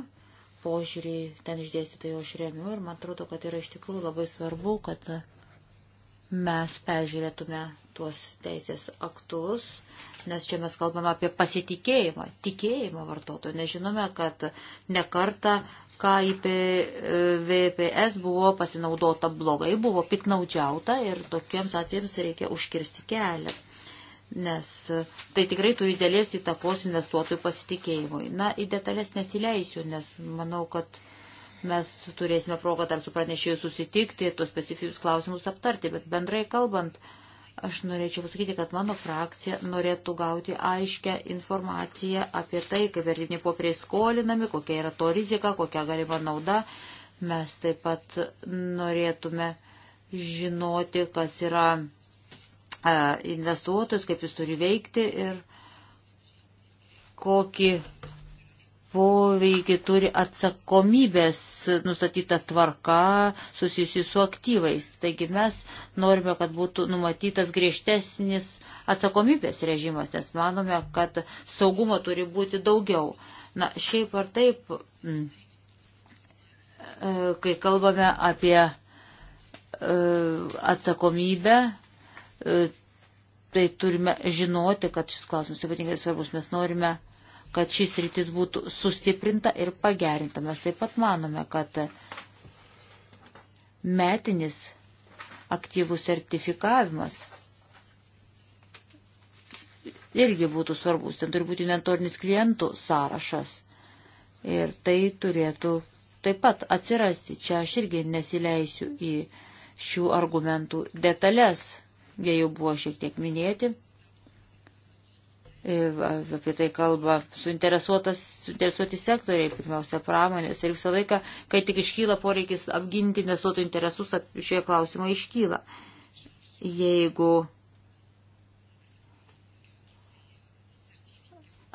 Požiūrį ten išdėstytai aš remiu ir man atrodo, kad yra iš tikrųjų labai svarbu, kad mes peržiūrėtume tuos teisės aktus, nes čia mes kalbame apie pasitikėjimą, tikėjimą vartotojų. Nežinome, kad nekarta KIP e, VPS buvo pasinaudota blogai, buvo piknaudžiauta ir tokiems atvejams reikia užkirsti kelią. Nes tai tikrai turi dėlės įtakos investuotojų pasitikėjimui. Na, į detalės nesileisiu, nes manau, kad Mes turėsime progą dar su pranešėjų susitikti, tuos specifinius klausimus aptarti, bet bendrai kalbant, aš norėčiau pasakyti, kad mano frakcija norėtų gauti aiškę informaciją apie tai, kaip vertybiniai popieriai skolinami, kokia yra to rizika, kokia galima nauda. Mes taip pat norėtume žinoti, kas yra e, investuotojas, kaip jis turi veikti ir kokį poveikį turi atsakomybės nustatyta tvarka susijusi su aktyvais. Taigi mes norime, kad būtų numatytas griežtesnis atsakomybės režimas, nes manome, kad saugumo turi būti daugiau. Na, šiaip ar taip, mm, e, kai kalbame apie e, atsakomybę, e, tai turime žinoti, kad šis klausimas ypatingai svarbus. Mes norime kad šis rytis būtų sustiprinta ir pagerinta. Mes taip pat manome, kad metinis aktyvų sertifikavimas irgi būtų svarbus. Ten turi būti inventorinis klientų sąrašas. Ir tai turėtų taip pat atsirasti. Čia aš irgi nesileisiu į šių argumentų detalės, jie jau buvo šiek tiek minėti. E, apie tai kalba suinteresuoti sektoriai, pirmiausia, pramonės. Ir visą laiką, kai tik iškyla poreikis apginti nesuotų interesus, šie klausimai iškyla. Jeigu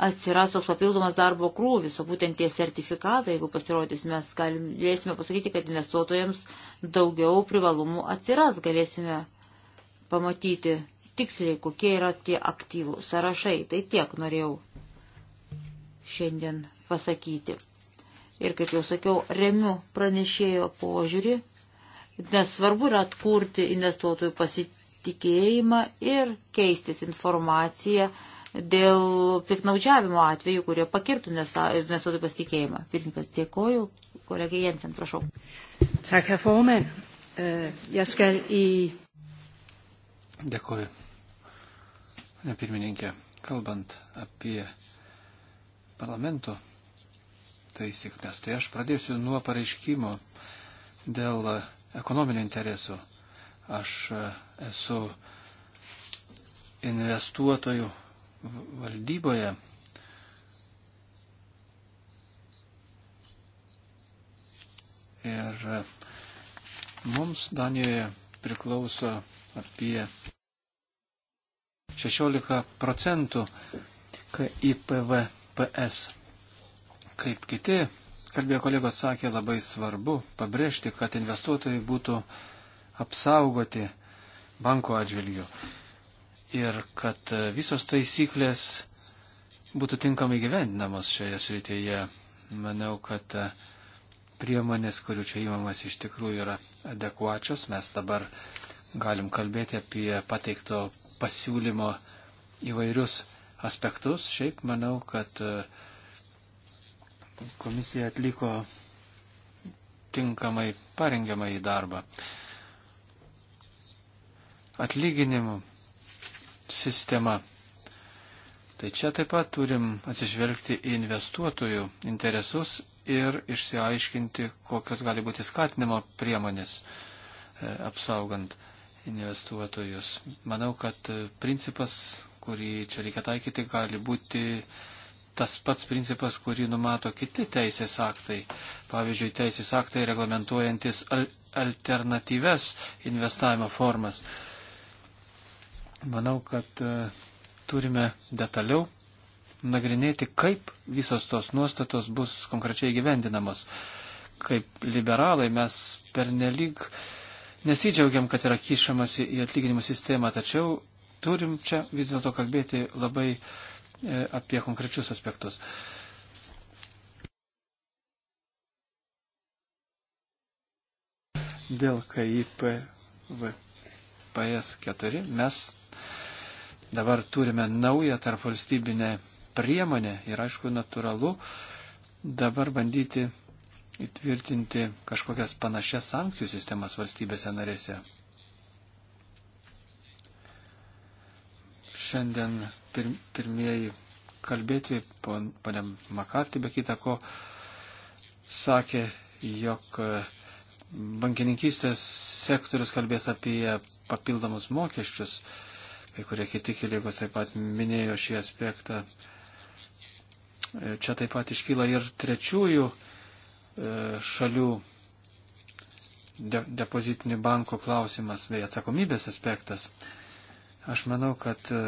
atsiras toks papildomas darbo krūvis, o būtent tie sertifikatai, jeigu pasirodys, mes galėsime pasakyti, kad investuotojams daugiau privalumų atsiras, galėsime pamatyti tiksliai, kokie yra tie aktyvų sąrašai. Tai tiek norėjau šiandien pasakyti. Ir kaip jau sakiau, remiu pranešėjo požiūrį, nes svarbu yra atkurti investuotojų pasitikėjimą ir keistis informaciją dėl piknaudžiavimo atvejų, kurie pakirtų investuotojų pasitikėjimą. Pirmininkas, dėkoju. Kolegė Jensen, prašau. Tak, Herr Forman. Øh, jeg skal i Dėkuoju. Pirmininkė, kalbant apie parlamento taisyklės, tai aš pradėsiu nuo pareiškimo dėl ekonominio interesų. Aš e, esu investuotojų valdyboje. Ir e, mums Danijoje priklauso apie 16 procentų KIPVPS. Kaip kiti, kalbėjo kolegos, sakė, labai svarbu pabrėžti, kad investuotojai būtų apsaugoti banko atžvilgių ir kad visos taisyklės būtų tinkamai gyvendinamos šioje srityje. Manau, kad priemonės, kurių čia įmamas iš tikrųjų yra adekvačios. Mes dabar galim kalbėti apie pateikto pasiūlymo įvairius aspektus. Šiaip manau, kad e, komisija atliko tinkamai parengiamą į darbą. Atlyginimų sistema. Tai čia taip pat turim atsižvelgti į investuotojų interesus ir išsiaiškinti, kokios gali būti skatinimo priemonės e, apsaugant investuotojus. Manau, kad principas, kurį čia reikia taikyti, gali būti tas pats principas, kurį numato kiti teisės aktai. Pavyzdžiui, teisės aktai reglamentuojantis al alternatyves investavimo formas. Manau, kad e, turime detaliau nagrinėti, kaip visos tos nuostatos bus konkrečiai gyvendinamos. Kaip liberalai mes pernelyg uh, nesidžiaugiam, kad yra kišamasi į atlyginimų sistemą, tačiau turim čia vis dėlto kalbėti labai e, apie konkrečius aspektus. Dėl KIPVPS 4 mes dabar turime naują tarp valstybinę priemonę ir aišku natūralu dabar bandyti įtvirtinti kažkokias panašias sankcijų sistemas valstybėse narėse. Šiandien pir, pirmieji kalbėti, pon, ponė Makartė, be kita ko, sakė, jog e, bankininkystės sektorius kalbės apie papildomus mokesčius. Kai kurie kiti kolegos taip pat minėjo šį aspektą. E, čia taip pat iškyla ir trečiųjų E, šalių de depozitinių bankų klausimas bei atsakomybės aspektas. Aš manau, kad e,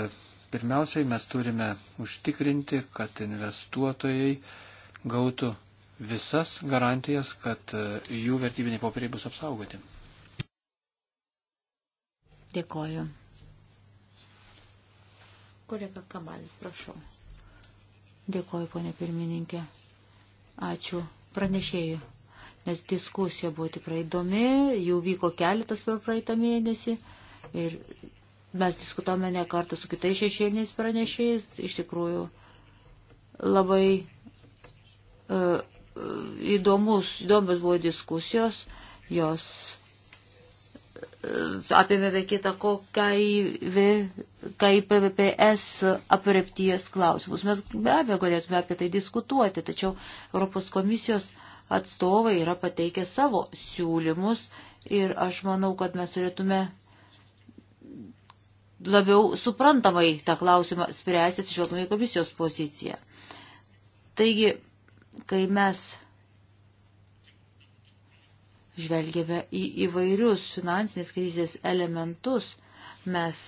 pirmiausiai mes turime užtikrinti, kad investuotojai gautų visas garantijas, kad e, jų vertybiniai popieriai bus apsaugoti. Dėkoju. Kolega Kamal, prašau. Dėkoju, ponė pirmininkė. Ačiū pranešėjų, nes diskusija buvo tikrai įdomi, jau vyko keletas per praeitą mėnesį ir mes diskutavome ne kartą su kitais šešėliniais pranešėjais, iš tikrųjų labai uh, įdomus, įdomus buvo diskusijos, jos apėmė be kitą kokiai PVPS aprepties klausimus. Mes be abejo galėtume apie tai diskutuoti, tačiau Europos komisijos atstovai yra pateikę savo siūlymus ir aš manau, kad mes turėtume labiau suprantamai tą klausimą spręsti atsižvelgdami į komisijos poziciją. Taigi, kai mes žvelgėme į įvairius finansinės krizės elementus, mes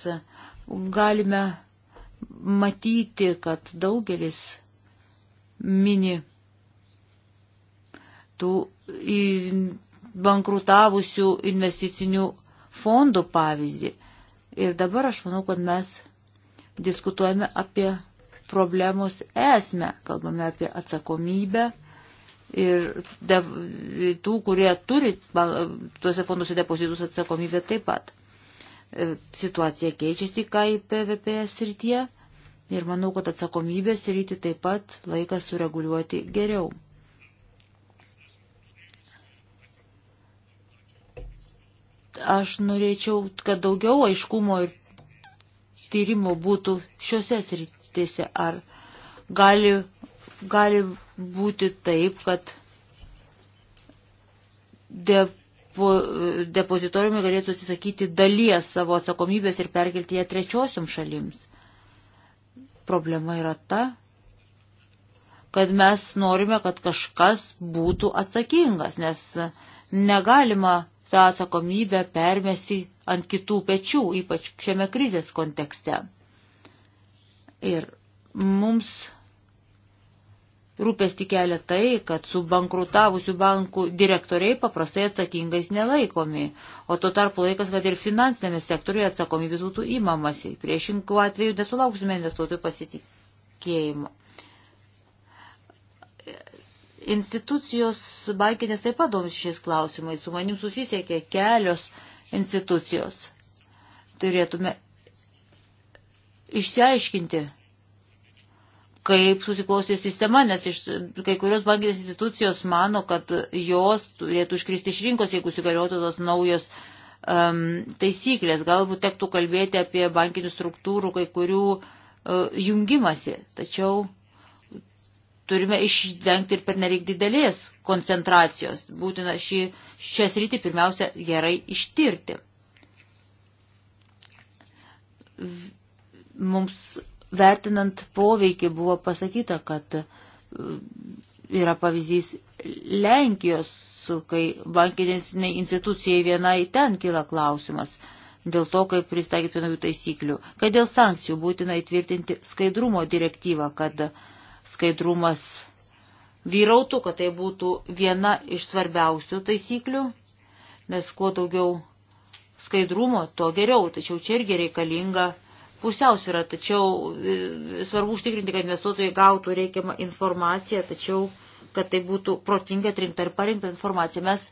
galime matyti, kad daugelis mini tų bankrutavusių investicinių fondų pavyzdį. Ir dabar aš manau, kad mes diskutuojame apie problemos esmę, kalbame apie atsakomybę ir de, tų, kurie turi tuose fonduose depozitus atsakomybę taip pat. E, situacija keičiasi KIP VPS rytyje ir manau, kad atsakomybės rytį taip pat laikas sureguliuoti geriau. Aš norėčiau, kad daugiau aiškumo ir tyrimo būtų šiuose srityse. Ar gali gali būti taip, kad depo, depozitoriumi galėtų atsisakyti dalies savo atsakomybės ir perkelti ją trečiosiom šalims. Problema yra ta, kad mes norime, kad kažkas būtų atsakingas, nes negalima tą atsakomybę permesti ant kitų pečių, ypač šiame krizės kontekste. Ir mums Rūpesti kelia tai, kad subankrutavusių bankų direktoriai paprastai atsakingais nelaikomi, o tuo tarpu laikas, kad ir finansinėme sektoriuje atsakomybės būtų įmamasi. Priešingų atveju nesulauksime investuotojų pasitikėjimo. Institucijos bankinės taip pat domis šiais klausimais, su manim susisiekė kelios institucijos. Turėtume išsiaiškinti kaip susiklausė sistema, nes iš, kai kurios bankinės institucijos mano, kad jos turėtų iškristi iš rinkos, jeigu įsigaliotų tos naujos um, taisyklės. Galbūt tektų kalbėti apie bankinių struktūrų kai kurių uh, jungimasi, tačiau turime išvengti ir pernelyg didelės koncentracijos. Būtina šį, šią sritį pirmiausia gerai ištirti. Mums vertinant poveikį buvo pasakyta, kad e, yra pavyzdys Lenkijos, kai bankinė institucijai vienai ten kila klausimas dėl to, kaip pristaikyti prie naujų taisyklių, kad dėl sankcijų būtina įtvirtinti skaidrumo direktyvą, kad skaidrumas vyrautų, kad tai būtų viena iš svarbiausių taisyklių, nes kuo daugiau skaidrumo, tuo geriau, tačiau čia irgi reikalinga pusiausvyrą, tačiau e, svarbu užtikrinti, kad investuotojai gautų reikiamą informaciją, tačiau kad tai būtų protinga atrinkta ir parinkta informacija. Mes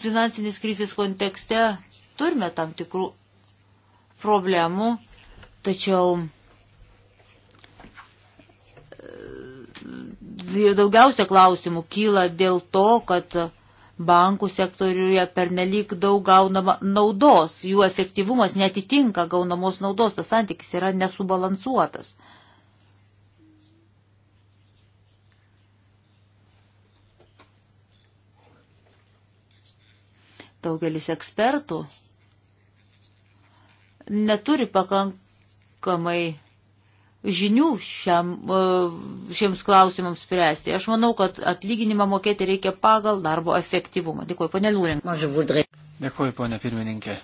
finansinės krizės kontekste turime tam tikrų problemų, tačiau e, daugiausia klausimų kyla dėl to, kad bankų sektoriuje pernelyg daug gaunama naudos, jų efektyvumas netitinka gaunamos naudos, tas santykis yra nesubalansuotas. Daugelis ekspertų neturi pakankamai žinių šiam, e, šiems klausimams spręsti. Aš manau, kad atlyginimą mokėti reikia pagal darbo efektyvumą. Dėkuoju, ponė Lūrin. Dėkuoju, ponė pirmininkė.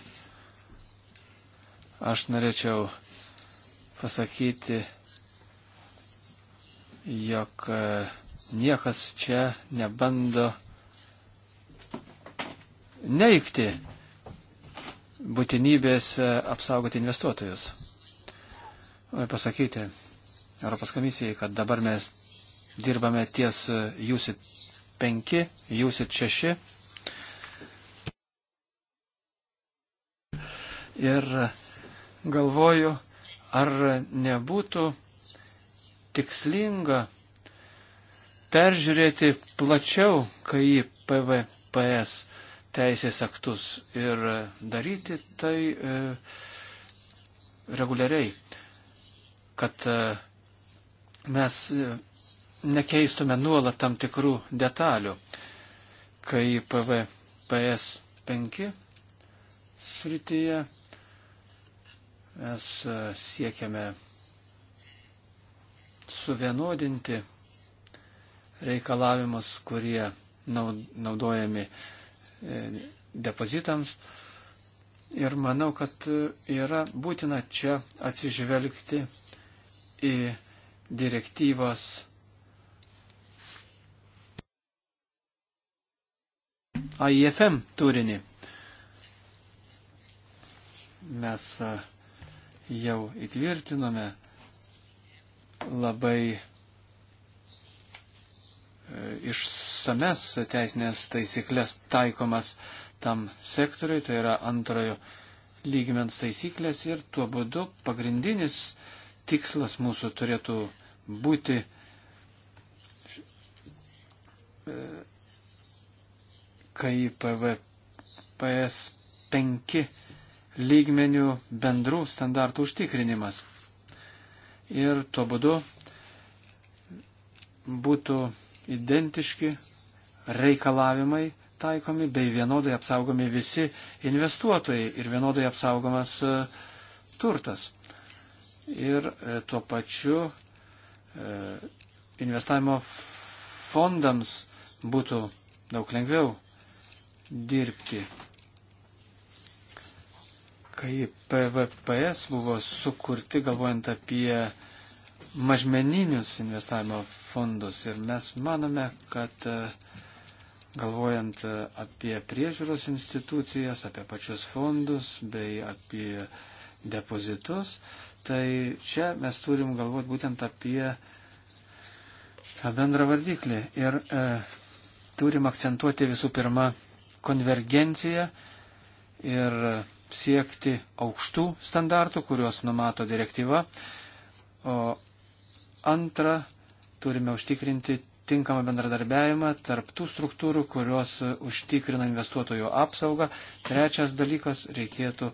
Aš norėčiau pasakyti, jog e, niekas čia nebando neikti būtinybės e, apsaugoti investuotojus pasakyti Europos komisijai, kad dabar mes dirbame ties jūsit 5, jūsit 6. Ir galvoju, ar nebūtų tikslinga peržiūrėti plačiau, kai PVPS teisės aktus ir daryti tai e, reguliariai kad e, mes e, nekeistume nuolat tam tikrų detalių, kai PVPS 5 srityje mes e, siekiame suvienodinti reikalavimus, kurie naudojami depozitams. Ir manau, kad yra būtina čia atsižvelgti į direktyvos AIFM turinį. Mes jau įtvirtinome labai e, išsames teisinės taisyklės taikomas tam sektoriui, tai yra antrojo lygmens taisyklės ir tuo būdu pagrindinis uh, tikslas mūsų turėtų būti e, kai PVPS 5 lygmenių bendrų standartų užtikrinimas. Ir tuo būdu būtų identiški reikalavimai taikomi bei vienodai apsaugomi visi investuotojai ir vienodai apsaugomas e, turtas ir e, tuo pačiu e, investavimo fondams būtų daug lengviau dirbti. Kai PVPS buvo sukurti, galvojant apie mažmeninius investavimo fondus ir mes manome, kad e, galvojant apie priežiūros institucijas, apie pačius fondus bei apie depozitus, Tai čia mes turim galvoti būtent apie tą bendrą vardiklį ir e, turim akcentuoti visų pirma konvergenciją ir siekti aukštų standartų, kuriuos numato direktyva. O antra, turime užtikrinti tinkamą bendradarbiavimą tarp tų struktūrų, kurios užtikrina investuotojų apsaugą. Trečias dalykas, reikėtų,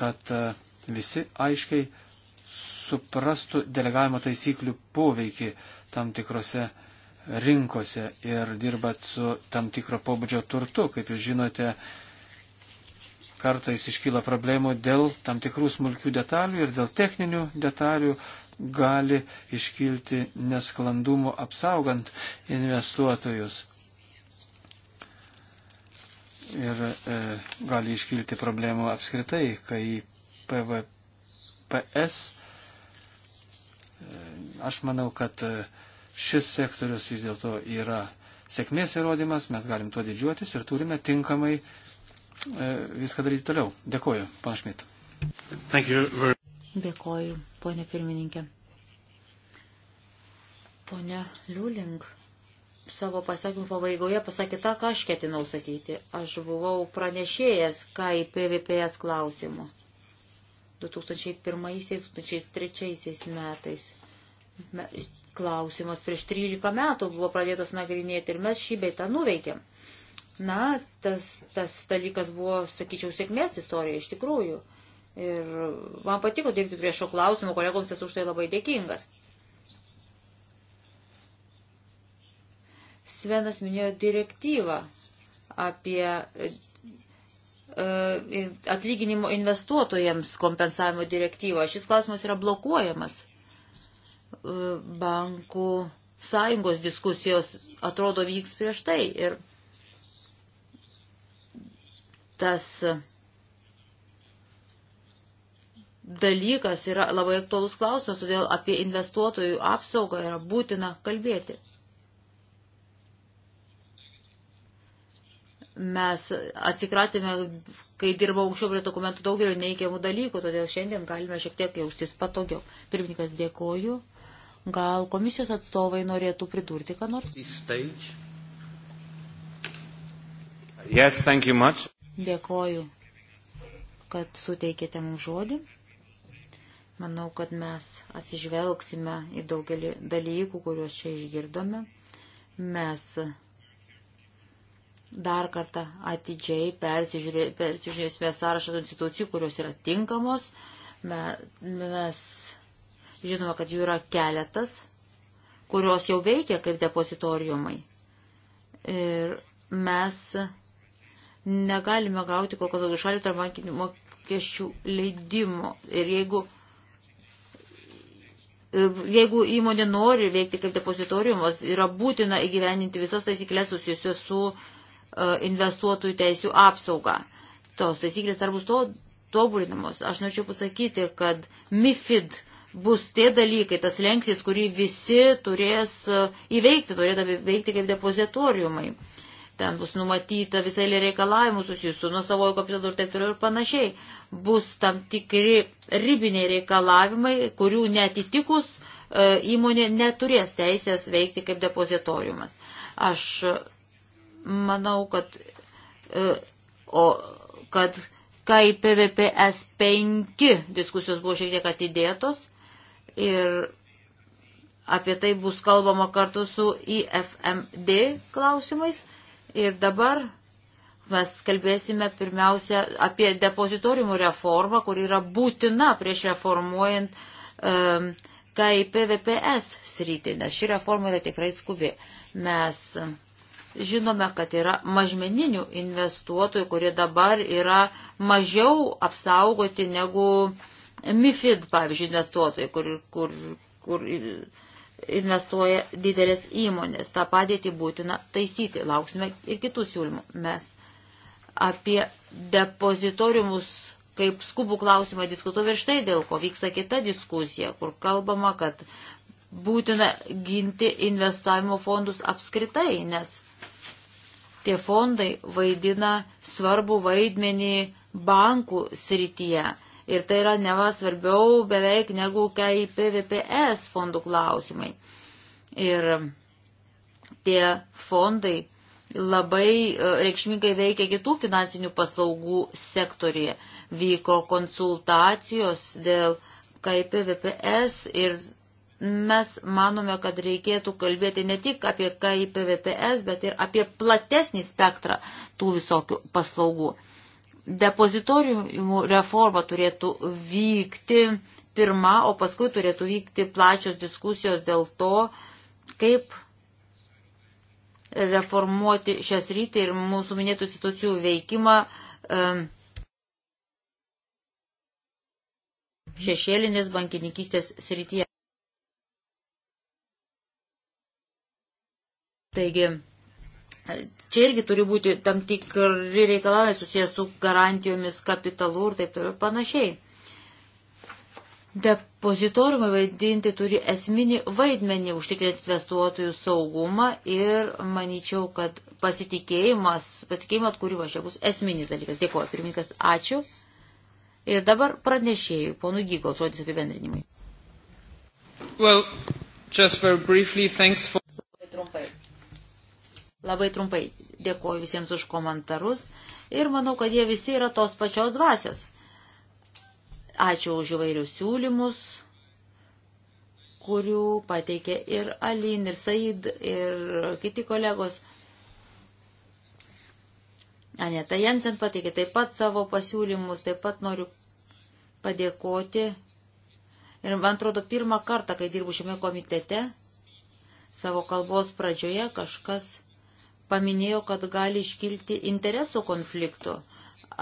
kad e, visi aiškiai suprastų delegavimo taisyklių poveikį tam tikrose rinkose ir dirbat su tam tikro pobūdžio turtu. Kaip jūs žinote, kartais iškyla problemų dėl tam tikrų smulkių detalių ir dėl techninių detalių gali iškilti nesklandumų apsaugant investuotojus. Ir e, gali iškilti problemų apskritai, kai PVPS. Aš manau, kad e, šis sektorius vis dėlto yra sėkmės įrodymas, mes galim tuo didžiuotis ir turime tinkamai e, viską daryti toliau. Dėkoju, pana Šmit. Dėkoju, ponė pirmininkė. Pone Liulink savo pasakymų pabaigoje pasakė tą, ką aš ketinau sakyti. Aš buvau pranešėjęs, ką į PVPS klausimų. 2001-2003 metais. Klausimas prieš 13 metų buvo pradėtas nagrinėti ir mes šį beitą nuveikėm. Na, tas, tas dalykas buvo, sakyčiau, sėkmės istorija iš tikrųjų. Ir man patiko dirbti prie šio klausimo, kolegoms esu už tai labai dėkingas. Svenas minėjo direktyvą apie E, atlyginimo investuotojams kompensavimo direktyvą. Šis klausimas yra blokuojamas. E, bankų sąjungos diskusijos atrodo vyks prieš tai ir tas dalykas yra labai aktuolus klausimas, todėl apie investuotojų apsaugą yra būtina kalbėti. Mes atsikratėme, kai dirbau anksčiau prie dokumentų daugelio neįkiamų dalykų, todėl šiandien galime šiek tiek jaustis patogiau. Pirmininkas, dėkoju. Gal komisijos atstovai norėtų pridurti ką nors? Yes, dėkoju, kad suteikėte mums žodį. Manau, kad mes atsižvelgsime į daugelį dalykų, kuriuos čia išgirdome. Mes Dar kartą atidžiai persižiūrėsime sąrašą institucijų, kurios yra tinkamos. Mes žinome, kad jų yra keletas, kurios jau veikia kaip depozitoriumai. Ir mes negalime gauti kol kas daugiau šalių tarpbankinių mokesčių leidimo. Ir jeigu, jeigu įmonė nori veikti kaip depozitoriumas, yra būtina įgyveninti visas taisyklės susijusios su E, investuotojų teisių apsaugą. Tos taisyklės ar bus to, tobulinamos. Aš norėčiau pasakyti, kad MIFID bus tie dalykai, tas lenksis, kurį visi turės e, įveikti, turėdami veikti kaip depozitoriumai. Ten bus numatyta visai reikalavimų susijusių nuo savojo kapitalo ir taip toliau ir panašiai. Bus tam tikri ribiniai reikalavimai, kurių netitikus e, įmonė neturės teisės veikti kaip depozitoriumas. Aš Manau, kad, e, o, kad kai PVPS 5 diskusijos buvo šiek tiek atidėtos ir apie tai bus kalbama kartu su IFMD klausimais. Ir dabar mes kalbėsime pirmiausia apie depozitoriumų reformą, kur yra būtina prieš reformuojant um, e, KIPVPS sritį, nes ši reforma yra tikrai skubi. Mes žinome, kad yra mažmeninių investuotojų, kurie dabar yra mažiau apsaugoti negu MIFID, pavyzdžiui, investuotojai, kur, kur, kur investuoja didelės įmonės. Ta padėtį būtina taisyti. Lauksime ir kitų siūlymų. Mes apie depozitoriumus kaip skubų klausimą diskutuojame ir štai dėl ko vyksta kita diskusija, kur kalbama, kad būtina ginti investavimo fondus apskritai, nes tie fondai vaidina svarbu vaidmenį bankų srityje. Ir tai yra neva svarbiau beveik negu kaip PVPS fondų klausimai. Ir tie fondai labai e, reikšmingai veikia kitų finansinių paslaugų sektorėje. Vyko konsultacijos dėl KIPVPS ir mes manome, kad reikėtų kalbėti ne tik apie KIPVPS, bet ir apie platesnį spektrą tų visokių paslaugų. Depozitoriumų reforma turėtų vykti pirma, o paskui turėtų vykti plačios diskusijos dėl to, kaip reformuoti šias rytį ir mūsų minėtų institucijų veikimą šešėlinės bankininkystės srityje. Taigi, čia irgi turi būti tam tikri reikalavimai susijęs su garantijomis kapitalu ir taip toliau ir panašiai. Depozitoriumai vaidinti turi esminį vaidmenį užtikrinti investuotojų saugumą ir manyčiau, kad pasitikėjimas, pasitikėjimo atkūrimas čia bus esminis dalykas. Dėkuoju, pirmininkas, ačiū. Ir dabar pranešėjų, ponų Gygol, žodis apibendrinimai. Well, just very briefly, thanks for... Trumpai. Labai trumpai dėkoju visiems už komentarus ir manau, kad jie visi yra tos pačios dvasios. Ačiū už įvairius siūlymus, kurių pateikė ir Alin, ir Said, ir kiti kolegos. Aneta Jensen pateikė taip pat savo pasiūlymus, taip pat noriu padėkoti. Ir man atrodo, pirmą kartą, kai dirbu šiame komitete, savo kalbos pradžioje kažkas paminėjo, kad gali iškilti interesų konfliktų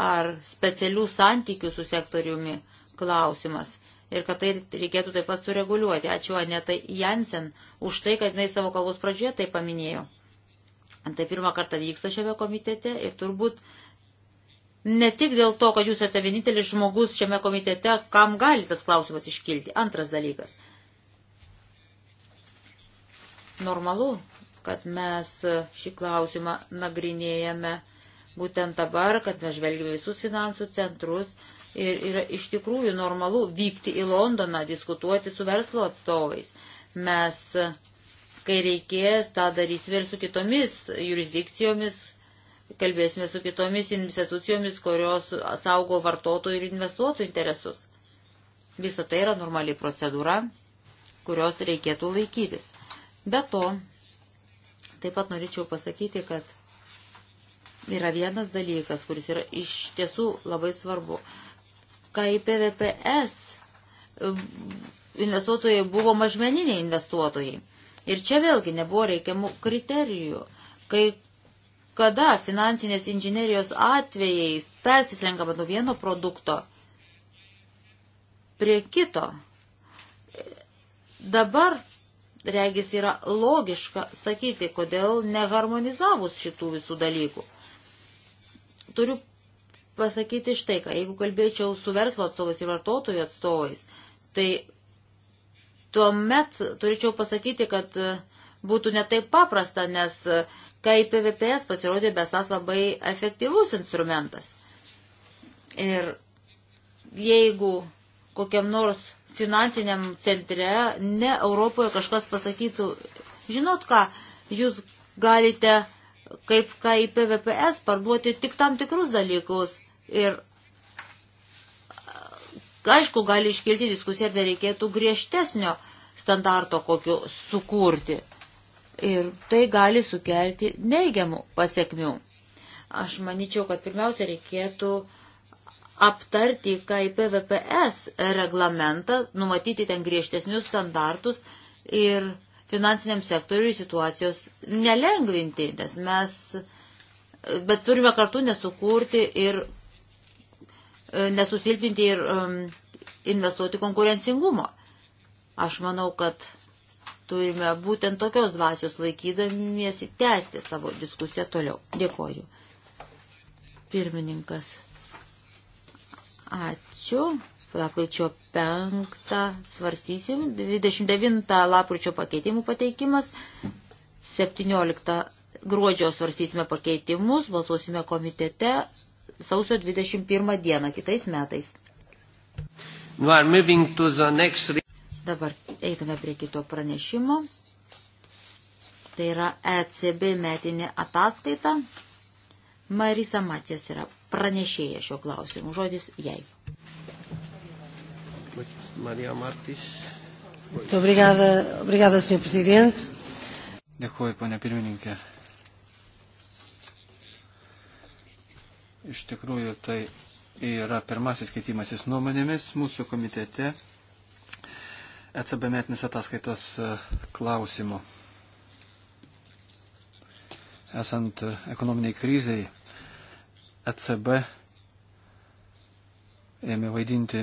ar specialių santykių su sektoriumi klausimas ir kad tai reikėtų taip pat sureguliuoti. Ačiū Anetai Jansen už tai, kad jinai savo kalbos pradžioje tai paminėjo. Tai pirmą kartą vyksta šiame komitete ir turbūt ne tik dėl to, kad jūs esate vienintelis žmogus šiame komitete, kam gali tas klausimas iškilti. Antras dalykas. Normalu, kad mes šį klausimą nagrinėjame būtent dabar, kad mes žvelgime visus finansų centrus ir yra iš tikrųjų normalu vykti į Londoną, diskutuoti su verslo atstovais. Mes, kai reikės, tą darysime ir su kitomis jurisdikcijomis, kalbėsime su kitomis institucijomis, kurios saugo vartotojų ir investuotojų interesus. Visa tai yra normali procedūra, kurios reikėtų laikytis. Be to, Taip pat norėčiau pasakyti, kad yra vienas dalykas, kuris yra iš tiesų labai svarbu. Kai PVPS um, investuotojai buvo mažmeniniai investuotojai. Ir čia vėlgi nebuvo reikiamų kriterijų. Kai kada finansinės inžinerijos atvejais persislenkama nuo vieno produkto prie kito. Dabar regis yra logiška sakyti, kodėl neharmonizavus šitų visų dalykų. Turiu pasakyti štai ką, jeigu kalbėčiau su verslo atstovais ir vartotojų atstovais, tai tuomet turėčiau pasakyti, kad e, būtų netaip paprasta, nes e, kai PVPS pasirodė besas labai efektyvus instrumentas. Ir jeigu kokiam nors finansiniam centre, ne Europoje kažkas pasakytų, žinot ką, jūs galite kaip ką į PVPS parduoti tik tam tikrus dalykus. Ir aišku, gali iškilti diskusiją, ar reikėtų griežtesnio standarto kokiu sukurti. Ir tai gali sukelti neigiamų pasiekmių. Aš manyčiau, kad pirmiausia reikėtų uh, aptarti, kaip PVPS reglamentą, numatyti ten griežtesnius standartus ir finansiniam sektoriui situacijos nelengvinti, nes mes, bet turime kartu nesukurti ir e, nesusilpinti ir um, investuoti konkurencingumo. Aš manau, kad turime būtent tokios dvasios laikydamiesi tęsti savo diskusiją toliau. Dėkoju. Pirmininkas. Ačiū. Lapkričio 5 svarstysim. 29 lapkričio pakeitimų pateikimas. 17 gruodžio svarstysime pakeitimus. Balsuosime komitete sausio 21 dieną kitais metais. Next... Dabar eitume prie kito pranešimo. Tai yra ECB metinė ataskaita. Marisa Matės yra pranešėja šio klausimu. Žodis jai. Marija Martis. Obrigada, obrigada, senhor presidente. Dėkuoju, ponia pirmininkė. Iš tikrųjų, tai yra pirmasis keitimasis nuomonėmis mūsų komitete ECB metinis ataskaitos e, klausimu. Esant ekonominiai kriziai, ECB ėmė vaidinti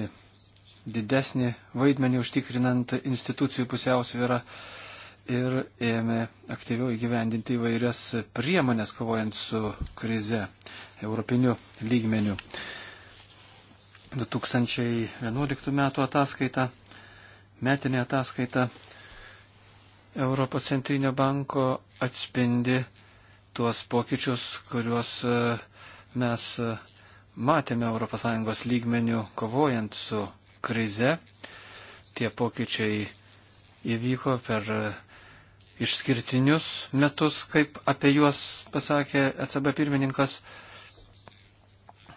didesnį vaidmenį užtikrinant institucijų pusiausvyrą ir ėmė aktyviau įgyvendinti įvairias priemonės kovojant su krize europiniu lygmeniu. 2011 metų ataskaita, metinė ataskaita Europos centrinio banko atspindi tuos pokyčius, kuriuos uh, mes e, matėme ES lygmenių kovojant su krize. Tie pokyčiai įvyko per e, išskirtinius metus, kaip apie juos pasakė ECB pirmininkas.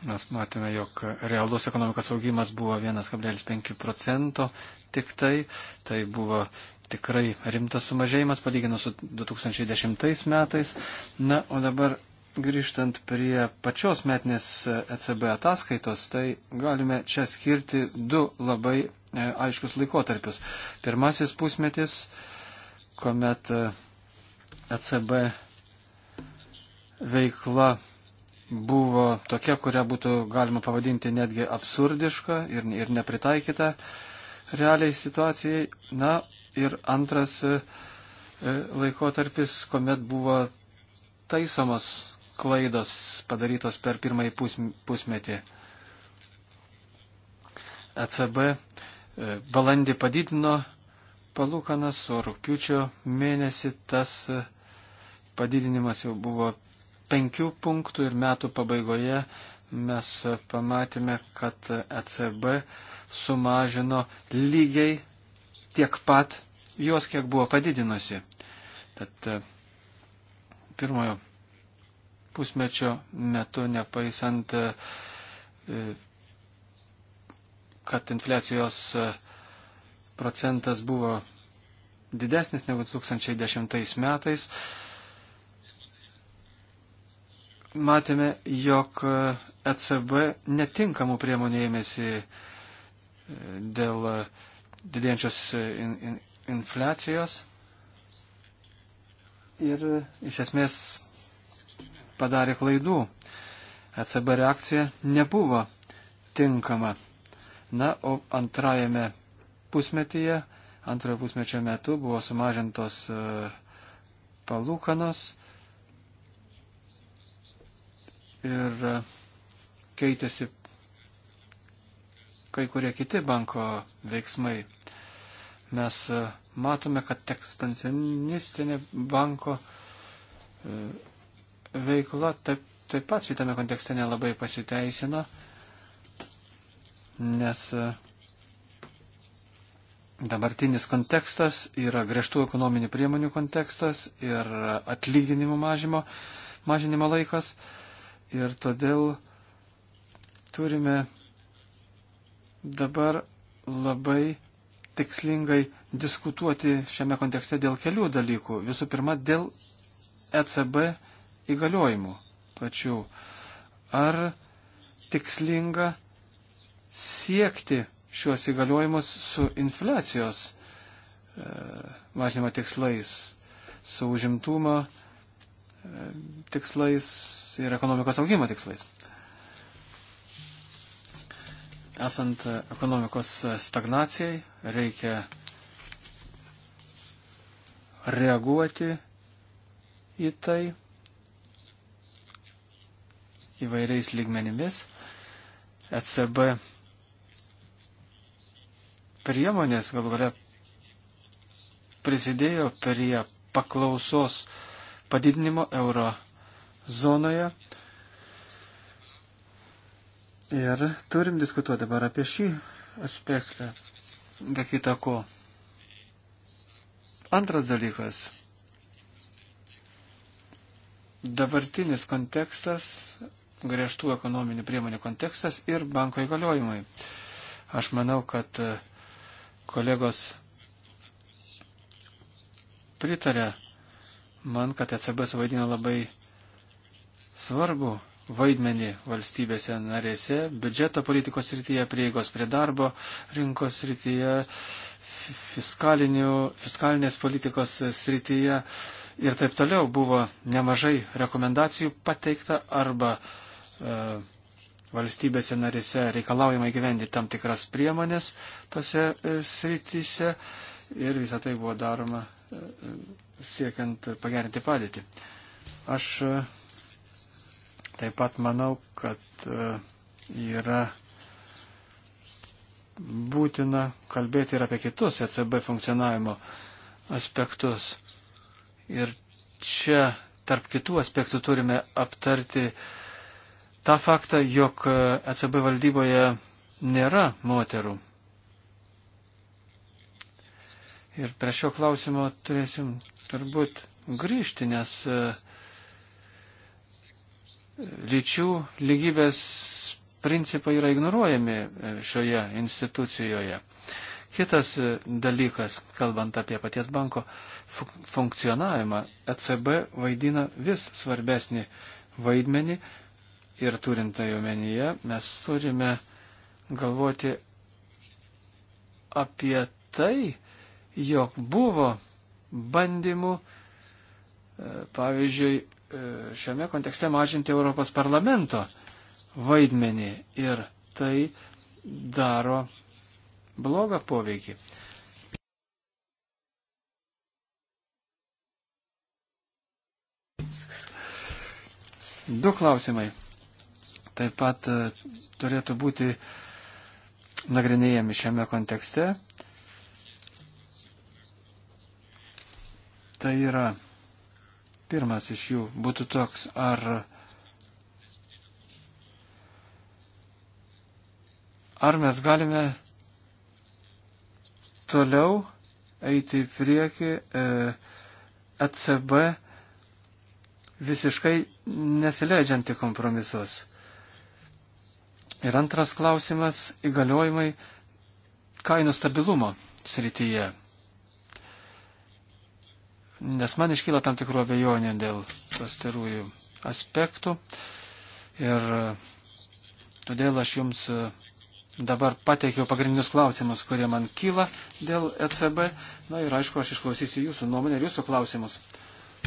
Mes matėme, jog realus ekonomikos augimas buvo 1,5 procento tik tai. Tai buvo tikrai rimtas sumažėjimas palyginus su 2010 metais. Na, o dabar grįžtant prie pačios metinės ECB ataskaitos, tai galime čia skirti du labai e, aiškius laikotarpius. Pirmasis pusmetis, kuomet ECB e veikla buvo tokia, kurią būtų galima pavadinti netgi absurdiška ir, ir nepritaikyta realiai situacijai. Na ir antras e, laikotarpis, kuomet buvo taisomos klaidos padarytos per pirmąjį pusmetį. ECB e, balandį padidino palūkanas, o rūpiučio mėnesį tas e, padidinimas jau buvo penkių punktų ir metų pabaigoje mes pamatėme, kad ECB sumažino lygiai tiek pat jos, kiek buvo padidinusi. Tad e, pirmojo pusmečio metu, nepaisant, e, e, kad infliacijos e, procentas buvo didesnis negu 2010 metais, matėme, jog ECB netinkamų priemonė ėmėsi dėl didėjančios in, in, infliacijos ir iš esmės padarė klaidų. ECB reakcija nebuvo tinkama. Na, o antrajame pusmetyje, antrojo pusmečio metu buvo sumažintos e, palūkanos ir e, keitėsi kai kurie kiti banko veiksmai. Mes e, matome, kad ekspansionistinė banko veikla taip, taip pat šitame kontekste nelabai pasiteisino, nes e, dabartinis kontekstas yra griežtų ekonominių priemonių kontekstas ir atlyginimų mažimo, mažinimo laikas ir todėl turime dabar labai tikslingai diskutuoti šiame kontekste dėl kelių dalykų. Visų pirma, dėl ECB įgaliojimų pačių. Ar tikslinga siekti šiuos įgaliojimus su infliacijos e, mažinimo tikslais, su užimtumo e, tikslais ir ekonomikos augimo tikslais. Esant ekonomikos stagnacijai, reikia reaguoti į tai įvairiais lygmenimis. ECB priemonės galų galia prisidėjo prie paklausos padidinimo euro zonoje. Ir turim diskutuoti dabar apie šį aspektą, be kita ko. Antras dalykas. Dabartinis kontekstas griežtų ekonominių priemonių kontekstas ir banko įgaliojimai. Aš manau, kad e, kolegos pritarė man, kad ECB suvaidino labai svarbu vaidmenį valstybėse narėse, biudžeto politikos srityje, prieigos prie darbo rinkos srityje, fiskalinės politikos srityje ir taip toliau buvo nemažai rekomendacijų pateikta arba uh, E, valstybėse narise reikalaujama įgyvendinti tam tikras priemonės tose e, srityse ir visą tai buvo daroma e, siekiant pagerinti padėtį. Aš taip pat manau, kad yra būtina kalbėti ir apie kitus ECB funkcionavimo aspektus. Ir čia tarp kitų aspektų turime aptarti uh, tą faktą, jog ECB e valdyboje nėra moterų. Ir prie šio klausimo turėsim turbūt grįžti, nes e, lyčių lygybės principai yra ignoruojami e, šioje institucijoje. Kitas dalykas, kalbant apie paties banko funkcionavimą, ECB vaidina vis svarbesnį vaidmenį, ir turint tai omenyje, mes turime galvoti apie tai, jog buvo bandymų, e, pavyzdžiui, e, šiame kontekste mažinti Europos parlamento vaidmenį ir tai daro blogą poveikį. Du klausimai taip pat e, turėtų būti nagrinėjami šiame kontekste. Tai yra pirmas iš jų būtų toks, ar, ar mes galime toliau eiti į priekį e, ECB visiškai nesileidžianti kompromisus. Ir antras klausimas - įgaliojimai kainų stabilumo srityje. Nes man iškyla tam tikrų abejonių dėl pastarųjų aspektų. Ir todėl aš jums e, dabar pateikiau pagrindinius klausimus, kurie man kyla dėl ECB. Na ir aišku, aš išklausysiu jūsų nuomonę ir jūsų klausimus.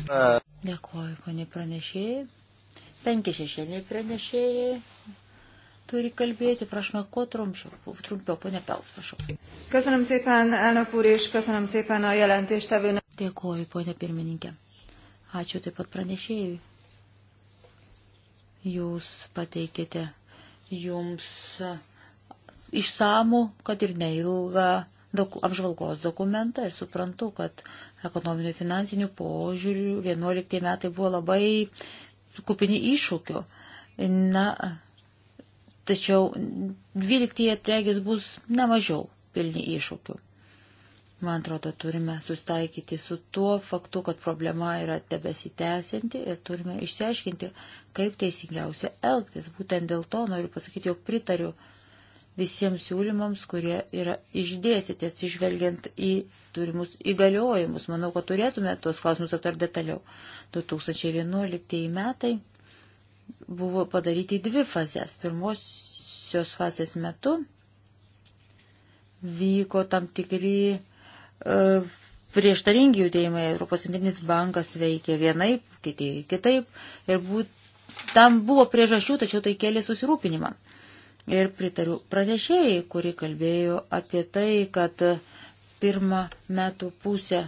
Dėkuoju, ponė pranešėjai. Penki šešėliai pranešėjai turi kalbėti. Prašome, kuo trumpiau, trumpiau ponė Pels, prašau. Köszönöm szépen, elnök úr, és köszönöm szépen a jelentéstevőnek. Dėkuoju, ponė pirmininkė. Ačiū taip pat pranešėjui. Jūs pateikėte jums išsamų, kad ir neilgą doku, apžvalgos dokumentą ir suprantu, kad ekonominių finansinių požiūrių 11 metai buvo labai kupini iššūkių. Na, tačiau 12 regis bus nemažiau pilni iššūkių. Man atrodo, turime sustaikyti su tuo faktu, kad problema yra tebesitęsianti ir turime išsiaiškinti, kaip teisingiausia elgtis. Būtent dėl to noriu pasakyti, jog pritariu visiems siūlymams, kurie yra išdėstyti atsižvelgiant į turimus įgaliojimus. Manau, kad turėtume tuos klausimus aptarti detaliau. 2011 metai buvo padaryti į dvi fazės. Pirmosios fazės metu vyko tam tikri e, prieštaringi judėjimai. Europos centrinis bankas veikė vienaip, kiti kitaip. Ir būt, tam buvo priežasčių, tačiau tai kėlė susirūpinimą. Ir pritariu pranešėjai, kuri kalbėjo apie tai, kad pirmą metų pusę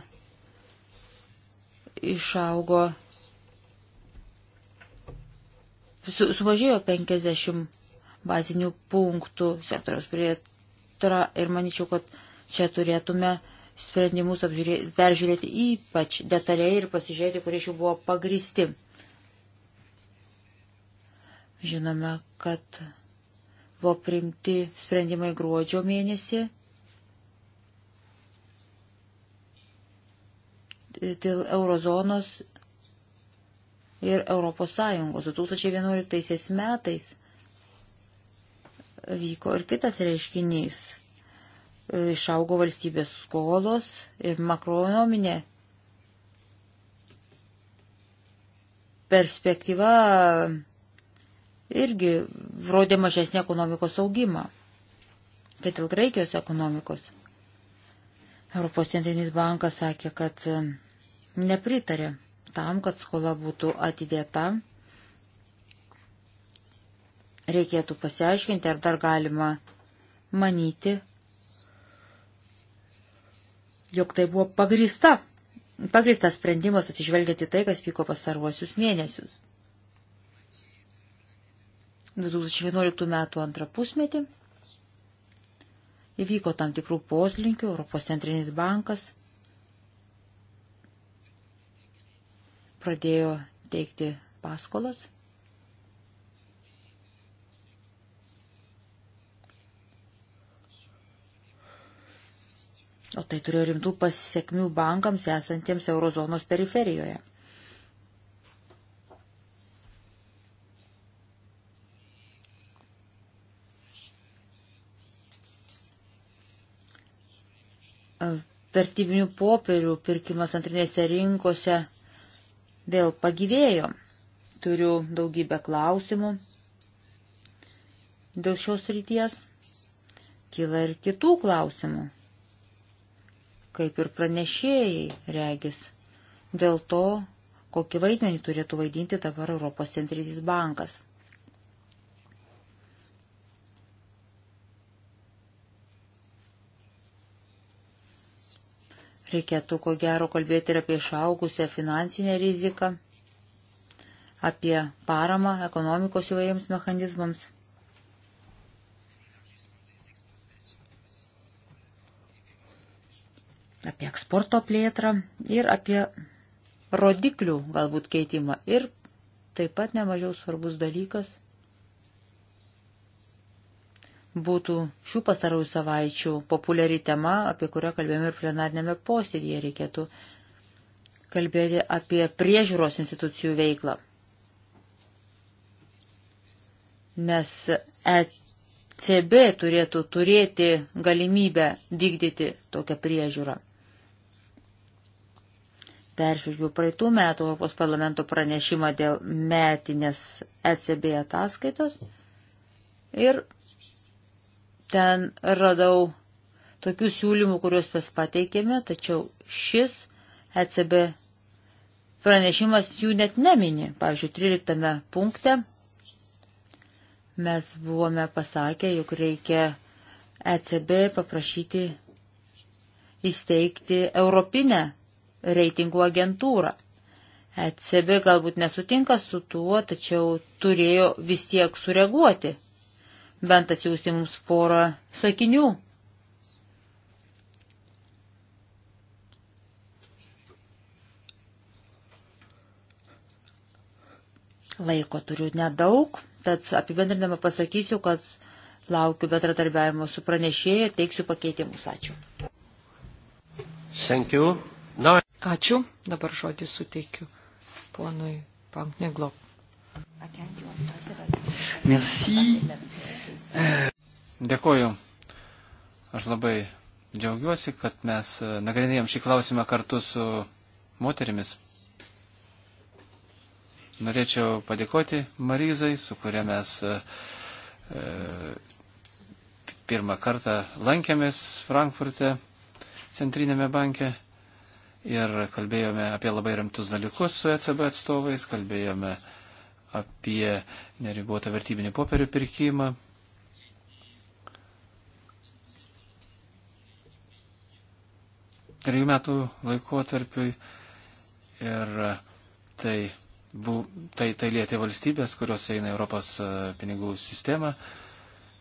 išaugo su, sumažėjo 50 bazinių punktų sektoriaus prietra ir manyčiau, kad čia turėtume sprendimus apžiūrėti, peržiūrėti ypač detaliai ir pasižiūrėti, kurie iš jų buvo pagristi. Žinome, kad buvo priimti sprendimai gruodžio mėnesį dėl eurozonos ir Europos Sąjungos. 2011 metais vyko ir kitas reiškinys. Išaugo valstybės skolos ir makronominė perspektyva irgi rodė mažesnį ekonomikos augimą. Bet dėl Graikijos ekonomikos Europos centrinis bankas sakė, kad nepritarė tam, kad skola būtų atidėta, reikėtų pasiaiškinti, ar dar galima manyti, jog tai buvo pagrįsta, pagrįstas sprendimas atsižvelgiant į tai, kas vyko pastaruosius mėnesius. 2011 metų antrą pusmetį įvyko tam tikrų poslinkių, Europos centrinis bankas pradėjo teikti paskolas. O tai turėjo rimtų pasiekmių bankams esantiems eurozonos periferijoje. Vertybinių popierių pirkimas antrinėse rinkose vėl pagyvėjo. Turiu daugybę klausimų dėl šios ryties. Kila ir kitų klausimų, kaip ir pranešėjai regis, dėl to, kokį vaidmenį turėtų vaidinti dabar Europos centrinis bankas. Reikėtų ko gero kalbėti ir apie išaugusią finansinę riziką, apie paramą ekonomikos įvairiems mechanizmams. apie eksporto plėtrą ir apie rodiklių galbūt keitimą. Ir taip pat nemažiau svarbus dalykas būtų šių pasarųjų savaičių populiari tema, apie kurią kalbėjome ir plenarnėme posėdėje reikėtų kalbėti apie priežiūros institucijų veiklą. Nes ECB turėtų turėti galimybę vykdyti tokią priežiūrą. Peržiūrėjau praeitų metų Europos parlamento pranešimą dėl metinės ECB ataskaitos ir ten radau tokių siūlymų, kuriuos mes pateikėme, tačiau šis ECB pranešimas jų net nemini. Pavyzdžiui, 13 punkte mes buvome pasakę, jog reikia ECB paprašyti įsteigti Europinę reitingų agentūrą. ECB galbūt nesutinka su tuo, tačiau turėjo vis tiek sureaguoti bent atsiųsti mums porą sakinių. Laiko turiu nedaug, tad apibendrinama pasakysiu, kad laukiu bendradarbiavimo su pranešėja, teiksiu pakeitimus. Ačiū. No. Ačiū. Dabar žodį suteikiu ponui Pankneglop. Merci. Dėkuoju. Aš labai džiaugiuosi, kad mes e, nagrinėjom šį klausimą kartu su moterimis. Norėčiau padėkoti Maryzai, su kuria mes e, e, pirmą kartą lankėmės Frankfurte centrinėme banke ir kalbėjome apie labai rimtus dalykus su ECB atstovais, kalbėjome apie neribotą vertybinį popierių pirkimą, trejų metų laikotarpiui ir tai, bu, tai, tai lietė valstybės, kurios eina Europos e, pinigų sistemą.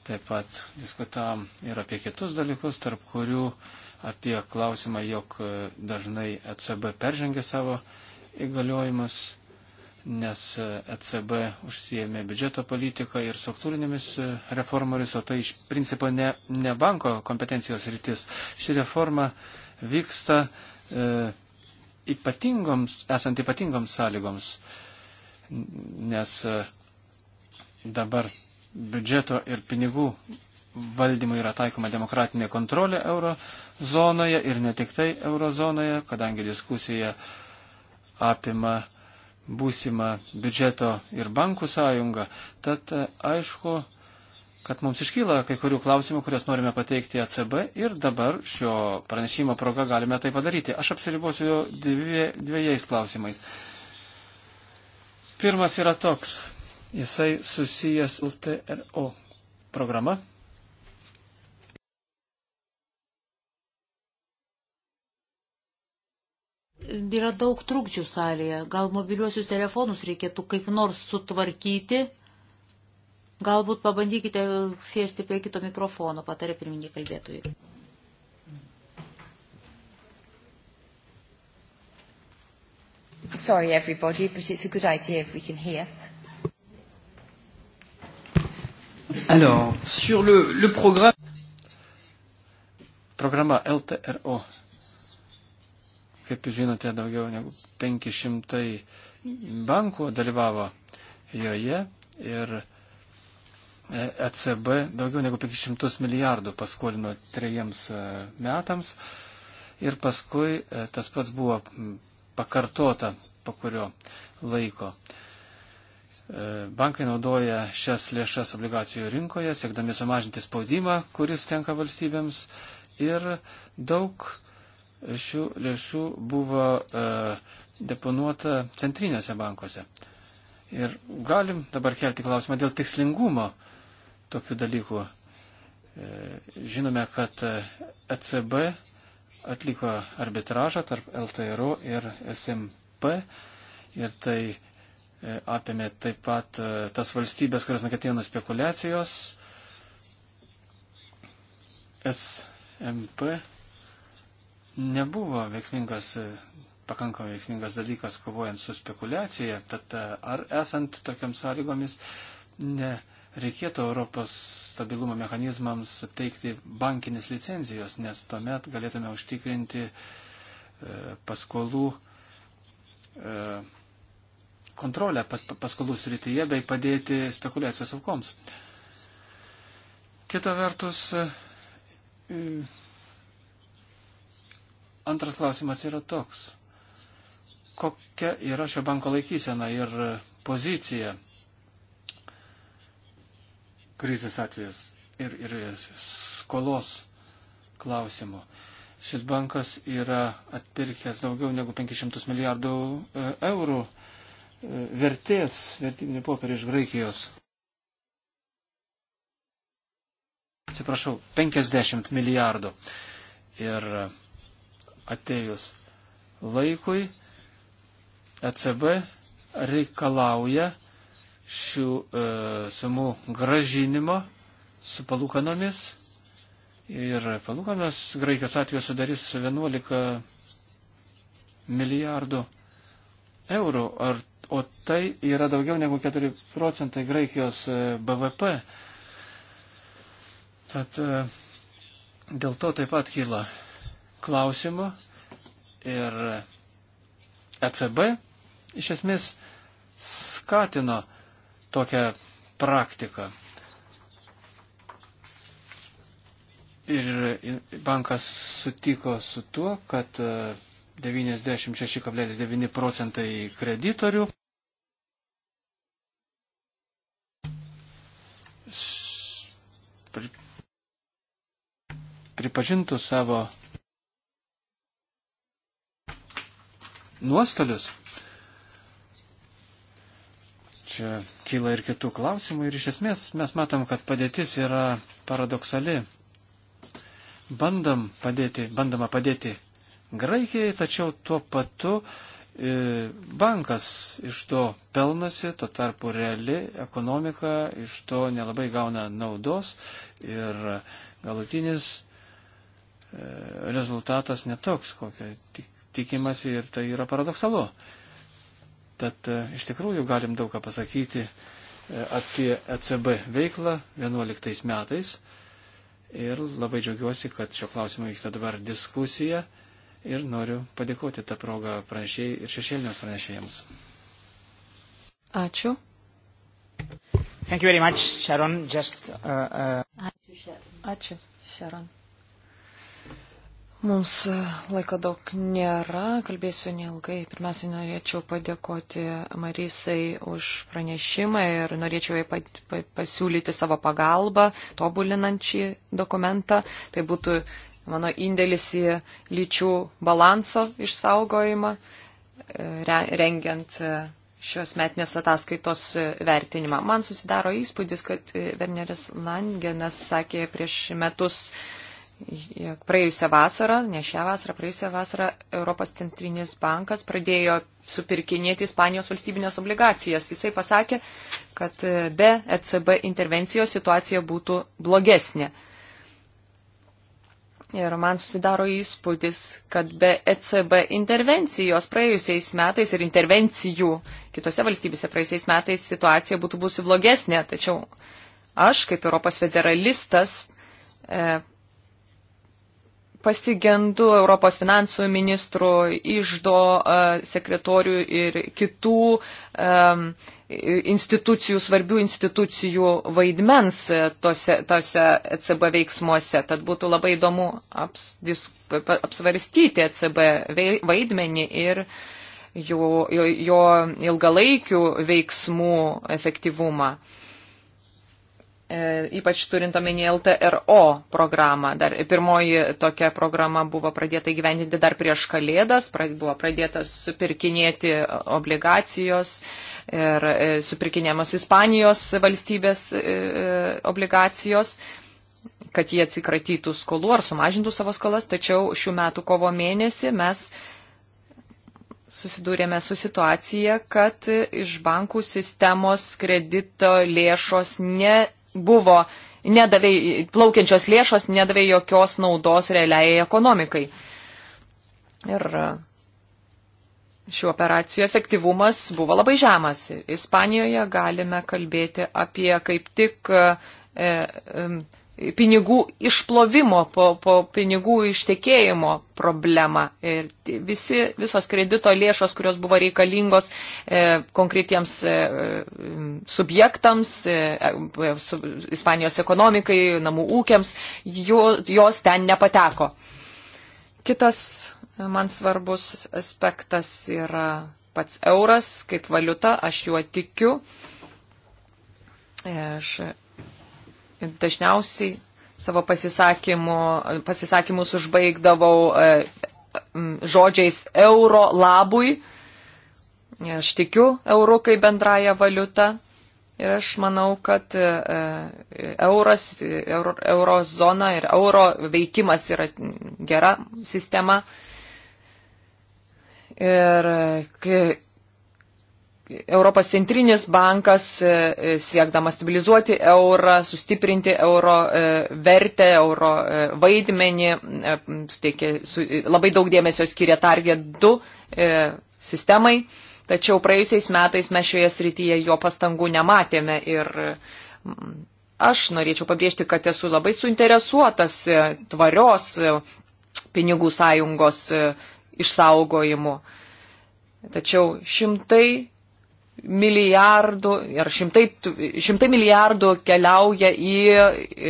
Taip pat diskutavom ir apie kitus dalykus, tarp kurių apie klausimą, jog e, dažnai ECB peržengia savo įgaliojimus, nes ECB e užsijėmė biudžeto politiką ir struktūrinėmis reformomis, o tai iš principo ne, ne banko kompetencijos rytis. Ši reforma uh, vyksta e, ypatingoms, esant ypatingoms sąlygoms, nes e, dabar biudžeto ir pinigų valdymui yra taikoma demokratinė kontrolė euro zonoje ir ne tik tai euro zonoje, kadangi diskusija apima būsimą biudžeto ir bankų sąjungą. Tad e, aišku, kad mums iškyla kai kurių klausimų, kuriuos norime pateikti ACB ir dabar šio pranešimo proga galime tai padaryti. Aš apsiribosiu dvie, dviejais klausimais. Pirmas yra toks. Jisai susijęs LTRO programa. Yra daug trukdžių salėje. Gal mobiliuosius telefonus reikėtų kaip nors sutvarkyti Galbūt pabandykite sėsti prie kito mikrofono, patarė pirminį kalbėtojai. Sorry, everybody, but it's a good idea if we can hear. Alors, sur le, le programme. Programa LTRO. Kaip jūs žinote, daugiau negu 500 bankų dalyvavo joje ir ECB e daugiau negu 500 milijardų paskolino trejiems e, metams ir paskui e, tas pats buvo pakartota po kurio laiko. Bankai naudoja šias lėšas obligacijų rinkoje, siekdami sumažinti spaudimą, kuris tenka valstybėms ir daug šių lėšų buvo deponuota centrinėse bankuose. Ir galim dabar kelti klausimą dėl tikslingumo tokių dalykų. E, žinome, kad ECB e atliko arbitražą tarp LTRO ir SMP ir tai e, apėmė taip pat tas valstybės, kurios nukentėjo nuo spekulacijos. SMP nebuvo veiksmingas, pakankamai veiksmingas dalykas kovojant su spekulacija, tad ar esant tokiam sąlygomis ne reikėtų Europos stabilumo mechanizmams suteikti bankinis licenzijos, nes tuomet galėtume užtikrinti e, paskolų e, kontrolę pas, paskolų srityje bei padėti spekulacijos aukoms. Kita vertus, e, antras klausimas yra toks. Kokia yra šio banko laikysena ir pozicija? krizės atvejus ir, ir skolos klausimų. Šis bankas yra atpirkęs daugiau negu 500 milijardų e, eurų e, vertės vertybinių popierių iš Graikijos. Atsiprašau, 50 milijardų. Ir atėjus laikui ECB reikalauja šių e, sumų gražinimo su palūkanomis. Ir palūkanos Graikijos atveju sudarys 11 milijardų eurų, ar, o tai yra daugiau negu 4 procentai Graikijos e, BVP. Tad e, dėl to taip pat kyla klausimų ir ECB e iš esmės skatino tokią praktiką. Ir bankas sutiko su tuo, kad 96,9 e, procentai kreditorių pripažintų savo nuostolius čia kyla ir kitų klausimų ir iš esmės mes matom, kad padėtis yra paradoksali. Bandam padėti, bandama padėti Graikijai, tačiau tuo patu e, bankas iš to pelnosi, tuo tarpu reali ekonomika iš to nelabai gauna naudos ir galutinis e, rezultatas netoks, kokio tik, tikimasi ir tai yra paradoksalu. E, Tad e, iš tikrųjų galim daug ką pasakyti e, apie ECB veiklą 11 metais. Ir labai džiaugiuosi, kad šio klausimo vyksta dabar diskusija ir noriu padėkoti tą progą pranešėjai ir šešėlinės pranešėjams. Ačiū. Thank you very much, Sharon. Just, uh, uh... Ačiū, Sharon. Ačiū, Sharon. Mums e, laiko daug nėra, kalbėsiu neilgai. Pirmiausia, norėčiau padėkoti Marisai už pranešimą ir norėčiau jai pasiūlyti savo pagalbą, tobulinant šį dokumentą. Tai būtų mano indėlis į lyčių balanso išsaugojimą, e, rengiant e, šios metinės ataskaitos vertinimą. Man susidaro įspūdis, kad Werneris Langenas sakė prieš metus praėjusią vasarą, ne šią vasarą, praėjusią vasarą Europos centrinis bankas pradėjo supirkinėti Ispanijos valstybinės obligacijas. Jisai pasakė, kad e, be ECB intervencijos situacija būtų blogesnė. Ir man susidaro įspūdis, kad be ECB intervencijos praėjusiais metais ir intervencijų kitose valstybėse praėjusiais metais situacija būtų būsi blogesnė. Tačiau aš, kaip Europos federalistas, e, pasigendu Europos finansų ministrų, išdo e, sekretorių ir kitų e, institucijų, svarbių institucijų vaidmens tose, tose ECB veiksmuose. Tad būtų labai įdomu aps, dis, apsvarstyti ECB vaidmenį ir jo, jo, jo ilgalaikių veiksmų efektyvumą. E, ypač turint omenyje LTRO programą. Dar pirmoji tokia programa buvo pradėta įgyvendinti dar prieš kalėdas, buvo pradėtas supirkinėti obligacijos ir e, supirkinėmas Ispanijos valstybės e, obligacijos kad jie atsikratytų skolų ar sumažintų savo skolas, tačiau šių metų kovo mėnesį mes susidūrėme su situacija, kad iš bankų sistemos kredito lėšos ne buvo nedavė, plaukiančios lėšos nedavė jokios naudos realiai ekonomikai. Ir e, šių operacijų efektyvumas buvo labai žemas. Ispanijoje galime kalbėti apie kaip tik e, e, pinigų išplovimo, po, po pinigų ištekėjimo problemą. Ir visi, visos kredito lėšos, kurios buvo reikalingos e, konkretiems e, subjektams, e, e, su, Ispanijos ekonomikai, namų ūkiams, jo, jos ten nepateko. Kitas man svarbus aspektas yra pats euras kaip valiuta, aš juo tikiu. E, aš dažniausiai savo pasisakymu, pasisakymus užbaigdavau e, žodžiais euro labui. Aš tikiu eurų kaip bendrają valiutą. Ir aš manau, kad e, e, euras, euro, eurozona ir euro veikimas yra gera sistema. Ir Europos centrinis bankas e, e, siekdamas stabilizuoti eurą, sustiprinti euro e, vertę, euro vaidmenį, steikė, labai daug dėmesio skiria Target 2 sistemai, tačiau praėjusiais metais mes šioje srityje jo pastangų nematėme ir aš norėčiau pabrėžti, kad esu labai suinteresuotas tvarios pinigų sąjungos išsaugojimu. Tačiau šimtai milijardų ir šimtai, šimtai milijardų keliauja į, į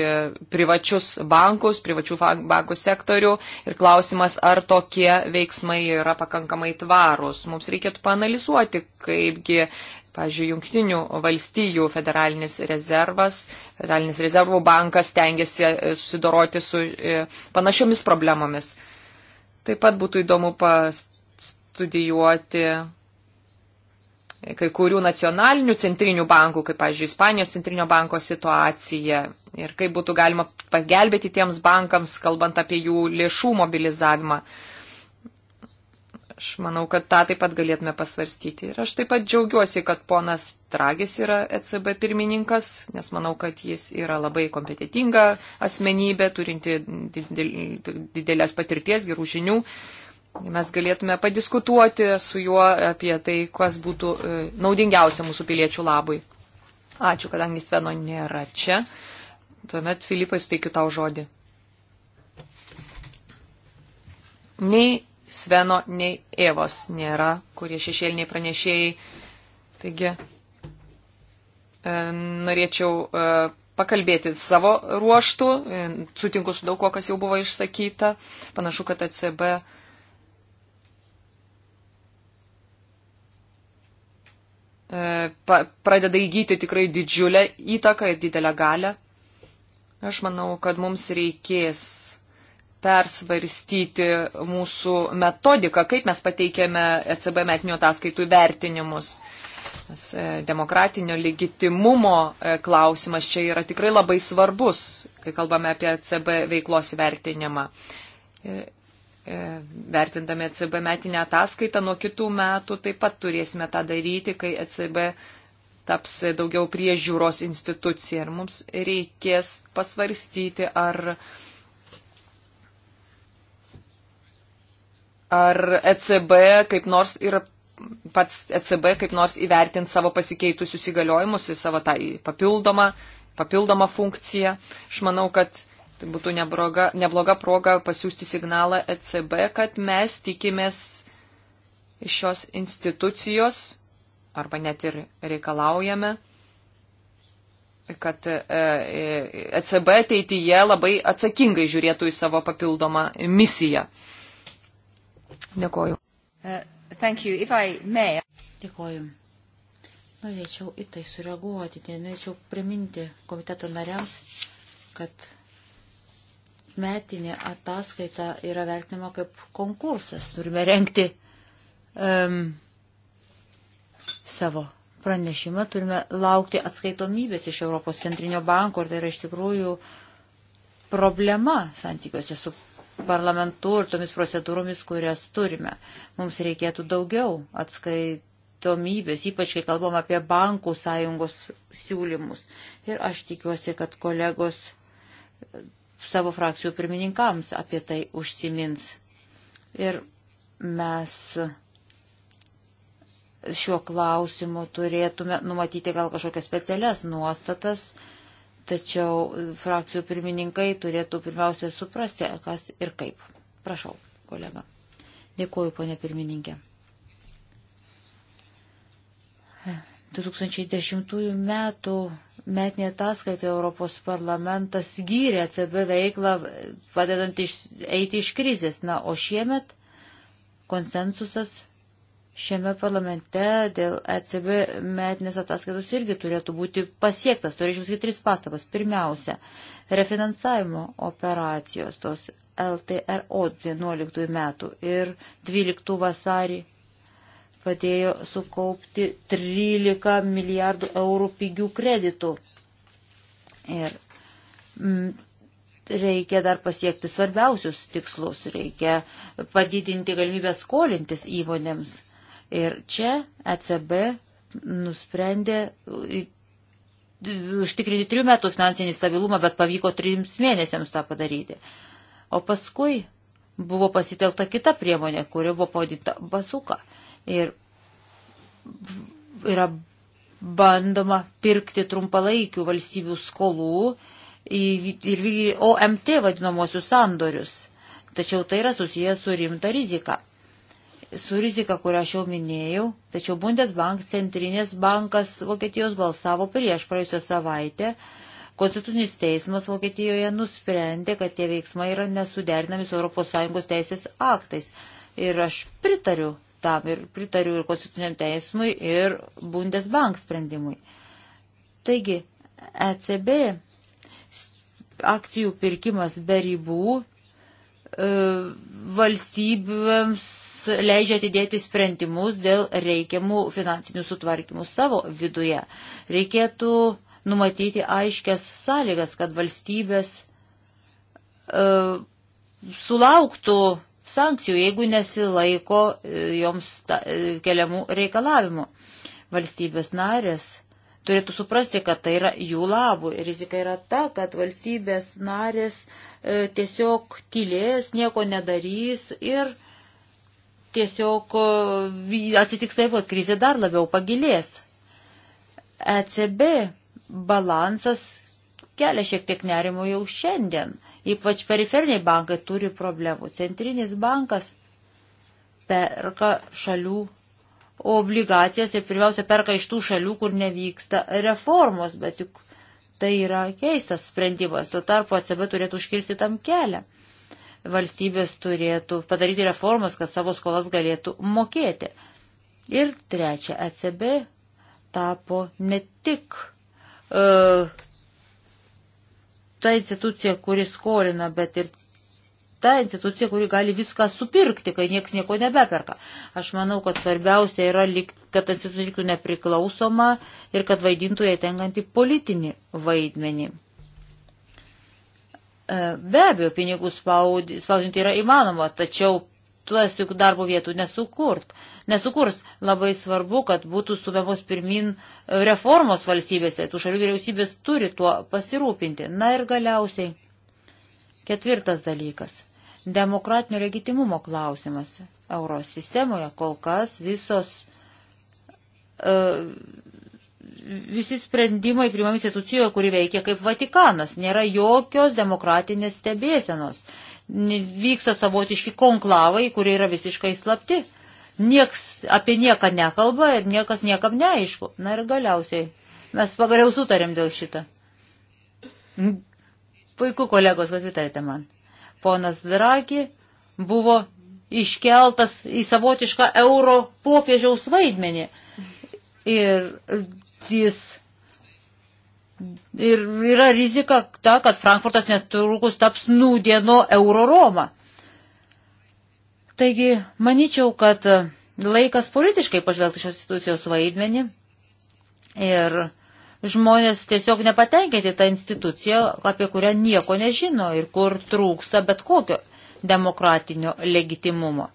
privačius bankus, privačių bankų sektorių ir klausimas, ar tokie veiksmai yra pakankamai tvarūs. Mums reikėtų panalizuoti, kaipgi, pažiūrėjau, jungtinių valstijų federalinis rezervas, federalinis rezervų bankas tengiasi e, susidoroti su e, panašiomis problemomis. Taip pat būtų įdomu pastudijuoti kai kurių nacionalinių centrinių bankų, kaip, pavyzdžiui, Ispanijos centrinio banko situacija ir kaip būtų galima pagelbėti tiems bankams, kalbant apie jų lėšų mobilizavimą. Aš manau, kad tą taip pat galėtume pasvarstyti. Ir aš taip pat džiaugiuosi, kad ponas Tragis yra ECB pirmininkas, nes manau, kad jis yra labai kompetitinga asmenybė, turinti didelės patirties, gerų žinių. Mes galėtume padiskutuoti su juo apie tai, kas būtų e, naudingiausia mūsų piliečių labui. Ačiū, kadangi Sveno nėra čia. Tuomet, Filipai, spėkiu tau žodį. Nei Sveno, nei Evos nėra, kurie šešėliniai pranešėjai. Taigi, e, norėčiau e, pakalbėti savo ruoštų, sutinku su daug ko, kas jau buvo išsakyta. Panašu, kad ACB E, pradeda įgyti tikrai didžiulę įtaką ir didelę galę. Aš manau, kad mums reikės persvarstyti mūsų metodiką, kaip mes pateikėme ECB metinių ataskaitų vertinimus. Nes e, demokratinio legitimumo e, klausimas čia yra tikrai labai svarbus, kai kalbame apie ECB veiklos vertinimą. E, vertindami ECB metinę ataskaitą, nuo kitų metų taip pat turėsime tą daryti, kai ECB taps daugiau priežiūros institucija ir mums reikės pasvarstyti, ar, ar ECB kaip nors ir pats ECB kaip nors įvertint savo pasikeitusius įgaliojimus ir savo tą papildomą, papildomą funkciją. Aš manau, kad Tai būtų nebloga, nebloga proga pasiūsti signalą ECB, kad mes tikimės iš šios institucijos arba net ir reikalaujame, kad ECB e, e ateityje labai atsakingai žiūrėtų į savo papildomą misiją. Dėkoju. Uh, Dėkoju. Norėčiau į tai sureaguoti, norėčiau priminti komiteto nariams, kad metinė ataskaita yra vertinama kaip konkursas. Turime renkti um, savo pranešimą, turime laukti atskaitomybės iš Europos centrinio banko ir tai yra iš tikrųjų problema santykiuose su parlamentu ir tomis procedūromis, kurias turime. Mums reikėtų daugiau atskaitomybės, ypač kai kalbam apie bankų sąjungos siūlymus. Ir aš tikiuosi, kad kolegos savo frakcijų pirmininkams apie tai užsimins. Ir mes šiuo klausimu turėtume numatyti gal kažkokias specialias nuostatas, tačiau frakcijų pirmininkai turėtų pirmiausia suprasti, kas ir kaip. Prašau, kolega. Dėkuoju, ponė pirmininkė. 2010 metų metinė ataskaita Europos parlamentas gyrė ECB veiklą, padedant iš, eiti iš krizės. Na, o šiemet konsensusas šiame parlamente dėl ECB metinės ataskaitos irgi turėtų būti pasiektas. Turėčiau sakyti tris pastabas. Pirmiausia, refinansavimo operacijos tos LTRO 11 metų ir 12 vasarį padėjo sukaupti 13 milijardų eurų pigių kreditų. Ir mm, reikia dar pasiekti svarbiausius tikslus, reikia padidinti galimybę skolintis įmonėms. Ir čia ECB nusprendė užtikrinti trijų metų finansinį stabilumą, bet pavyko trims mėnesiams tą padaryti. O paskui buvo pasitelta kita priemonė, kuri buvo pavadinta basuka. Ir yra bandoma pirkti trumpalaikių valstybių skolų ir OMT vadinamosius sandorius. Tačiau tai yra susijęs su rimta rizika. Su rizika, kurią aš jau minėjau, tačiau Bundesbank, Centrinės bankas Vokietijos balsavo prieš praėjusią savaitę. Konstitucinis teismas Vokietijoje nusprendė, kad tie veiksmai yra nesuderinami su ES teisės aktais. Ir aš pritariu tam ir pritariu ir konstituciniam teismui, ir Bundesbank sprendimui. Taigi, ECB akcijų pirkimas be ribų e, valstybėms leidžia atidėti sprendimus dėl reikiamų finansinių sutvarkymų savo viduje. Reikėtų numatyti aiškias sąlygas, kad valstybės e, sulauktų sankcijų, jeigu nesilaiko e, joms ta, e, keliamų reikalavimų. Valstybės narės turėtų suprasti, kad tai yra jų labų. Rizika yra ta, kad valstybės narės e, tiesiog tylės, nieko nedarys ir tiesiog e, atsitiks taip, kad krizė dar labiau pagilės. ECB balansas kelia šiek tiek nerimo jau šiandien. Ypač periferiniai bankai turi problemų. Centrinis bankas perka šalių obligacijas ir pirmiausia perka iš tų šalių, kur nevyksta reformos, bet juk tai yra keistas sprendimas. Tuo tarpu ECB turėtų užkirsti tam kelią. Valstybės turėtų padaryti reformas, kad savo skolas galėtų mokėti. Ir trečia, ECB tapo ne tik uh, ta institucija, kuri skolina, bet ir ta institucija, kuri gali viską supirkti, kai niekas nieko nebeperka. Aš manau, kad svarbiausia yra, kad institucija liktų nepriklausoma ir kad vaidintų jai tenkantį politinį vaidmenį. E, be abejo, pinigų spaudinti yra įmanoma, tačiau tuos juk darbo vietų nesukurt. Nesukurs labai svarbu, kad būtų sumemos pirmin e, reformos valstybėse. Tų šalių vyriausybės turi tuo pasirūpinti. Na ir galiausiai. Ketvirtas dalykas. Demokratinio legitimumo klausimas. Euro sistemoje kol kas visos. Uh, visi sprendimai priimami institucijoje, kuri veikia kaip Vatikanas. Nėra jokios demokratinės stebėsenos vyksta savotiški konklavai, kurie yra visiškai slapti. Nieks apie nieką nekalba ir niekas niekam neaišku. Na ir galiausiai mes pagaliau sutarėm dėl šitą. Puiku, kolegos, kad pritarėte man. Ponas Dragi buvo iškeltas į savotišką euro popiežiaus vaidmenį. Ir jis Ir yra rizika ta, kad Frankfurtas netrukus taps nūdieno euro Roma. Taigi, manyčiau, kad laikas politiškai pažvelgti šios institucijos vaidmenį ir žmonės tiesiog nepatenkinti tą instituciją, apie kurią nieko nežino ir kur trūksta bet kokio demokratinio legitimumo.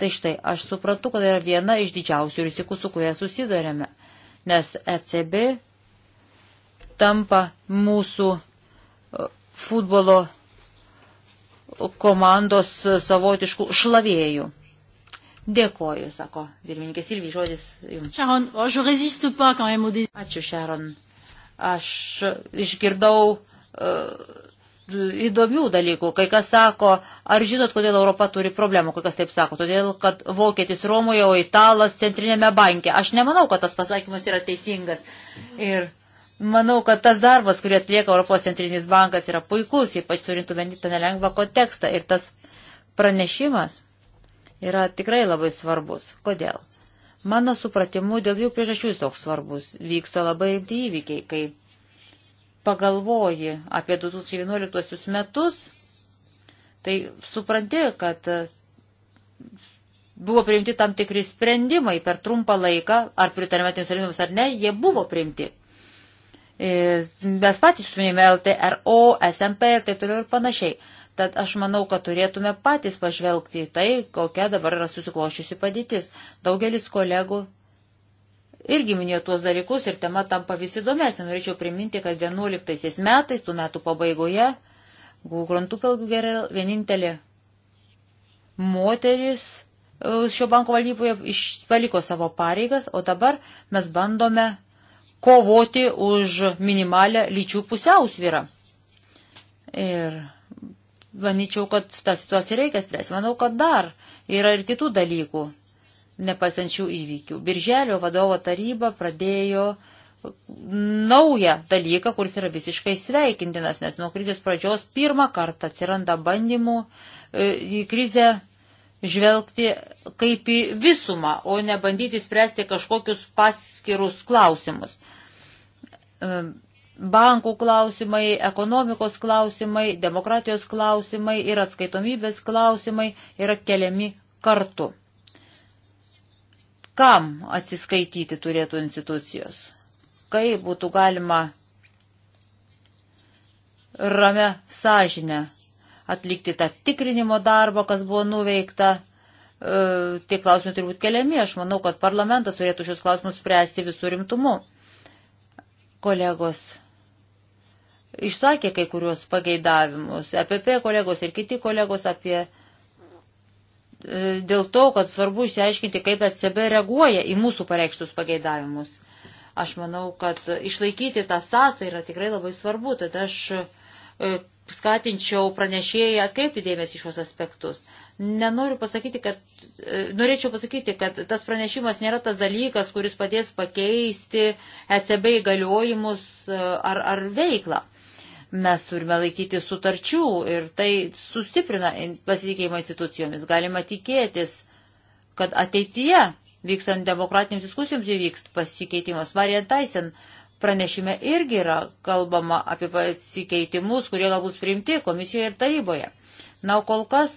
Tai štai, aš suprantu, kad yra viena iš didžiausių rizikų, su kuria susidarėme, nes ECB tampa mūsų e, futbolo komandos e, savotiškų šlavėjų. Dėkoju, sako pirmininkės Silvi, žodis jums. Sharon, oh, Ačiū, Šaron. Aš išgirdau uh, įdomių dalykų. Kai kas sako, ar žinot, kodėl Europa turi problemų, kai kas taip sako, todėl, kad vokietis Romoje, o italas centrinėme banke. Aš nemanau, kad tas pasakymas yra teisingas. Ir Manau, kad tas darbas, kurį atlieka Europos centrinis bankas, yra puikus, ypač surintume tą nelengvą kontekstą. Ir tas pranešimas yra tikrai labai svarbus. Kodėl? Mano supratimu, dėl jų priežasčių jis toks svarbus. Vyksta labai rimti įvykiai, kai pagalvoji apie 2011 metus, tai supranti, kad e, buvo priimti tam tikri sprendimai per trumpą laiką, ar pritarėme tiems sprendimams ar ne, jie buvo priimti. E, mes patys suminėjome LTRO, SMP ir taip toliau ir panašiai. Tad aš manau, kad turėtume patys pažvelgti į tai, kokia dabar yra susikloščiusi padėtis. Daugelis kolegų irgi minėjo tuos dalykus ir tema tampa vis įdomesnė. Norėčiau priminti, kad 11 metais, tų metų pabaigoje, Grantų pelgų gerėl vienintelė moteris e, šio banko valdyboje paliko savo pareigas, o dabar mes bandome kovoti už minimalę lyčių pusiausvyrą. Ir manyčiau, kad tą situaciją reikia spręsti. Manau, kad dar yra ir kitų dalykų nepasančių įvykių. Birželio vadovo taryba pradėjo naują dalyką, kuris yra visiškai sveikintinas, nes nuo krizės pradžios pirmą kartą atsiranda bandymų e, į krizę žvelgti kaip į visumą, o ne bandyti spręsti kažkokius paskirus klausimus. E, bankų klausimai, ekonomikos klausimai, demokratijos klausimai ir atskaitomybės klausimai yra keliami kartu. Kam atsiskaityti turėtų institucijos? Kaip būtų galima ramę sąžinę atlikti tą tikrinimo darbą, kas buvo nuveikta. E, tie klausimai turi būti keliami. Aš manau, kad parlamentas turėtų šios klausimus spręsti visų rimtumu. Kolegos išsakė kai kurios pageidavimus. APP e kolegos ir kiti kolegos apie e, dėl to, kad svarbu išsiaiškinti, kaip ECB reaguoja į mūsų pareikštus pageidavimus. Aš manau, kad išlaikyti tą sąsą yra tikrai labai svarbu, tad aš e, skatinčiau pranešėjai atkreipti dėmesį šios aspektus. Nenoriu pasakyti, kad, e, norėčiau pasakyti, kad tas pranešimas nėra tas dalykas, kuris padės pakeisti ECB įgaliojimus e, ar, ar veiklą. Mes turime laikyti sutarčių ir tai sustiprina pasitikėjimo institucijomis. Galima tikėtis, kad ateityje vykstant demokratinėms diskusijoms įvyks pasikeitimas. Marija Taisen uh, Pranešime irgi yra kalbama apie pasikeitimus, kurie galbūt priimti komisijoje ir taryboje. Na, o kol kas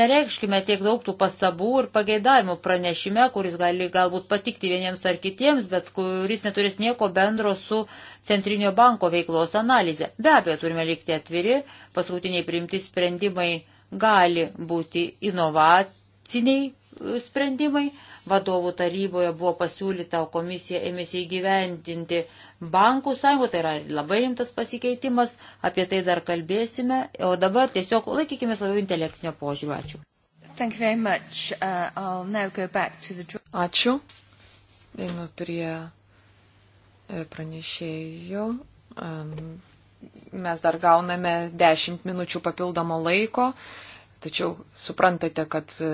nereikškime tiek daug tų pastabų ir pageidavimų pranešime, kuris gali galbūt patikti vieniems ar kitiems, bet kuris neturės nieko bendro su Centrinio banko veiklos analize. Be abejo, turime likti atviri, paskutiniai priimti sprendimai gali būti inovaciniai sprendimai, vadovų taryboje buvo pasiūlyta, o komisija ėmėsi įgyventinti bankų sąjungų, tai yra labai rimtas pasikeitimas, apie tai dar kalbėsime, o dabar tiesiog laikykime labiau intelektinio požiūrio. Ačiū. Uh, the... Ačiū. Einu prie e, pranešėjų. Um, mes dar gauname 10 minučių papildomo laiko. Uh, Tačiau suprantate, kad e,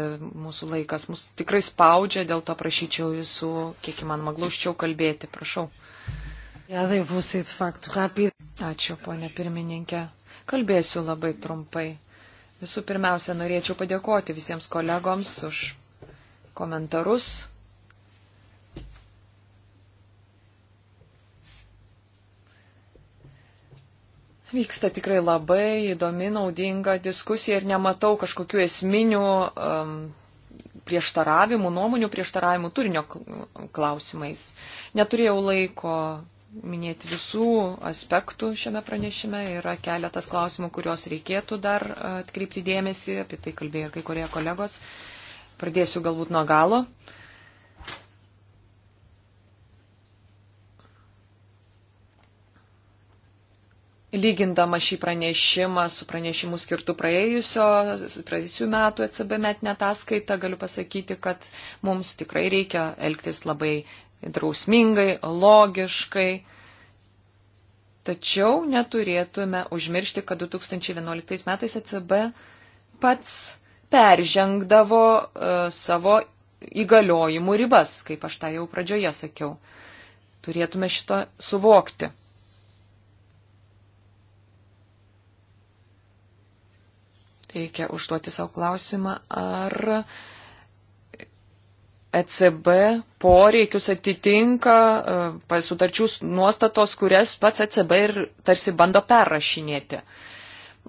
mūsų laikas mus tikrai spaudžia, dėl to prašyčiau jūsų, kiek įmanoma, glaučiau kalbėti, prašau. Tai Ačiū, ponė pirmininkė. Kalbėsiu labai trumpai. Visų pirmiausia, norėčiau padėkoti visiems kolegoms už komentarus, Vyksta tikrai labai įdomi, naudinga diskusija ir nematau kažkokių esminių um, prieštaravimų, nuomonių prieštaravimų turinio klausimais. Neturėjau laiko minėti visų aspektų šiame pranešime. Yra keletas klausimų, kuriuos reikėtų dar uh, atkreipti dėmesį, apie tai kalbėjo ir kai kurie kolegos. Pradėsiu galbūt nuo galo. Uh, lygindama šį pranešimą su pranešimu skirtu praėjusio, praėjusių metų ECB metinę ataskaitą, galiu pasakyti, kad mums tikrai reikia elgtis labai drausmingai, logiškai. Tačiau neturėtume užmiršti, kad 2011 metais ECB pats peržengdavo uh, savo įgaliojimų ribas, kaip aš tą jau pradžioje sakiau. Turėtume šito suvokti. reikia užduoti savo klausimą, ar ECB poreikius atitinka e, sutarčių nuostatos, kurias pats ECB ir tarsi bando perrašinėti.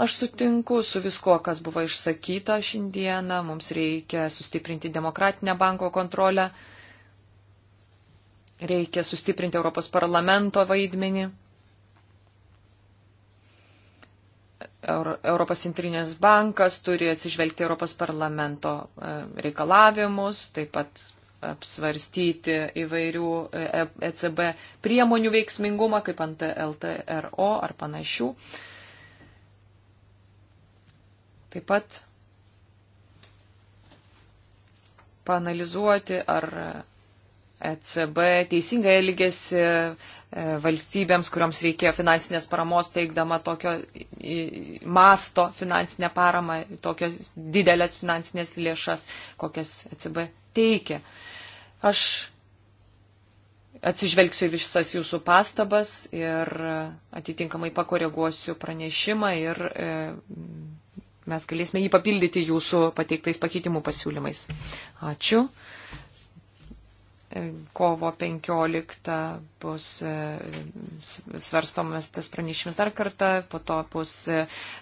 Aš sutinku su visko, kas buvo išsakyta šiandieną. Mums reikia sustiprinti demokratinę banko kontrolę. Reikia sustiprinti Europos parlamento vaidmenį. Europos centrinės bankas turi atsižvelgti Europos parlamento e, reikalavimus, taip pat apsvarstyti įvairių ECB e priemonių veiksmingumą, kaip ant LTRO ar panašių. Taip pat panalizuoti, ar ECB teisingai elgėsi e, valstybėms, kurioms reikėjo finansinės paramos, teikdama tokio masto finansinę paramą, tokias didelės finansinės lėšas, kokias ECB teikia. Aš atsižvelgsiu į visas jūsų pastabas ir atitinkamai pakoreguosiu pranešimą ir e, mes galėsime jį papildyti jūsų pateiktais pakeitimų pasiūlymais. Ačiū kovo 15 bus e, svarstomas tas pranešimas dar kartą, po to bus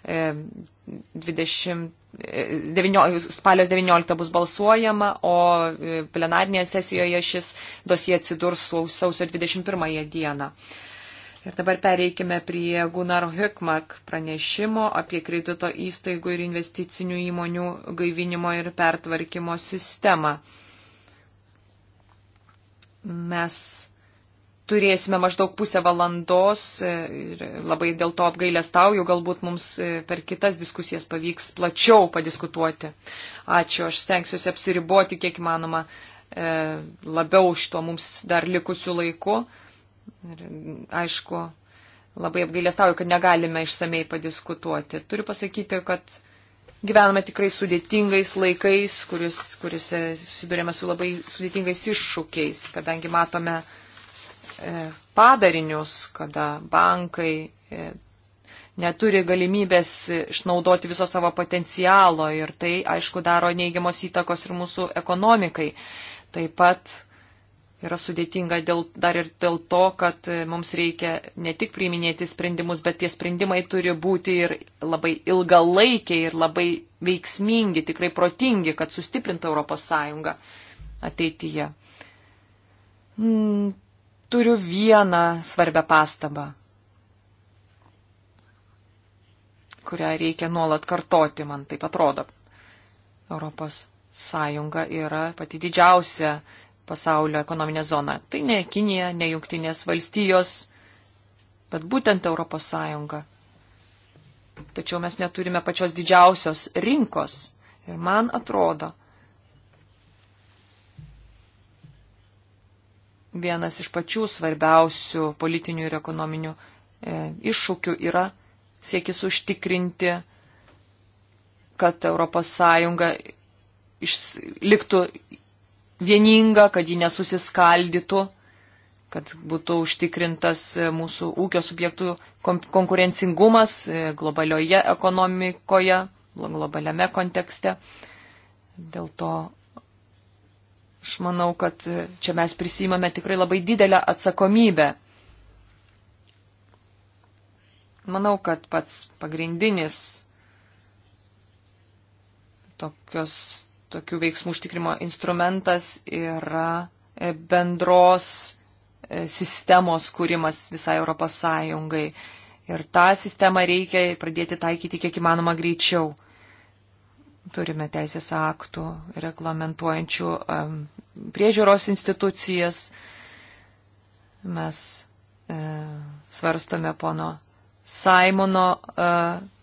20, e, 9, e, spalio 19 bus balsuojama, o plenarnėje sesijoje šis dosie atsidurs sausio 21 dieną. Ir dabar pereikime prie Gunnar Hökmark pranešimo apie kredito įstaigų ir investicinių įmonių gaivinimo ir pertvarkymo sistemą mes turėsime maždaug pusę valandos e, ir labai dėl to apgailestauju, galbūt mums e, per kitas diskusijas pavyks plačiau padiskutuoti. Ačiū, aš stengsiuosi apsiriboti kiek įmanoma e, labiau šito mums dar likusiu laiku. Ir aišku, labai apgailestauju, kad negalime išsamei padiskutuoti. Turiu pasakyti, kad gyvename tikrai sudėtingais laikais, kuris, kuriuose susidurėme su labai sudėtingais iššūkiais, kadangi matome e, padarinius, kada bankai e, neturi galimybės išnaudoti viso savo potencialo ir tai, aišku, daro neigiamos įtakos ir mūsų ekonomikai. Taip pat yra sudėtinga dėl, dar ir dėl to, kad e, mums reikia ne tik priiminėti sprendimus, bet tie sprendimai turi būti ir labai ilgalaikiai, ir labai veiksmingi, tikrai protingi, kad sustiprintų ES ateityje. Mm, turiu vieną svarbę pastabą, kurią reikia nuolat kartoti, man taip atrodo. Europos sąjunga yra pati didžiausia pasaulio ekonominę zoną. Tai ne Kinija, ne Junktinės valstijos, bet būtent Europos Sąjunga. Tačiau mes neturime pačios didžiausios rinkos. Ir man atrodo, vienas iš pačių svarbiausių politinių ir ekonominių e, iššūkių yra siekis užtikrinti, kad ES išliktų vieninga, kad ji nesusiskaldytų, kad būtų užtikrintas e, mūsų ūkio subjektų konkurencingumas e, globalioje ekonomikoje, globaliame kontekste. Dėl to aš manau, kad e, čia mes prisimame tikrai labai didelę atsakomybę. Manau, kad pats pagrindinis tokios tokių veiksmų užtikrimo instrumentas yra e, bendros e, sistemos kūrimas visai Europos Sąjungai. Ir tą sistemą reikia pradėti taikyti kiek įmanoma greičiau. Turime teisės aktų reglamentuojančių um, priežiūros institucijas. Mes e, svarstome pono Saimono e,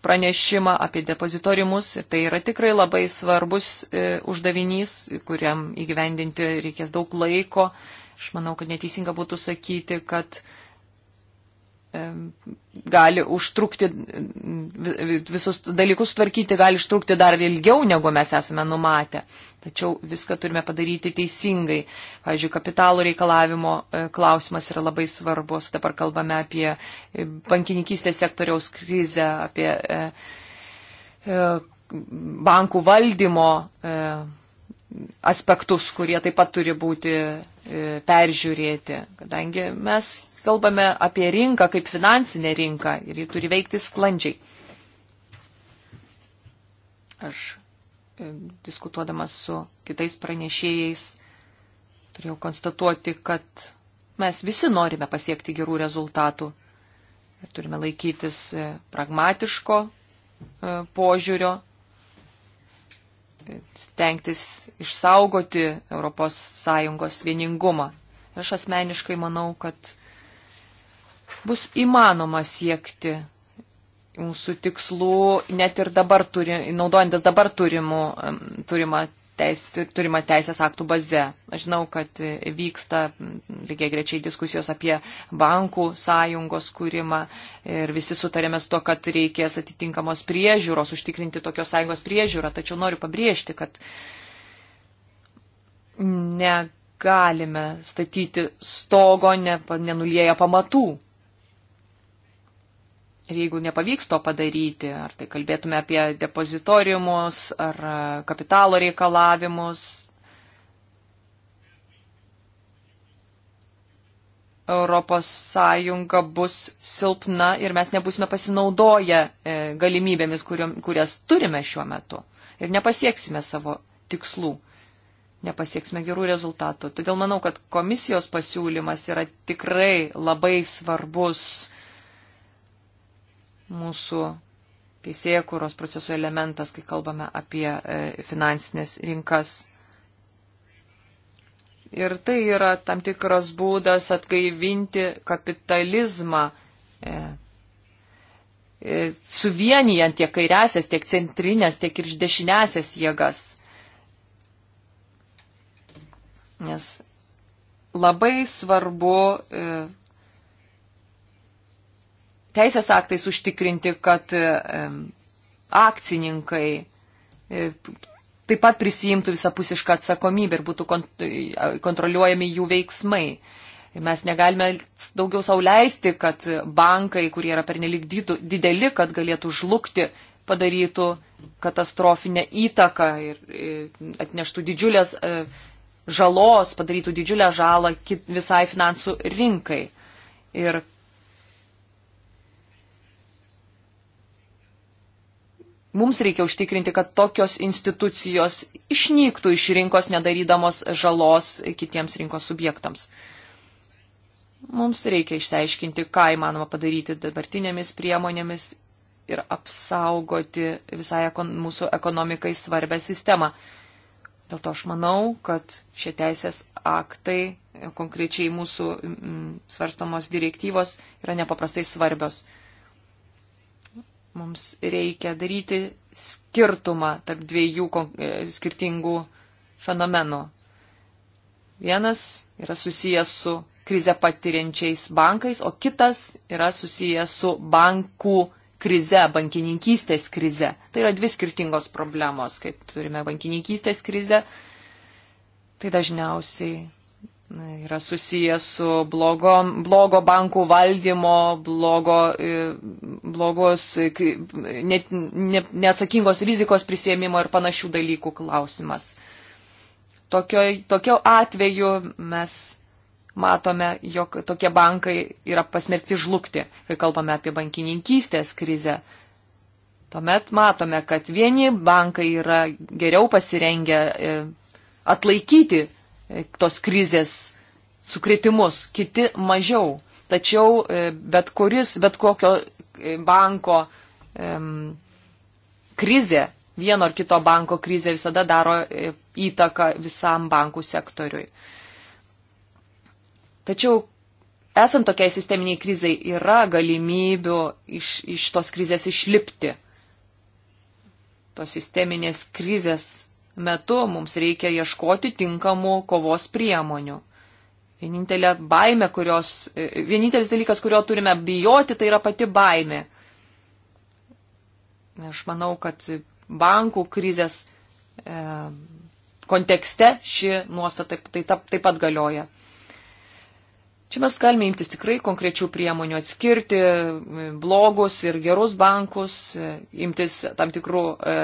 pranešimą apie depozitoriumus. Tai yra tikrai labai svarbus e, uždavinys, kuriam įgyvendinti reikės daug laiko. Aš manau, kad neteisinga būtų sakyti, kad e, gali užtrukti, visus dalykus tvarkyti gali užtrukti dar ilgiau, negu mes esame numatę. Tačiau viską turime padaryti teisingai. Pavyzdžiui, kapitalo reikalavimo e, klausimas yra labai svarbus. Dabar kalbame apie e, bankininkystės sektoriaus krizę, apie e, bankų valdymo aspektus, kurie taip pat turi būti peržiūrėti, kadangi mes kalbame apie rinką kaip finansinę rinką ir ji turi veikti sklandžiai. Aš diskutuodamas su kitais pranešėjais, turėjau konstatuoti, kad mes visi norime pasiekti gerų rezultatų. Ir turime laikytis e, pragmatiško e, požiūrio, stengtis išsaugoti ES vieningumą. Ir aš asmeniškai manau, kad bus įmanoma siekti mūsų tikslų, net ir dabar turi, naudojantis dabar turimų, turimą, teis, turimą teisės aktų bazę. Aš žinau, kad vyksta lygiai grečiai diskusijos apie bankų sąjungos kūrimą ir visi sutarėme su to, kad reikės atitinkamos priežiūros, užtikrinti tokios sąjungos priežiūrą, tačiau noriu pabrėžti, kad negalime statyti stogo, ne, nenulieja pamatų Ir jeigu nepavyks to padaryti, ar tai kalbėtume apie depozitoriumus, ar kapitalo reikalavimus, Europos Sąjunga bus silpna ir mes nebusime pasinaudoję e, galimybėmis, kurias turime šiuo metu. Ir nepasieksime savo tikslų, nepasieksime gerų rezultatų. Todėl manau, kad komisijos pasiūlymas yra tikrai labai svarbus mūsų teisėkuros proceso elementas, kai kalbame apie e, finansinės rinkas. Ir tai yra tam tikras būdas atgaivinti kapitalizmą, e, e, suvienijant tiek kairiasias, tiek centrinės, tiek ir dešinėsias jėgas. Nes labai svarbu teisės aktais užtikrinti, kad akcininkai e, taip pat prisijimtų visapusišką atsakomybę ir būtų e, kontroliuojami jų veiksmai. Mes negalime daugiau sauliaisti, kad bankai, kurie yra pernelik dideli, kad galėtų žlugti, padarytų katastrofinę įtaką ir e, atneštų didžiulės žalos, padarytų didžiulę žalą visai finansų rinkai. Ir Mums reikia užtikrinti, kad tokios institucijos išnyktų iš rinkos, nedarydamos žalos kitiems rinkos subjektams. Mums reikia išsiaiškinti, ką įmanoma padaryti dabartinėmis priemonėmis ir apsaugoti visai ekon mūsų ekonomikai svarbę sistemą. Dėl to aš manau, kad šie teisės aktai, konkrečiai mūsų mm, svarstomos direktyvos, yra nepaprastai svarbios. Mums reikia daryti skirtumą tarp dviejų e, skirtingų fenomenų. Vienas yra susijęs su krizę patiriančiais bankais, o kitas yra susijęs su bankų krize, bankininkystės krize. Tai yra dvi skirtingos problemos, kai turime bankininkystės krizę. Tai dažniausiai yra susijęs su blogo, blogo bankų valdymo, blogo, e, blogos, ne, ne, neatsakingos rizikos prisėmimo ir panašių dalykų klausimas. Tokio, tokio atveju mes matome, jog tokie bankai yra pasmerkti žlugti, kai kalbame apie bankininkystės krizę. Tuomet matome, kad vieni bankai yra geriau pasirengę e, atlaikyti tos krizės sukretimus, kiti mažiau. Tačiau e, bet kuris, bet kokio e, banko um, krizė, vieno ar kito banko krizė visada daro e, įtaką visam bankų sektoriui. Tačiau esant tokiai sisteminiai krizai yra galimybių iš, iš tos krizės išlipti. Tos sisteminės krizės metu mums reikia ieškoti tinkamų kovos priemonių. Vienintelė baime, kurios, vienintelis dalykas, kurio turime bijoti, tai yra pati baime. Aš manau, kad bankų krizės e, kontekste ši nuostata taip, taip, taip pat galioja. Čia mes galime imtis tikrai konkrečių priemonių atskirti blogus ir gerus bankus, e, imtis tam tikrų e,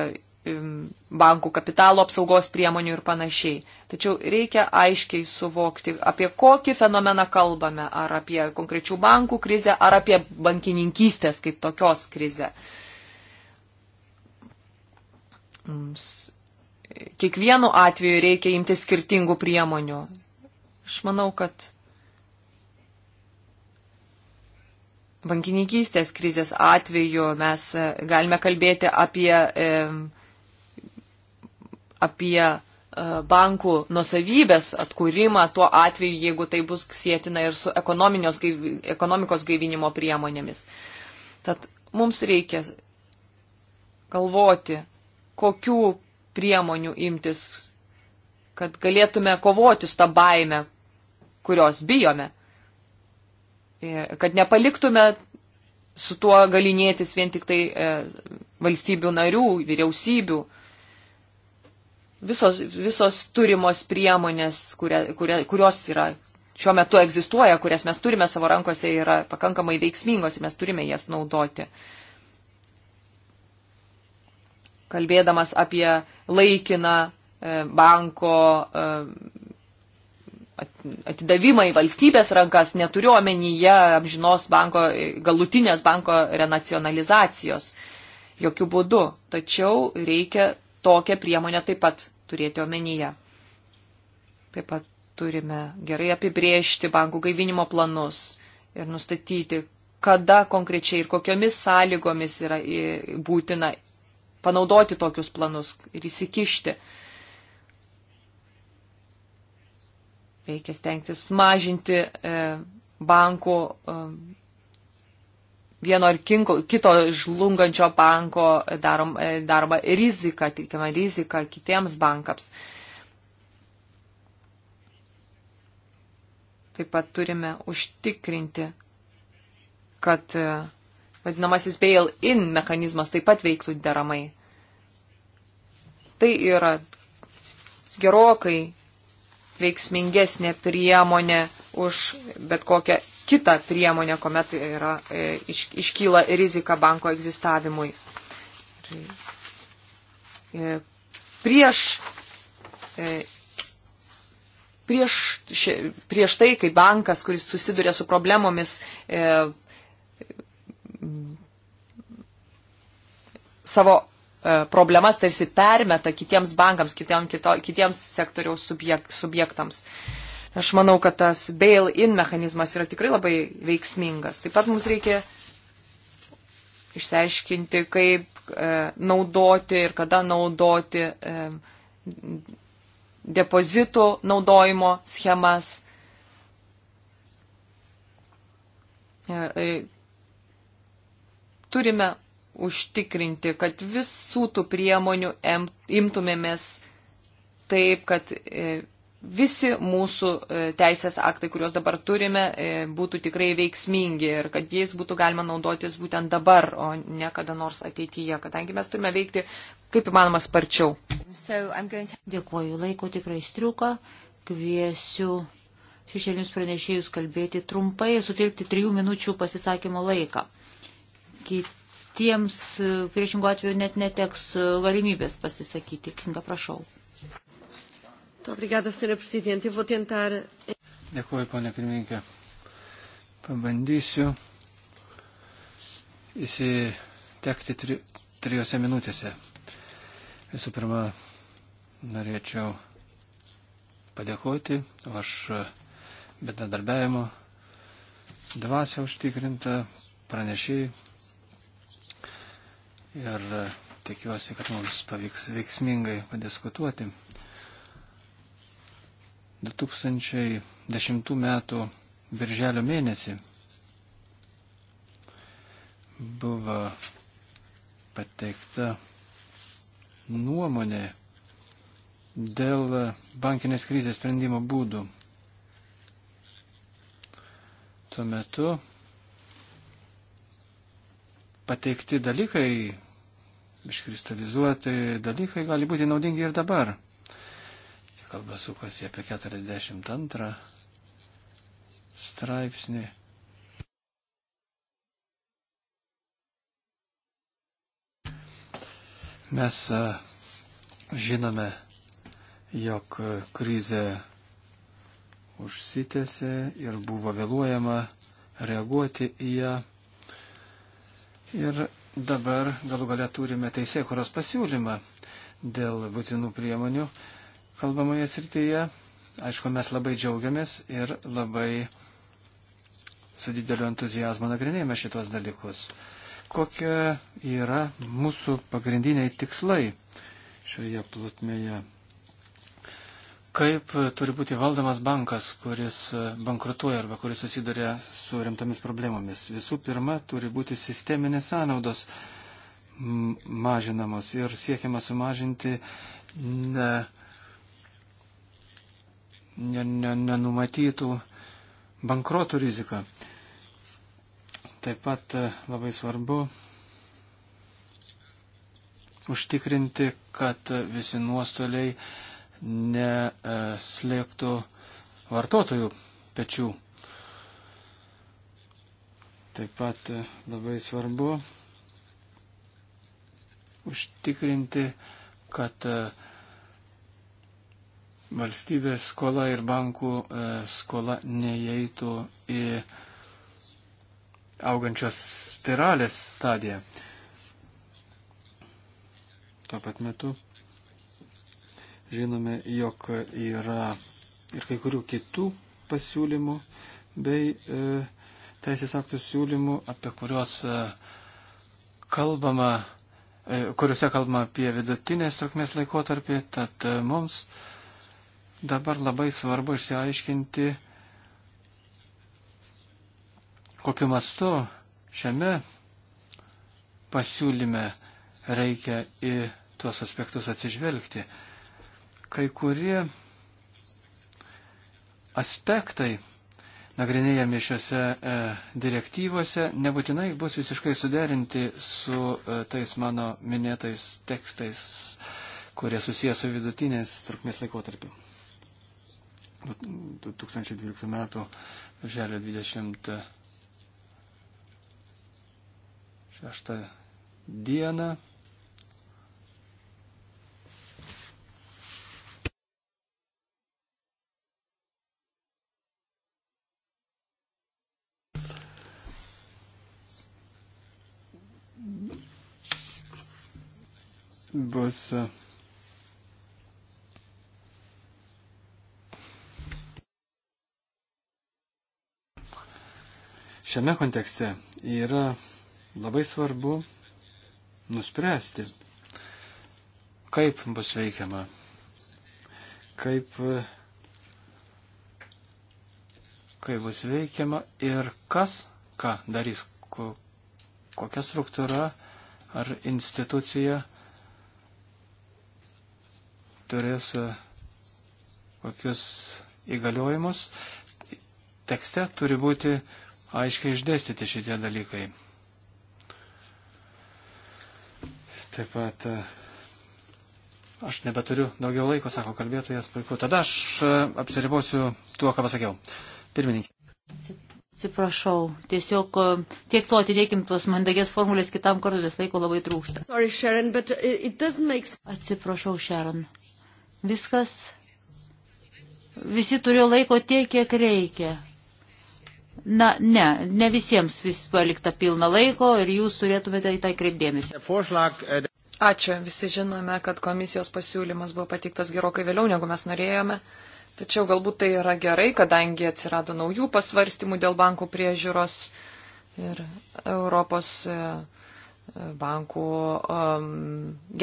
bankų kapitalo apsaugos priemonių ir panašiai. Tačiau reikia aiškiai suvokti, apie kokį fenomeną kalbame, ar apie konkrečių bankų krizę, ar apie bankininkystės kaip tokios krizę. Kiekvienu atveju reikia imti skirtingų priemonių. Aš manau, kad bankininkystės krizės atveju mes galime kalbėti apie e, apie e, bankų nusavybės atkūrimą tuo atveju, jeigu tai bus sėtina ir su ekonomikos gaivinimo priemonėmis. Tad mums reikia galvoti, kokių priemonių imtis, kad galėtume kovoti su tą baime, kurios bijome. Ir e, kad nepaliktume su tuo galinėtis vien tik tai e, valstybių narių, vyriausybių visos, visos turimos priemonės, kuria, kuria, kurios yra šiuo metu egzistuoja, kurias mes turime savo rankose, yra pakankamai veiksmingos ir mes turime jas naudoti. Kalbėdamas apie laikiną e, banko e, atidavimą į valstybės rankas, neturiu omenyje amžinos banko, galutinės banko renacionalizacijos. Jokių būdų. Tačiau reikia tokią priemonę taip pat turėti omenyje. Taip pat turime gerai apibriežti bankų gaivinimo planus ir nustatyti, kada konkrečiai ir kokiomis sąlygomis yra būtina panaudoti tokius planus ir įsikišti. Reikia stengtis mažinti e, bankų e, vieno ar kinko, kito žlungančio banko darom, e, daroma rizika, teikiama rizika kitiems bankams. Taip pat turime užtikrinti, kad e, vadinamasis bail-in mechanizmas taip pat veiktų deramai. Tai yra gerokai veiksmingesnė priemonė už bet kokią kitą priemonę, kuomet yra, e, iš, iškyla rizika banko egzistavimui. E, prieš, e, prieš, prieš tai, kai bankas, kuris susiduria su problemomis, savo problemas tarsi permeta kitiems bankams, kitiems, kito, kitiems sektoriaus subjek, subjektams. subjektams Aš manau, kad tas bail-in mechanizmas yra tikrai labai veiksmingas. Taip pat mums reikia išsiaiškinti, kaip e, naudoti ir kada naudoti e, depozitų naudojimo schemas. E, e, turime užtikrinti, kad visų tų priemonių em, imtumėmės taip, kad e, visi mūsų e, teisės aktai, kuriuos dabar turime, e, būtų tikrai veiksmingi ir kad jais būtų galima naudotis būtent dabar, o ne kada nors ateityje, kadangi mes turime veikti kaip įmanoma sparčiau. So to... Dėkuoju, laiko tikrai striuka, kviesiu šešėlinius pranešėjus kalbėti trumpai, sutilpti trijų minučių pasisakymo laiką. Kitiems e, priešingų atveju net neteks galimybės pasisakyti. Kinga, prašau. Obrigada, senhora Presidente. Eu vou tentar. Eh, Dėkuoju, ponia pirmininkė. Pabandysiu įsitekti tri, trijose minutėse. Visų pirma, norėčiau padėkoti už bendradarbiavimo dvasę užtikrintą pranešėjai. Ir tikiuosi, kad mums pavyks veiksmingai padiskutuoti. 2010 m. birželio mėnesį buvo pateikta nuomonė dėl bankinės krizės sprendimo būdų. Tuo metu pateikti dalykai, iškristalizuoti dalykai gali būti naudingi ir dabar kalba sukasi apie 42 straipsnį. Mes e, žinome, jog krizė užsitėsi ir buvo vėluojama reaguoti į ją. Ir dabar galų galę turime teisėkuros pasiūlymą dėl būtinų priemonių kalbamoje srityje. Aišku, mes labai džiaugiamės ir labai su dideliu entuzijazmu nagrinėjame šitos dalykus. Kokie yra mūsų pagrindiniai tikslai šioje plotmėje? Kaip turi būti valdomas bankas, kuris bankrutuoja arba kuris susiduria su rimtomis problemomis? Visų pirma, turi būti sisteminės sąnaudos mažinamos ir siekiama sumažinti ne, nenumatytų bankruotų riziką. Taip pat e, labai svarbu užtikrinti, kad visi nuostoliai neslėgtų vartotojų pečių. Taip pat e, labai svarbu užtikrinti, kad uh, valstybės skola ir bankų e, skola neįeitų į augančios spiralės stadiją. Tuo pat metu žinome, jog yra ir kai kurių kitų pasiūlymų bei e, teisės aktų siūlymų, apie kuriuos e, kalbama, e, kuriuose kalbama apie vidutinės trukmės laikotarpį, tad e, mums e, Dabar labai svarbu išsiaiškinti, kokiu mastu šiame pasiūlyme reikia į tuos aspektus atsižvelgti. Kai kurie aspektai nagrinėjami šiuose e, direktyvose nebūtinai bus visiškai suderinti su e, tais mano minėtais tekstais, kurie susijęs su vidutinės trukmės laikotarpiu. 2012 m. želio 26 dieną. bus uh, Šiame kontekste yra labai svarbu nuspręsti, kaip bus veikiama, kaip, kaip bus veikiama ir kas ką darys, kokia struktūra ar institucija turės e, kokius įgaliojimus. Tekste turi būti aiškiai išdėstyti šitie dalykai. Taip pat e, aš nebeturiu daugiau laiko, sako kalbėtojas, puiku. Tada aš e, apsiribosiu tuo, ką pasakiau. Pirmininkė. Atsiprašau, tiesiog e, tiek to atidėkim tuos mandagės formulės kitam kartui, nes laiko labai trūksta. Sorry, Sharon, but it doesn't make sense. Atsiprašau, Sharon. Viskas. Visi turėjo laiko tiek, kiek reikia. Na, ne, ne visiems vis palikta pilna laiko ir jūs turėtumėte į tai kreipdėmėsi. Äh, Ačiū. Visi žinome, kad komisijos pasiūlymas buvo patiktas gerokai vėliau, negu mes norėjome. Tačiau galbūt tai yra gerai, kadangi atsirado naujų pasvarstymų dėl bankų priežiūros ir Europos e, e, bankų um,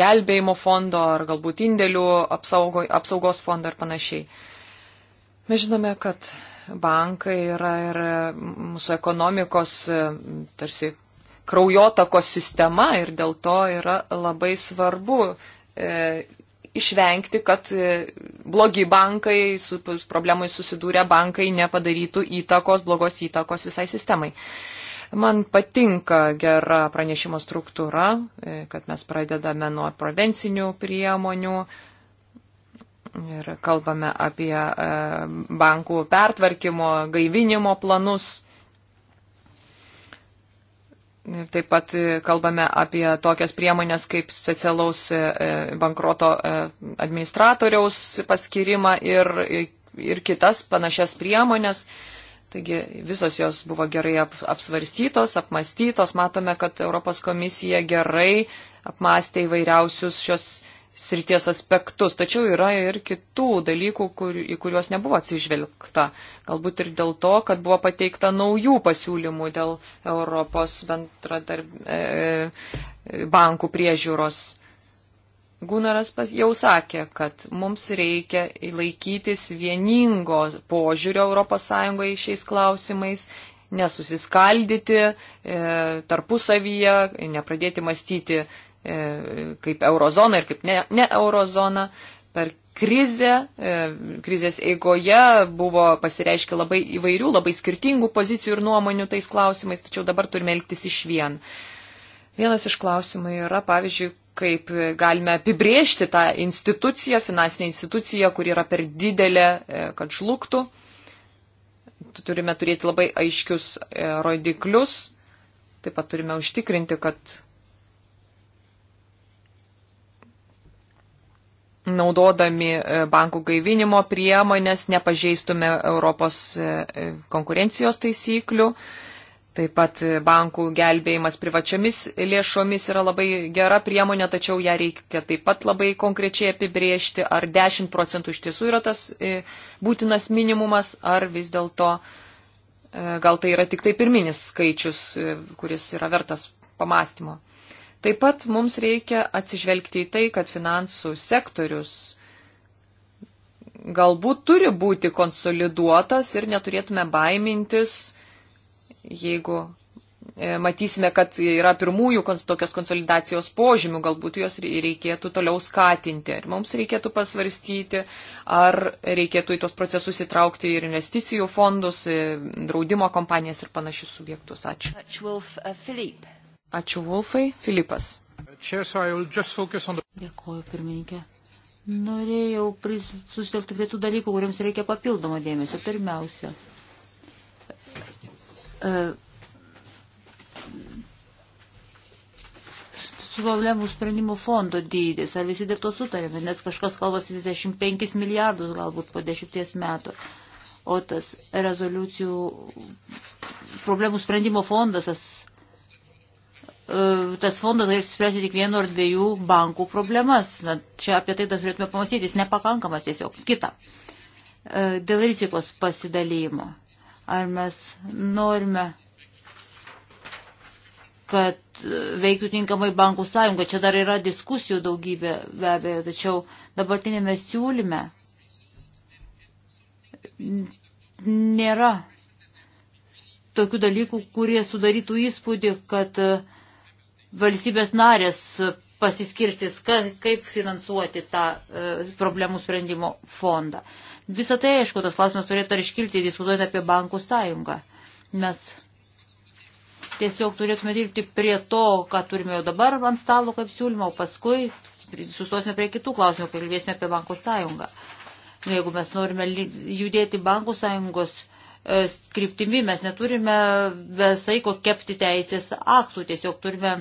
gelbėjimo fondo ar galbūt indėlių apsaugo, apsaugos fondo ir panašiai. Mes žinome, kad bankai yra ir mūsų ekonomikos e, tarsi kraujotakos sistema ir dėl to yra labai svarbu e, išvengti, kad e, blogi bankai, su problemai susidūrę bankai nepadarytų įtakos, blogos įtakos visai sistemai. Man patinka gera pranešimo struktūra, e, kad mes pradedame nuo prevencinių priemonių, Ir kalbame apie e, bankų pertvarkymo, gaivinimo planus. Ir taip pat e, kalbame apie tokias priemonės kaip specialaus e, bankroto administratoriaus paskirimą ir, ir kitas panašias priemonės. Taigi visos jos buvo gerai apsvarstytos, apmastytos. Matome, kad Europos komisija gerai apmastė įvairiausius šios srities aspektus, tačiau yra ir kitų dalykų, kur, į kuriuos nebuvo atsižvelgta. Galbūt ir dėl to, kad buvo pateikta naujų pasiūlymų dėl Europos bendradarb... E, e bankų priežiūros. Gunaras jau sakė, kad mums reikia laikytis vieningo požiūrio ES šiais klausimais, nesusiskaldyti e, tarpusavyje, nepradėti mąstyti E, kaip eurozona ir kaip ne, ne eurozona. Per krizę, e, krizės eigoje buvo pasireiškia labai įvairių, labai skirtingų pozicijų ir nuomonių tais klausimais, tačiau dabar turime elgtis iš vien. Vienas iš klausimų yra, pavyzdžiui, kaip galime apibriežti tą instituciją, finansinę instituciją, kuri yra per didelė, e, kad žlugtų. Turime turėti labai aiškius rodiklius, taip pat turime užtikrinti, kad naudodami e, bankų gaivinimo priemonės nepažeistume Europos e, konkurencijos taisyklių. Taip pat e, bankų gelbėjimas privačiamis lėšomis yra labai gera priemonė, tačiau ją reikia taip pat labai konkrečiai apibriežti, ar 10 procentų iš tiesų yra tas būtinas minimumas, ar vis dėlto gal tai yra tik tai pirminis skaičius, kuris yra vertas pamastymo. Taip pat mums reikia atsižvelgti į tai, kad finansų sektorius galbūt turi būti konsoliduotas ir neturėtume baimintis, jeigu e, matysime, kad yra pirmųjų tokios konsolidacijos požymių, galbūt juos reikėtų toliau skatinti. Ir mums reikėtų pasvarstyti, ar reikėtų į tos procesus įtraukti ir investicijų fondus, e, draudimo kompanijas ir panašius subjektus. Ačiū. Ačiū Wolf, uh, Ačiū Wolfai. Filipas. Dėkuoju, pirmininkė. Norėjau susitelkti prie tų dalykų, kuriems reikia papildomo dėmesio. Pirmiausia, e, problemų sprendimų fondo dydis. Ar visi dėl to sutarėme, nes kažkas kalba 75 milijardus galbūt po dešimties metų. O tas rezoliucijų problemų sprendimo fondas, E, tas fondas galės spręsti tik vieno ar dviejų bankų problemas. Na, čia apie tai dar turėtume pamastyti, jis nepakankamas tiesiog. Kita. E, dėl rizikos pasidalymo. Ar mes norime, kad veiktų tinkamai bankų sąjunga. Čia dar yra diskusijų daugybė, be abejo, tačiau dabartinėme siūlyme nėra tokių dalykų, kurie sudarytų įspūdį, kad uh, valstybės narės pasiskirtis, kaip finansuoti tą e, problemų sprendimo fondą. Visą tai, aišku, tas klausimas turėtų ar iškilti diskutuojant apie bankų sąjungą. Mes tiesiog turėtume dirbti prie to, ką turime jau dabar ant stalo kaip siūlymą, o paskui sustosime prie kitų klausimų, kalbėsime apie bankų sąjungą. Jeigu mes norime judėti bankų sąjungos e, kryptimi, mes neturime visaiko kepti teisės aktų, tiesiog turime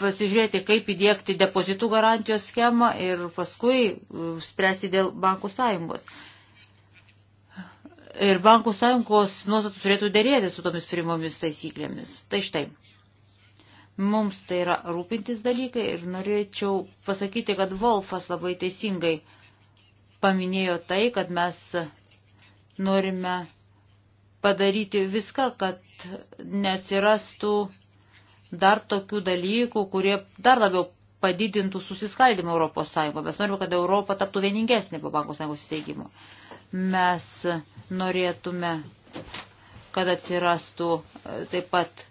pasižiūrėti, kaip įdėkti depozitų garantijos schemą ir paskui uh, spręsti dėl bankų sąjungos. Ir bankų sąjungos nuostatų turėtų dėrėti su tomis pirmomis taisyklėmis. Tai štai. Mums tai yra rūpintis dalykai ir norėčiau pasakyti, kad Wolfas labai teisingai paminėjo tai, kad mes norime padaryti viską, kad nesirastų uh, dar tokių dalykų, kurie dar labiau padidintų susiskaldimą Europos Sąjungoje. Mes norime, kad Europa taptų vieningesnė po bankų sąjungos įsteigimo. Mes norėtume, kad atsirastų e, taip pat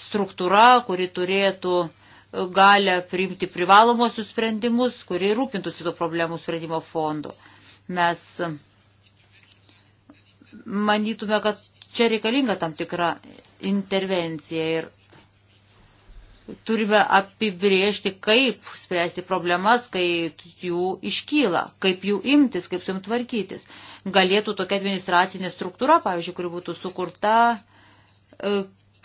struktūra, kuri turėtų e, galę priimti privalomosius sprendimus, kuri rūpintųsi to problemų sprendimo fondu. Mes e, manytume, kad čia reikalinga tam tikra intervencija ir turime apibriežti, kaip spręsti problemas, kai jų iškyla, kaip jų imtis, kaip su jum tvarkytis. Galėtų tokia administracinė struktūra, pavyzdžiui, kuri būtų sukurta, e,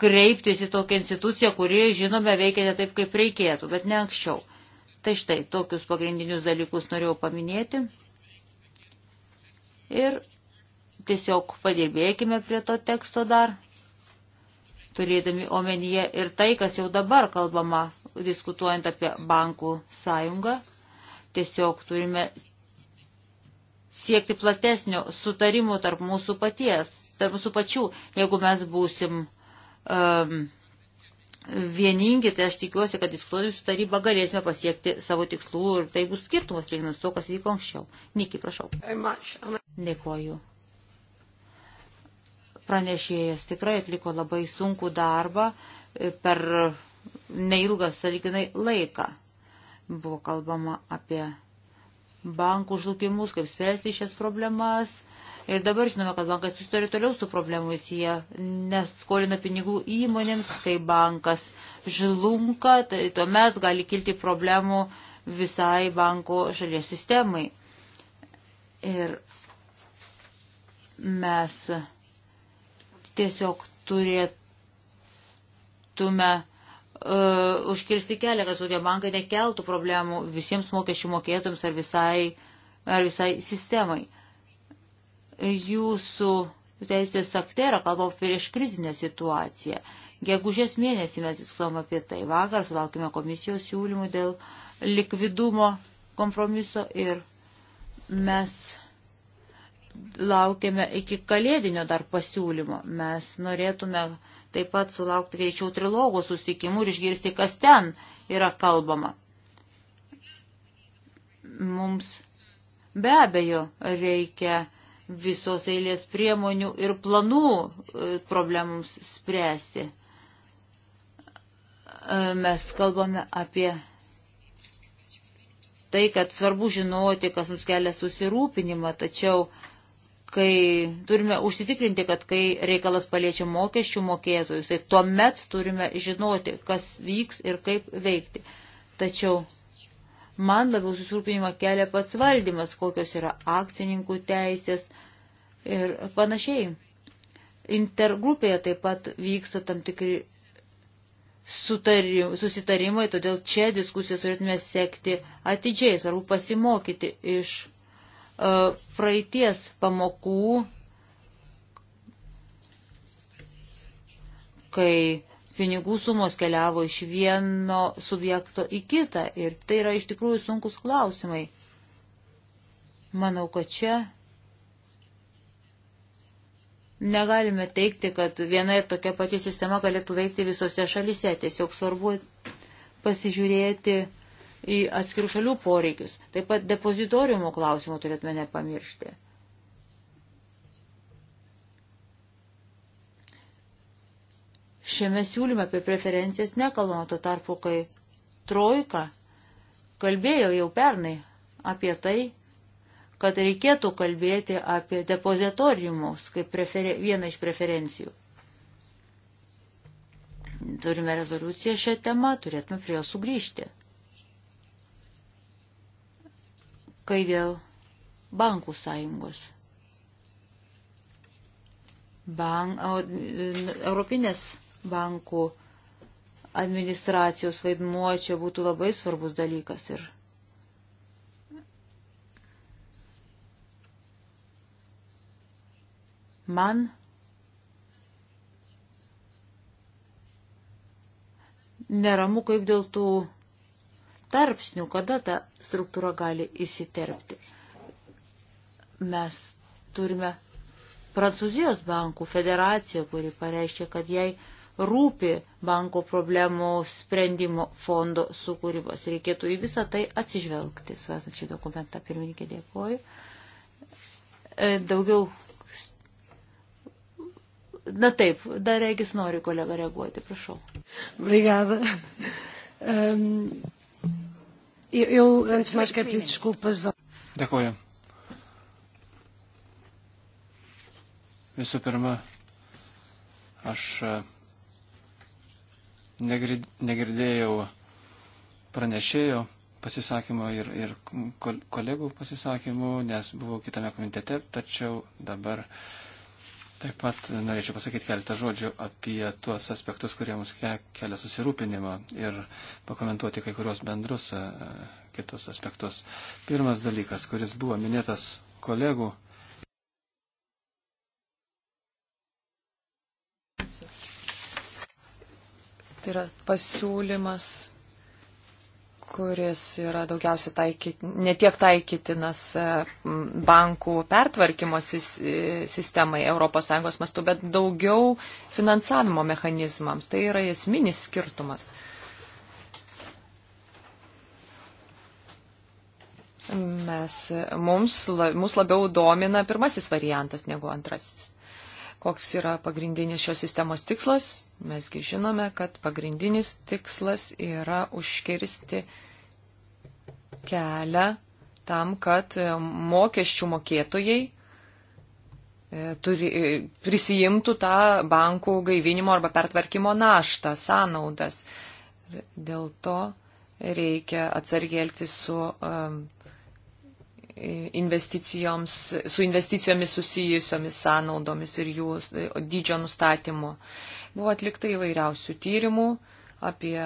kreiptis į tokią instituciją, kuri, žinome, veikia ne taip, kaip reikėtų, bet ne anksčiau. Tai štai, tokius pagrindinius dalykus norėjau paminėti. Ir tiesiog padirbėkime prie to teksto dar turėdami omenyje ir tai, kas jau dabar kalbama, diskutuojant apie bankų sąjungą. Tiesiog turime siekti platesnio sutarimo tarp mūsų paties, tarp mūsų pačių. Jeigu mes būsim um, vieningi, tai aš tikiuosi, kad diskutuodami su taryba galėsime pasiekti savo tikslų ir tai bus skirtumas lyginant su to, kas vyko anksčiau. Niki, prašau. Dėkoju. Pranešėjas tikrai atliko labai sunkų darbą e, per neilgą saliginai laiką. Buvo kalbama apie bankų žlugimus, kaip spręsti šias problemas. Ir dabar žinome, kad bankas susitori toliau su problemais, jie neskolina pinigų įmonėms, kai bankas žlunka, tai tuomet gali kilti problemų visai banko šalies sistemai. Ir mes Tiesiog turėtume uh, užkirsti kelią, kad tokie bankai nekeltų problemų visiems mokesčių mokėtams ar visai, ar visai sistemai. Jūsų teisės akte yra kalbama prieš krizinę situaciją. Gegužės mėnesį mes diskutuom apie tai. Vakar sulaukime komisijos siūlymų dėl likvidumo kompromiso ir mes laukiame iki kalėdinio dar pasiūlymo. Mes norėtume taip pat sulaukti greičiau trilogų susitikimų ir išgirsti, kas ten yra kalbama. Mums be abejo reikia visos eilės priemonių ir planų e, problemams spręsti. E, mes kalbame apie tai, kad svarbu žinoti, kas mums kelia susirūpinimą, tačiau kai turime užsitikrinti, kad kai reikalas paliečia mokesčių mokėtojus, tai tuomet turime žinoti, kas vyks ir kaip veikti. Tačiau man labiau susirūpinimą kelia pats valdymas, kokios yra akcininkų teisės ir panašiai. Intergrupėje taip pat vyksta tam tikri sutarim, susitarimai, todėl čia diskusiją turėtume sekti atidžiai, svarbu pasimokyti iš E, praeities pamokų, kai pinigų sumos keliavo iš vieno subjekto į kitą. Ir tai yra iš tikrųjų sunkus klausimai. Manau, kad čia negalime teikti, kad viena ir tokia pati sistema galėtų veikti visose šalise. Tiesiog svarbu pasižiūrėti į atskirų šalių poreikius. Taip pat depozitoriumo klausimų turėtume nepamiršti. Šiame siūlyme apie preferencijas nekalbama to tarpu, kai Trojka kalbėjo jau pernai apie tai, kad reikėtų kalbėti apie depozitoriumus kaip preferen... vieną iš preferencijų. Turime rezoliuciją šią temą, turėtume prie jos sugrįžti. kai dėl bankų sąjungos. Bank, Europinės bankų administracijos vaidmuo čia būtų labai svarbus dalykas ir man neramu kaip dėl tų tarpsnių, kada ta struktūra gali įsiterpti. Mes turime Prancūzijos bankų federaciją, kuri pareiškia, kad jai rūpi banko problemų sprendimo fondo sukūrimas. Reikėtų į visą tai atsižvelgti. Svarstant šį dokumentą, pirmininkė, dėkoju. E, daugiau. Na taip, dar reikis nori kolega reaguoti, prašau. Brigada. Um, ehm, Eu, antes de mais, quero pedir desculpas. Dėkuoju. Visų pirma, aš e, negirdėjau pranešėjo pasisakymo ir, ir kolegų pasisakymų, nes buvau kitame komitete, tačiau dabar uh, Taip pat norėčiau pasakyti keletą žodžių apie tuos aspektus, kurie mums kelia susirūpinimą ir pakomentuoti kai kurios bendrus kitus aspektus. Pirmas dalykas, kuris buvo minėtas kolegų. Tai yra pasiūlymas kuris yra daugiausia taikyt, netiek taikytinas e, bankų pertvarkymo e, sistemai ES mastu, bet daugiau finansavimo mechanizmams. Tai yra esminis skirtumas. Mes, mums, mums labiau domina pirmasis variantas negu antrasis koks yra pagrindinis šios sistemos tikslas. Mesgi žinome, kad pagrindinis tikslas yra užkirsti kelią tam, kad e, mokesčių mokėtojai e, turi, e, prisijimtų tą bankų gaivinimo arba pertvarkymo naštą, sąnaudas. Dėl to reikia atsargiai elgtis su, um, su investicijomis susijusiomis sąnaudomis ir jų dydžio nustatymu. Buvo atlikta įvairiausių tyrimų apie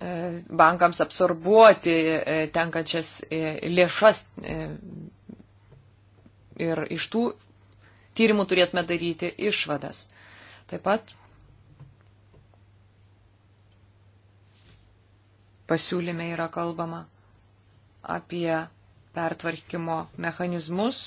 E, bankams absorbuoti e, tenkančias e, lėšas ir iš tų tyrimų turėtume daryti išvadas. Taip pat pasiūlyme yra kalbama apie pertvarkymo mechanizmus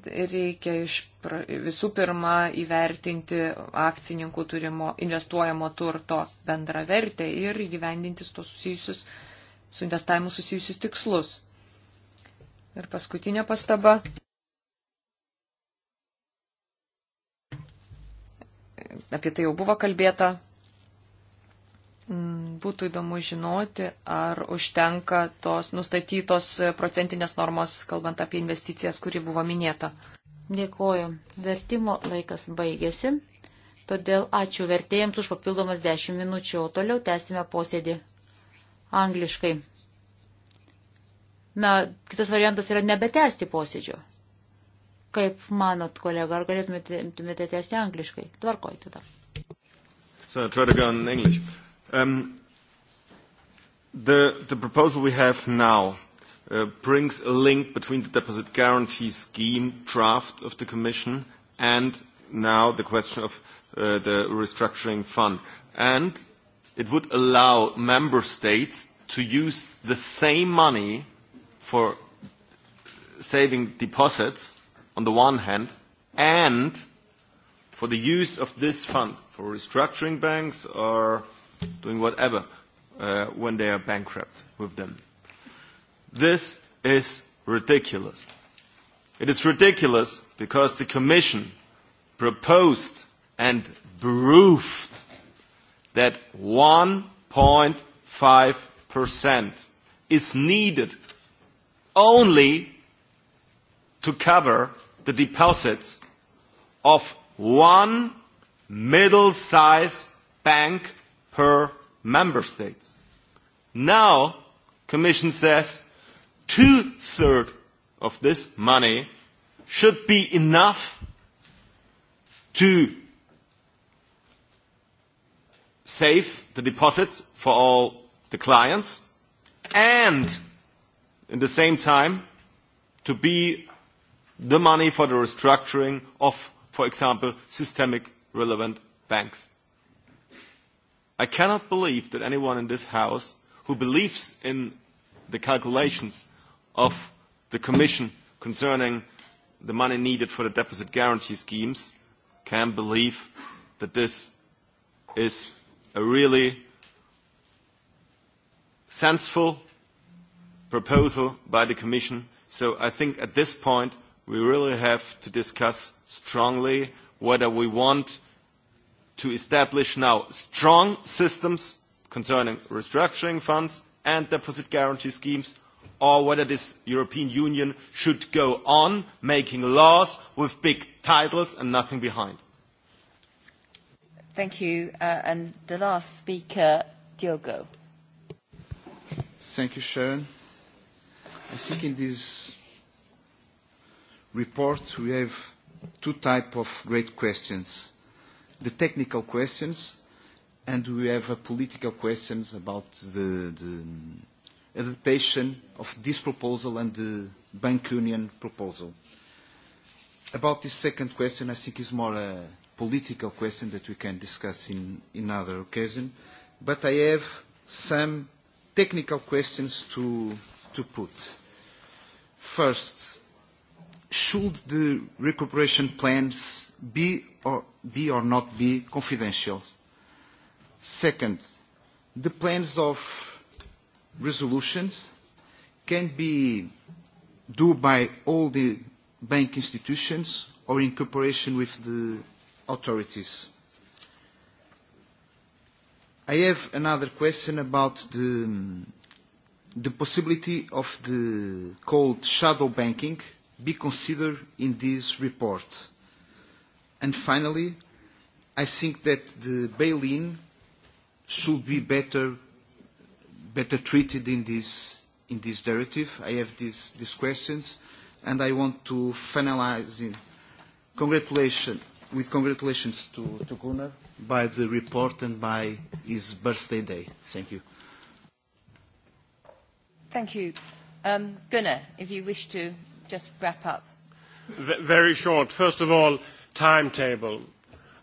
reikia iš pra, visų pirma įvertinti akcininkų turimo investuojamo turto bendrą vertę ir įgyvendinti su, susijusius, su investavimu susijusius tikslus. Ir paskutinė pastaba. Apie tai jau buvo kalbėta, būtų įdomu žinoti, ar užtenka tos nustatytos procentinės normos, kalbant apie investicijas, kuri buvo minėta. Dėkoju. Vertimo laikas baigėsi, todėl ačiū vertėjams už papildomas 10 minučių, o toliau tęsime posėdį angliškai. Na, kitas variantas yra nebetesti posėdžio. Kaip manot, kolega, ar galėtumėte tęsti angliškai? Tvarkoj tada. So I'll try to go in English. Um, The, the proposal we have now uh, brings a link between the deposit guarantee scheme draft of the Commission and now the question of uh, the restructuring fund. And it would allow member states to use the same money for saving deposits on the one hand and for the use of this fund for restructuring banks or doing whatever uh, when they are bankrupt with them. This is ridiculous. It is ridiculous because the Commission proposed and proved that 1.5% is needed only to cover the deposits of one middle-sized bank per member states. Now, Commission says two-thirds of this money should be enough to save the deposits for all the clients and in the same time to be the money for the restructuring of, for example, systemic relevant banks. I cannot believe that anyone in this House who believes in the calculations of the Commission concerning the money needed for the deposit guarantee schemes can believe that this is a really sensible proposal by the Commission. So I think at this point we really have to discuss strongly whether we want to establish now strong systems concerning restructuring funds and deposit guarantee schemes or whether this European Union should go on making laws with big titles and nothing behind. Thank you. Uh, and the last speaker, Diogo. Thank you, Sharon. I think in this report we have two types of great questions the technical questions and we have a political questions about the, the adaptation of this proposal and the bank union proposal. About this second question, I think is more a political question that we can discuss in, in other occasion, but I have some technical questions to, to put. First, should the recuperation plans be or be or not be confidential. Second, the plans of resolutions can be do by all the bank institutions or in cooperation with the authorities. I have another question about the, the possibility of the called shadow banking be considered in this report. Uh, And finally, I think that the bail-in should be better, better treated in this, in this directive. I have these, these questions, and I want to finalize in congratulation, with congratulations to, to Gunnar by the report and by his birthday day. Thank you. Thank you. Um, Gunnar, if you wish to just wrap up. V very short. First of all, timetable,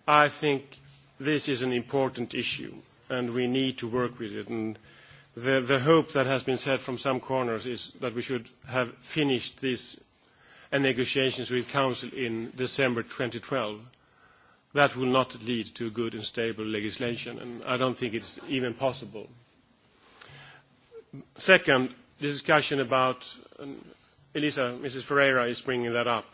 I think this is an important issue, and we need to work with it. And the, the hope that has been said from some corners is that we should have finished these uh, negotiations with Council in December 2012. That will not lead to good and stable legislation, and I don't think it's even possible. Second, the discussion about, um, Elisa, Mrs. Ferreira is bringing that up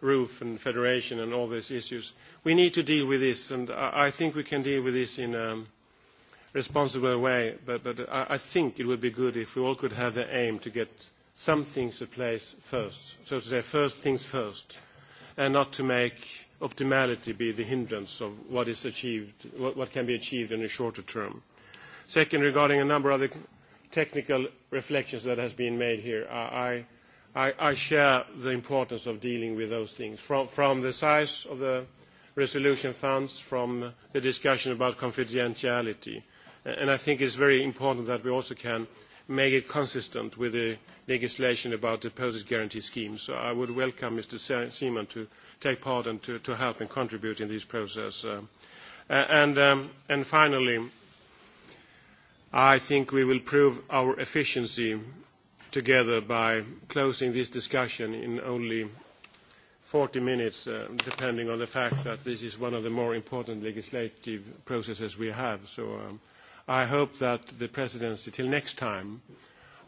roof and federation and all these issues. We need to deal with this, and I, I think we can deal with this in a responsible way, but, but I, I think it would be good if we all could have the aim to get some things in place first, so to say, first things first, and not to make optimality be the hindrance of what is achieved, what, what can be achieved in the shorter term. Second, regarding a number of the technical reflections that has been made here, I, I I, I share the importance of dealing with those things, from, from the size of the resolution funds, from the discussion about confidentiality. And I think it's very important that we also can make it consistent with the legislation about deposit guarantee schemes. So I would welcome Mr. Seaman to take part and to, to help and contribute in this process. Uh, and, um, and finally, I think we will prove our efficiency together by closing this discussion in only 40 minutes, uh, depending on the fact that this is one of the more important legislative processes we have. So um, I hope that the presidency, till next time,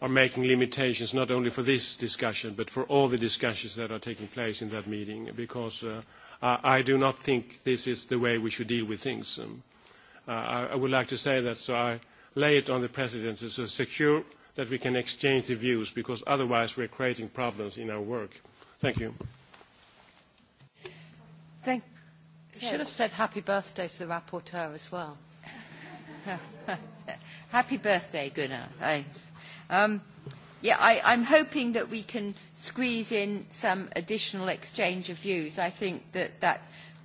are making limitations not only for this discussion, but for all the discussions that are taking place in that meeting, because uh, I, I do not think this is the way we should deal with things. Um, uh, I, I would like to say that, so I lay it on the presidency to so secure – that we can exchange the views, because otherwise we're creating problems in our work. Thank you. Thank you. Should have said happy birthday to the rapporteur as well. *laughs* happy birthday, Gunnar. Thanks. Um, yeah, I, I'm hoping that we can squeeze in some additional exchange of views. I think that that,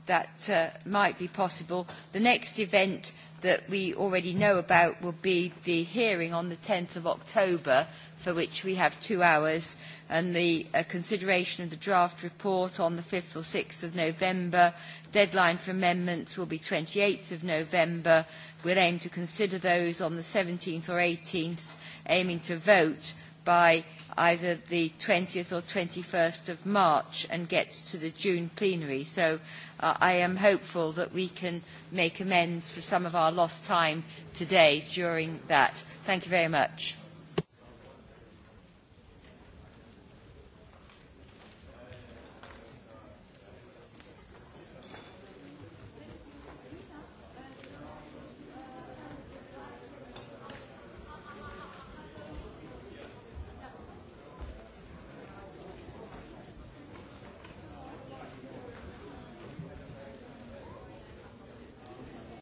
that uh, might be possible. The next event that we already know about will be the hearing on the 10th of October, for which we have two hours, and the uh, consideration of the draft report on the 5th or 6th of November. Deadline for amendments will be 28th of November. We'll aim to consider those on the 17th or 18th, aiming to vote by either the 20th or 21st of March and gets to the June plenary. So uh, I am hopeful that we can make amends for some of our lost time today during that. Thank you very much.